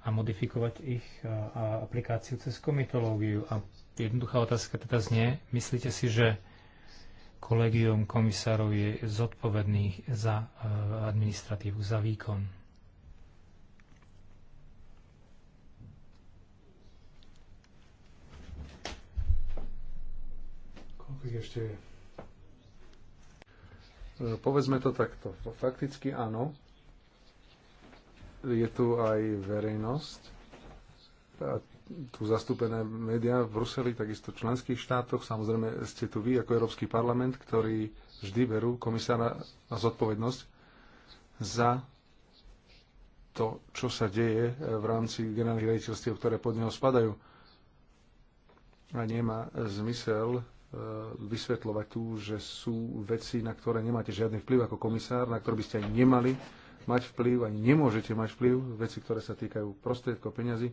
a modifikovať ich a aplikáciu cez komitológiu. A jednoduchá otázka teda znie, myslíte si, že kolegium komisárov je zodpovedných za e, administratívu, za výkon? koľko ešte je? E, povedzme to takto. Fakticky áno. Je tu aj verejnosť. A tu zastúpené médiá v Bruseli, takisto v členských štátoch. Samozrejme ste tu vy ako Európsky parlament, ktorý vždy berú komisára na zodpovednosť za to, čo sa deje v rámci generálnych rejiteľstiev, ktoré pod neho spadajú. A nemá zmysel E, vysvetľovať tu, že sú veci, na ktoré nemáte žiadny vplyv ako komisár, na ktoré by ste aj nemali mať vplyv, ani nemôžete mať vplyv, veci, ktoré sa týkajú prostriedkov, peňazí.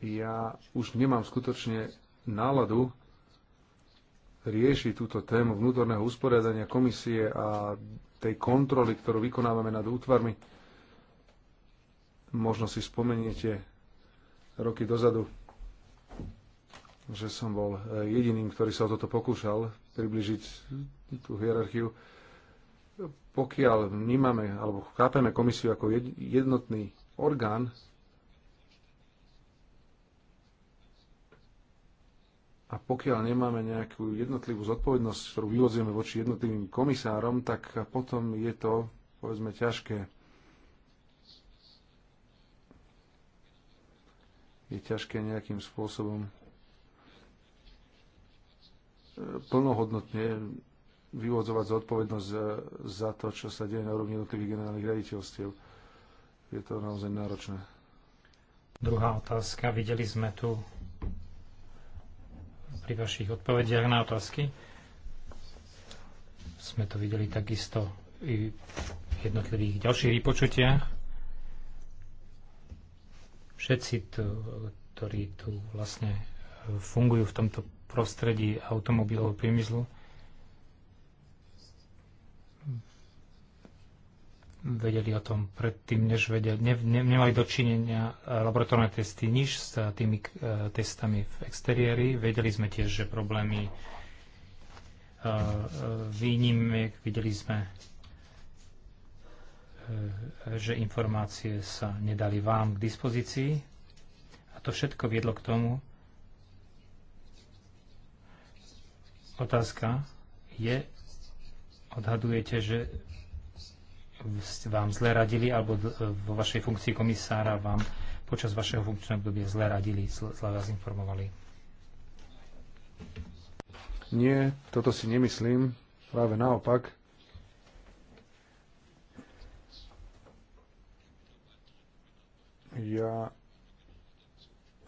Ja už nemám skutočne náladu riešiť túto tému vnútorného usporiadania komisie a tej kontroly, ktorú vykonávame nad útvarmi. Možno si spomeniete roky dozadu že som bol e, jediným, ktorý sa o toto pokúšal približiť tú hierarchiu. Pokiaľ vnímame alebo chápeme komisiu ako jednotný orgán, A pokiaľ nemáme nejakú jednotlivú zodpovednosť, ktorú vyvozujeme voči jednotlivým komisárom, tak potom je to, povedzme, ťažké. Je ťažké nejakým spôsobom plnohodnotne vyvodzovať zodpovednosť za, za to, čo sa deje na úrovni jednotlivých generálnych raditeľstiev. Je to naozaj náročné. Druhá otázka. Videli sme tu pri vašich odpovediach na otázky. Sme to videli takisto i v jednotlivých ďalších vypočutiach. Všetci, tu, ktorí tu vlastne fungujú v tomto prostredí automobilového priemyslu vedeli o tom predtým, než vedeli, ne, ne, nemali dočinenia eh, laboratórne testy niž s eh, tými uh, testami v exteriéri. Vedeli sme tiež, že problémy uh, výnimiek, videli sme, uh, že informácie sa nedali vám k dispozícii. A to všetko viedlo k tomu, Otázka je, odhadujete, že vám zle radili, alebo vo vašej funkcii komisára vám počas vašeho funkčného obdobia zle radili, zle vás informovali? Nie, toto si nemyslím. Práve naopak. Ja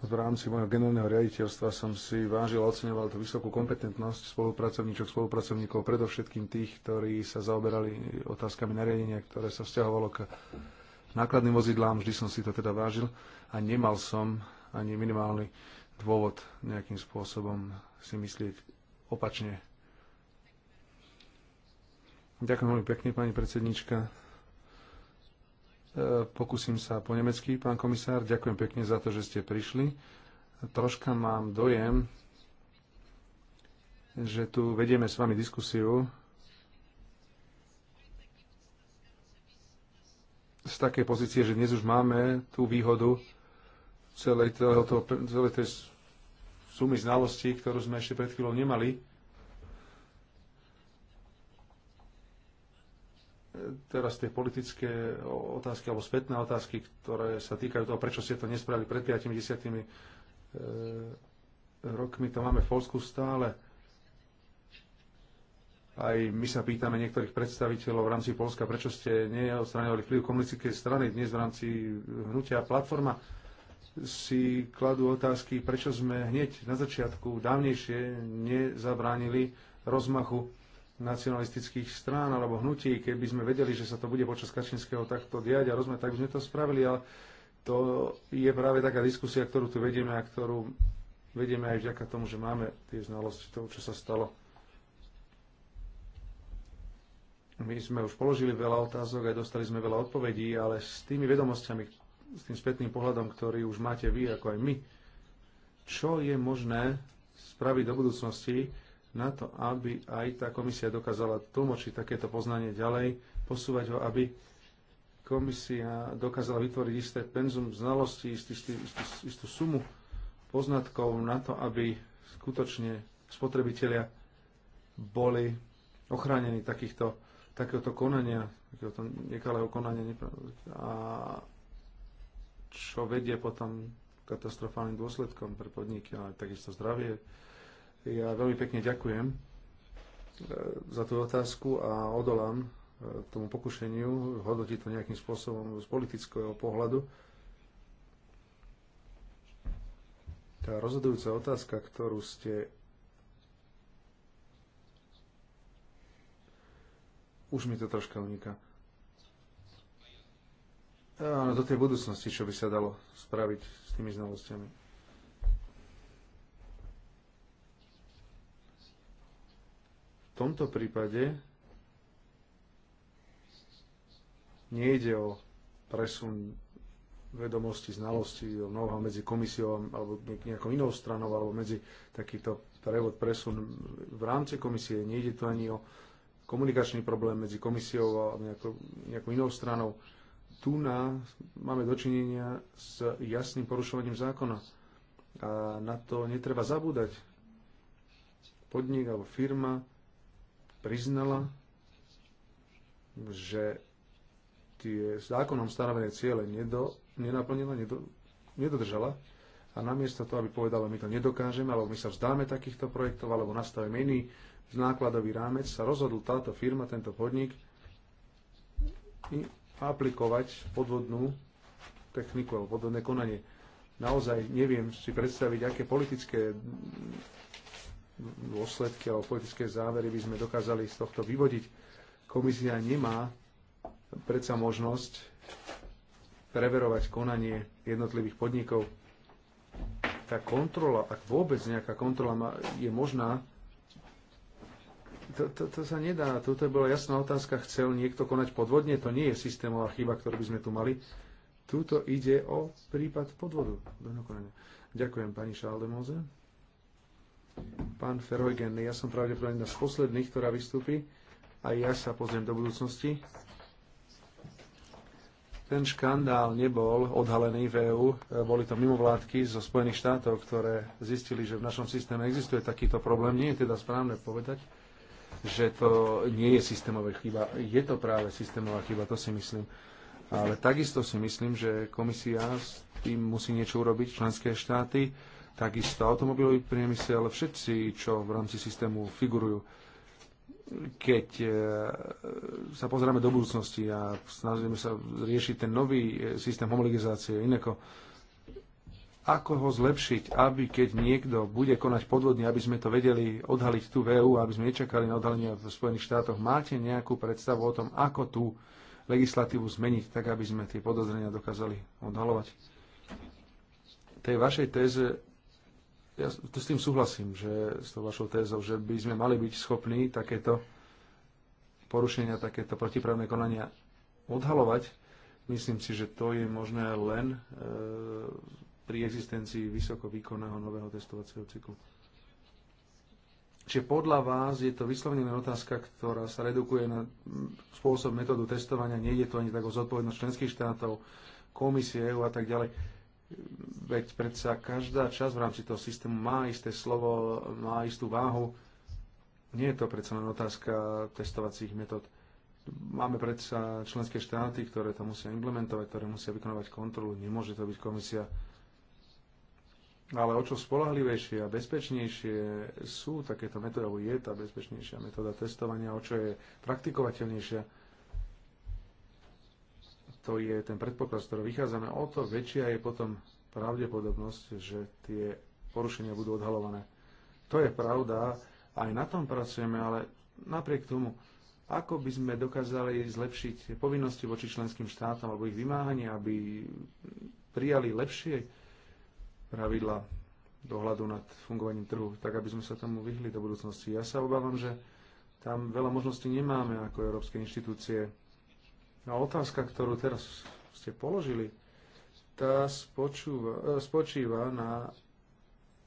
v rámci môjho generálneho riaditeľstva som si vážil a oceňoval tú vysokú kompetentnosť spolupracovníčok, spolupracovníkov, predovšetkým tých, ktorí sa zaoberali otázkami nariadenia, ktoré sa vzťahovalo k nákladným vozidlám. Vždy som si to teda vážil a nemal som ani minimálny dôvod nejakým spôsobom si myslieť opačne. Ďakujem veľmi pekne, pani predsednička. E, pokúsim sa po nemecky, pán komisár. Ďakujem pekne za to, že ste prišli. Troška mám dojem, že tu vedieme s vami diskusiu z takej pozície, že dnes už máme tú výhodu celej, toho, celej tej sumy znalostí, ktorú sme ešte pred chvíľou nemali teraz tie politické otázky alebo spätné otázky, ktoré sa týkajú toho, prečo ste to nespravili pred 50 e, rokmi, to máme v Polsku stále. Aj my sa pýtame niektorých predstaviteľov v rámci Polska, prečo ste neodstraňovali vplyv komunistickej strany dnes v rámci hnutia platforma si kladú otázky, prečo sme hneď na začiatku dávnejšie nezabránili rozmachu nacionalistických strán alebo hnutí, keby sme vedeli, že sa to bude počas Kačinského takto diať a rozme, tak by sme to spravili, ale to je práve taká diskusia, ktorú tu vedieme a ktorú vedieme aj vďaka tomu, že máme tie znalosti toho, čo sa stalo. My sme už položili veľa otázok a dostali sme veľa odpovedí, ale s tými vedomosťami, s tým spätným pohľadom, ktorý už máte vy, ako aj my, čo je možné spraviť do budúcnosti, na to, aby aj tá komisia dokázala tlmočiť takéto poznanie ďalej, posúvať ho, aby komisia dokázala vytvoriť isté penzum znalostí, istý, istý, istú, istú sumu poznatkov na to, aby skutočne spotrebitelia boli ochránení takýchto, takéhoto konania, takéhoto nekalého konania a čo vedie potom katastrofálnym dôsledkom pre podniky, ale takisto zdravie ja veľmi pekne ďakujem e, za tú otázku a odolám e, tomu pokušeniu hodnotiť to nejakým spôsobom z politického pohľadu. Tá rozhodujúca otázka, ktorú ste už mi to troška uniká. Áno, do tej budúcnosti, čo by sa dalo spraviť s tými znalostiami. tomto prípade nejde o presun vedomosti, znalosti, o mnoha medzi komisiou alebo nejakou inou stranou, alebo medzi takýto prevod, presun v rámci komisie. Nejde to ani o komunikačný problém medzi komisiou a nejakou, nejakou inou stranou. Tu na, máme dočinenia s jasným porušovaním zákona. A na to netreba zabúdať. Podnik alebo firma priznala, že tie zákonom stanovené ciele nedo, nenaplnila, nedo, nedodržala a namiesto toho, aby povedala, my to nedokážeme, alebo my sa vzdáme takýchto projektov, alebo nastavíme iný nákladový rámec, sa rozhodol táto firma, tento podnik aplikovať podvodnú techniku alebo podvodné konanie. Naozaj neviem si predstaviť, aké politické dôsledky alebo politické závery by sme dokázali z tohto vyvodiť. Komisia nemá predsa možnosť preverovať konanie jednotlivých podnikov. Tá kontrola, ak vôbec nejaká kontrola je možná, to, to, to sa nedá. Toto bola jasná otázka. Chcel niekto konať podvodne? To nie je systémová chyba, ktorú by sme tu mali. Tuto ide o prípad podvodu. Ďakujem pani Šaldemóze. Pán Ferhojgen, ja som pravdepodobne jedna z posledných, ktorá vystúpi. a ja sa pozriem do budúcnosti. Ten škandál nebol odhalený v EÚ. Boli to mimovládky zo Spojených štátov, ktoré zistili, že v našom systéme existuje takýto problém. Nie je teda správne povedať, že to nie je systémová chyba. Je to práve systémová chyba, to si myslím. Ale takisto si myslím, že komisia s tým musí niečo urobiť, členské štáty takisto automobilový priemysel, všetci, čo v rámci systému figurujú. Keď e, sa pozrieme do budúcnosti a snažíme sa riešiť ten nový e, systém homologizácie, inako, ako ho zlepšiť, aby keď niekto bude konať podvodne, aby sme to vedeli odhaliť tu v EU, aby sme nečakali na odhalenie v Spojených štátoch. Máte nejakú predstavu o tom, ako tú legislatívu zmeniť, tak aby sme tie podozrenia dokázali odhalovať? Tej vašej téze ja s tým súhlasím, že s tou vašou tézou, že by sme mali byť schopní takéto porušenia, takéto protiprávne konania odhalovať. Myslím si, že to je možné len e, pri existencii vysoko výkonného nového testovacieho cyklu. Čiže podľa vás je to vyslovene otázka, ktorá sa redukuje na spôsob metódu testovania, nejde to ani tak o zodpovednosť členských štátov, komisie EU a tak ďalej Veď predsa každá časť v rámci toho systému má isté slovo, má istú váhu. Nie je to predsa len otázka testovacích metód. Máme predsa členské štáty, ktoré to musia implementovať, ktoré musia vykonávať kontrolu. Nemôže to byť komisia. Ale o čo spolahlivejšie a bezpečnejšie sú takéto metódy, alebo je tá bezpečnejšia metóda testovania, o čo je praktikovateľnejšia, to je ten predpoklad, z ktorého vychádzame, o to väčšia je potom pravdepodobnosť, že tie porušenia budú odhalované. To je pravda, aj na tom pracujeme, ale napriek tomu, ako by sme dokázali zlepšiť povinnosti voči členským štátom alebo ich vymáhanie, aby prijali lepšie pravidla dohľadu nad fungovaním trhu, tak aby sme sa tomu vyhli do budúcnosti. Ja sa obávam, že tam veľa možností nemáme ako európske inštitúcie No a otázka, ktorú teraz ste položili, tá spočúva, e, spočíva na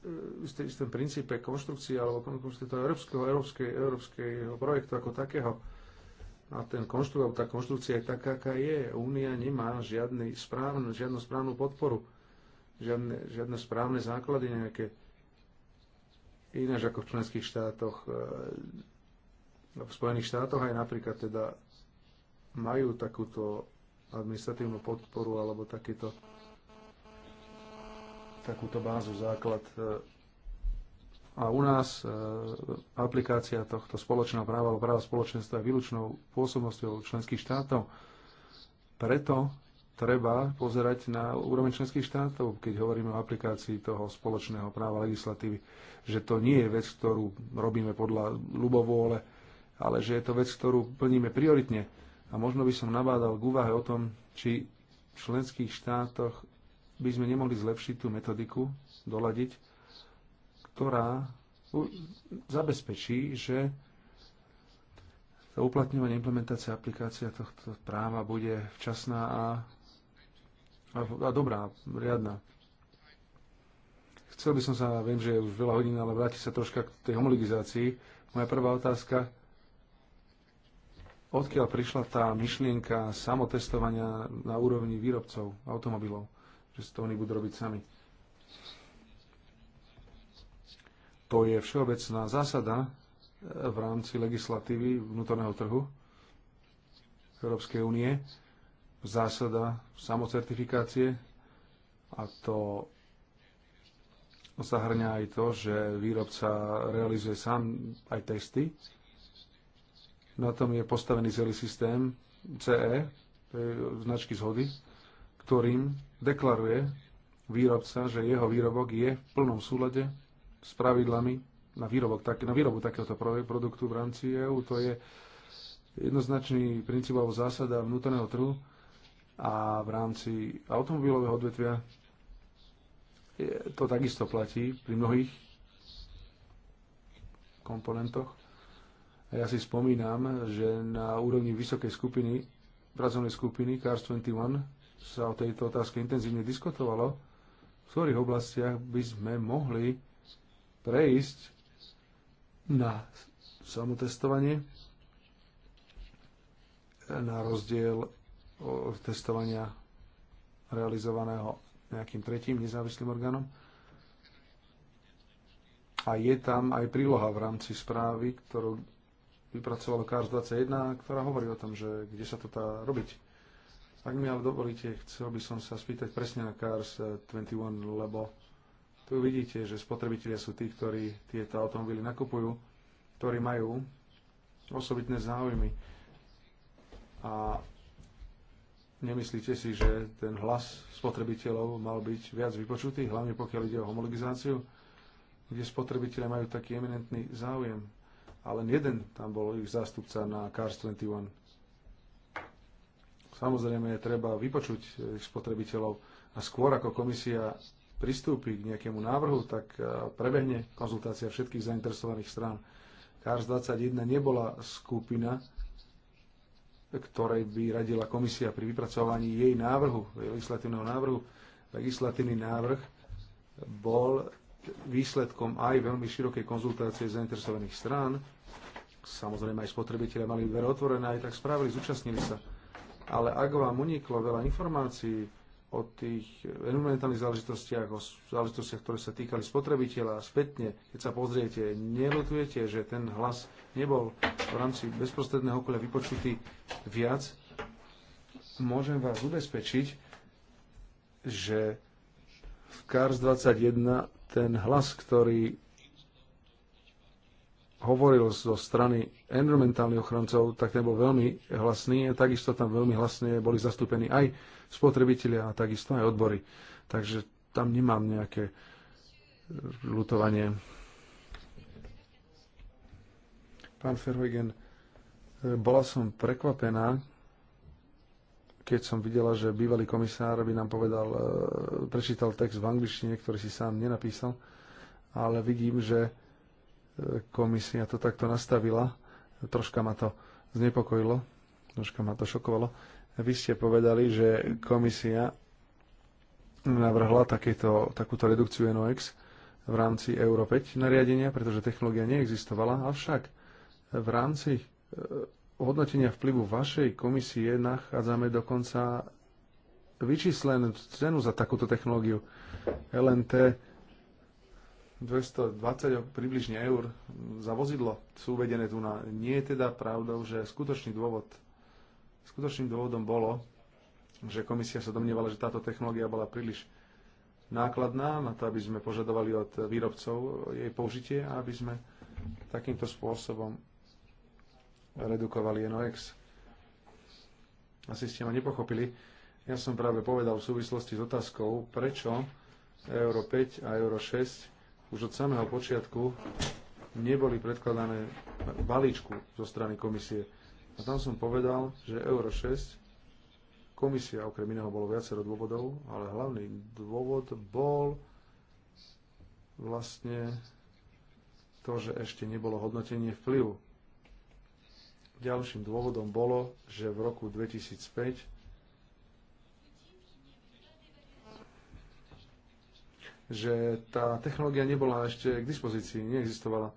e, istom princípe konštrukcie alebo konštrukcie toho európskeho, európskej, európskeho projektu ako takého. A ten konštru, tá konštrukcia je taká, aká je. Únia nemá žiadny správny, žiadnu správnu podporu, žiadne, žiadne správne základy nejaké. Ináč ako v členských štátoch, e, v Spojených štátoch aj napríklad teda majú takúto administratívnu podporu alebo takýto, takúto bázu, základ. Eh, a u nás eh, aplikácia tohto spoločného práva alebo práva spoločenstva je výlučnou pôsobnosťou členských štátov. Preto treba pozerať na úroveň členských štátov, keď hovoríme o aplikácii toho spoločného práva legislatívy, že to nie je vec, ktorú robíme podľa ľubovôle, ale že je to vec, ktorú plníme prioritne a možno by som nabádal k úvahe o tom, či v členských štátoch by sme nemohli zlepšiť tú metodiku, doladiť, ktorá zabezpečí, že to uplatňovanie implementácia aplikácia tohto práva bude včasná a, a, a dobrá, riadna. Chcel by som sa, viem, že je už veľa hodín, ale vrátiť sa troška k tej homologizácii. Moja prvá otázka, odkiaľ prišla tá myšlienka samotestovania na úrovni výrobcov automobilov, že si to oni budú robiť sami. To je všeobecná zásada eh, v rámci legislatívy vnútorného trhu Európskej únie, zásada samocertifikácie a to zahrňa aj to, že výrobca realizuje sám aj testy na tom je postavený celý systém CE, to je značky zhody, ktorým deklaruje výrobca, že jeho výrobok je v plnom súlade s pravidlami na, výrobok, tak, na výrobu takéhoto produktu v rámci EU. To je jednoznačný princíp alebo zásada vnútorného trhu a v rámci automobilového odvetvia to takisto platí pri mnohých komponentoch. A Ja si spomínam, že na úrovni vysokej skupiny, pracovnej skupiny CARS 21 sa o tejto otázke intenzívne diskutovalo, v ktorých oblastiach by sme mohli prejsť na samotestovanie, na rozdiel od testovania realizovaného nejakým tretím nezávislým orgánom. A je tam aj príloha v rámci správy, ktorú vypracovalo CARS 21, ktorá hovorí o tom, že kde sa to dá robiť. Ak mi ale dovolíte, chcel by som sa spýtať presne na CARS 21, lebo tu vidíte, že spotrebitelia sú tí, ktorí tieto automobily nakupujú, ktorí majú osobitné záujmy. A Nemyslíte si, že ten hlas spotrebiteľov mal byť viac vypočutý, hlavne pokiaľ ide o homologizáciu, kde spotrebitelia majú taký eminentný záujem a len jeden tam bol ich zástupca na Cars 21. Samozrejme, treba vypočuť eh, spotrebiteľov a skôr ako komisia pristúpi k nejakému návrhu, tak eh, prebehne konzultácia všetkých zainteresovaných strán. Cars 21 nebola skupina, ktorej by radila komisia pri vypracovaní jej návrhu, jej legislatívneho návrhu. Legislatívny návrh bol výsledkom aj veľmi širokej konzultácie zainteresovaných strán, Samozrejme aj spotrebitelia mali dvere otvorené, aj tak spravili, zúčastnili sa. Ale ak vám uniklo veľa informácií o tých environmentálnych záležitostiach, o záležitostiach, ktoré sa týkali spotrebiteľa, spätne, keď sa pozriete, nelutujete, že ten hlas nebol v rámci bezprostredného okolia vypočutý viac, môžem vás ubezpečiť, že v CARS 21 ten hlas, ktorý hovoril zo strany environmentálnych ochrancov, tak ten bol veľmi hlasný. A takisto tam veľmi hlasne boli zastúpení aj spotrebitelia a takisto aj odbory. Takže tam nemám nejaké lutovanie. Pán Ferhojgen, bola som prekvapená, keď som videla, že bývalý komisár by nám povedal, e, prečítal text v angličtine, ktorý si sám nenapísal, ale vidím, že komisia to takto nastavila. Troška ma to znepokojilo, troška ma to šokovalo. Vy ste povedali, že komisia navrhla takéto, takúto redukciu NOx v rámci Euro 5 nariadenia, pretože technológia neexistovala. Avšak v rámci e, hodnotenia vplyvu vašej komisie nachádzame dokonca vyčíslenú cenu za takúto technológiu. LNT 220 približne eur za vozidlo sú uvedené tu na. Nie je teda pravdou, že skutočný dôvod, skutočným dôvodom bolo, že komisia sa domnievala, že táto technológia bola príliš nákladná na to, aby sme požadovali od výrobcov jej použitie a aby sme takýmto spôsobom redukovali NOx. Asi ste ma nepochopili. Ja som práve povedal v súvislosti s otázkou, prečo Euro 5 a Euro 6 už od samého počiatku neboli predkladané balíčku zo strany komisie. A tam som povedal, že Euro 6, komisia okrem iného bolo viacero dôvodov, ale hlavný dôvod bol vlastne to, že ešte nebolo hodnotenie vplyvu. Ďalším dôvodom bolo, že v roku 2005 že tá technológia nebola ešte k dispozícii, neexistovala.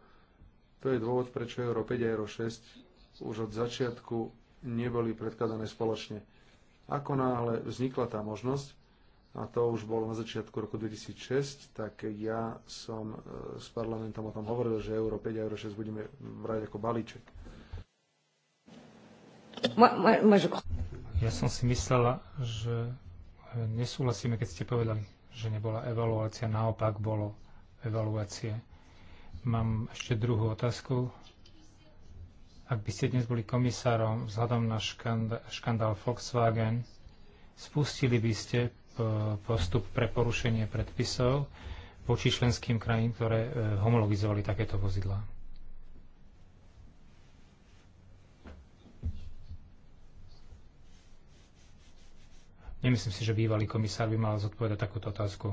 To je dôvod, prečo Euro 5 a Euro 6 už od začiatku neboli predkladané spoločne. Ako náhle vznikla tá možnosť, a to už bolo na začiatku roku 2006, tak ja som e, s parlamentom o tom hovoril, že Euro 5 a Euro 6 budeme brať ako balíček. Ja som si myslela, že e, nesúhlasíme, keď ste povedali že nebola evaluácia, naopak bolo evaluácie. Mám ešte druhú otázku. Ak by ste dnes boli komisárom vzhľadom na škandál, škandál Volkswagen, spustili by ste e, postup pre porušenie predpisov voči členským krajín, ktoré e, homologizovali takéto vozidlá? Nemyslím si, že bývalý komisár by mal zodpovedať takúto otázku.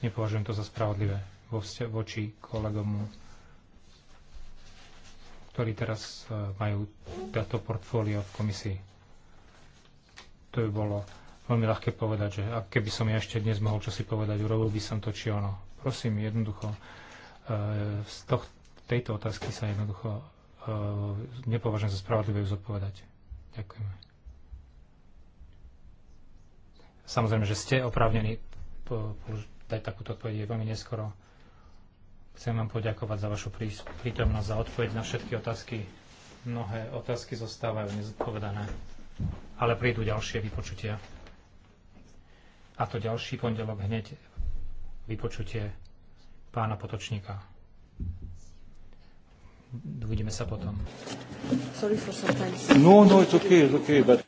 Nepovažujem to za spravodlivé vo voči kolegom, ktorí teraz e, majú táto portfólio v komisii. To by bolo veľmi ľahké povedať, že ak keby som ja ešte dnes mohol čosi povedať, urobil by som to či ono. Prosím, jednoducho, e, z toh- tejto otázky sa jednoducho e, nepovažujem za spravodlivé ju zodpovedať. Ďakujeme. Samozrejme, že ste oprávnení dať takúto odpoveď, je veľmi neskoro. Chcem vám poďakovať za vašu prítomnosť, za odpoveď na všetky otázky. Mnohé otázky zostávajú nezodpovedané, ale prídu ďalšie vypočutia. A to ďalší pondelok hneď vypočutie pána Potočníka. Uvidíme sa potom. Sorry for No, no, it's okay, it's okay, but...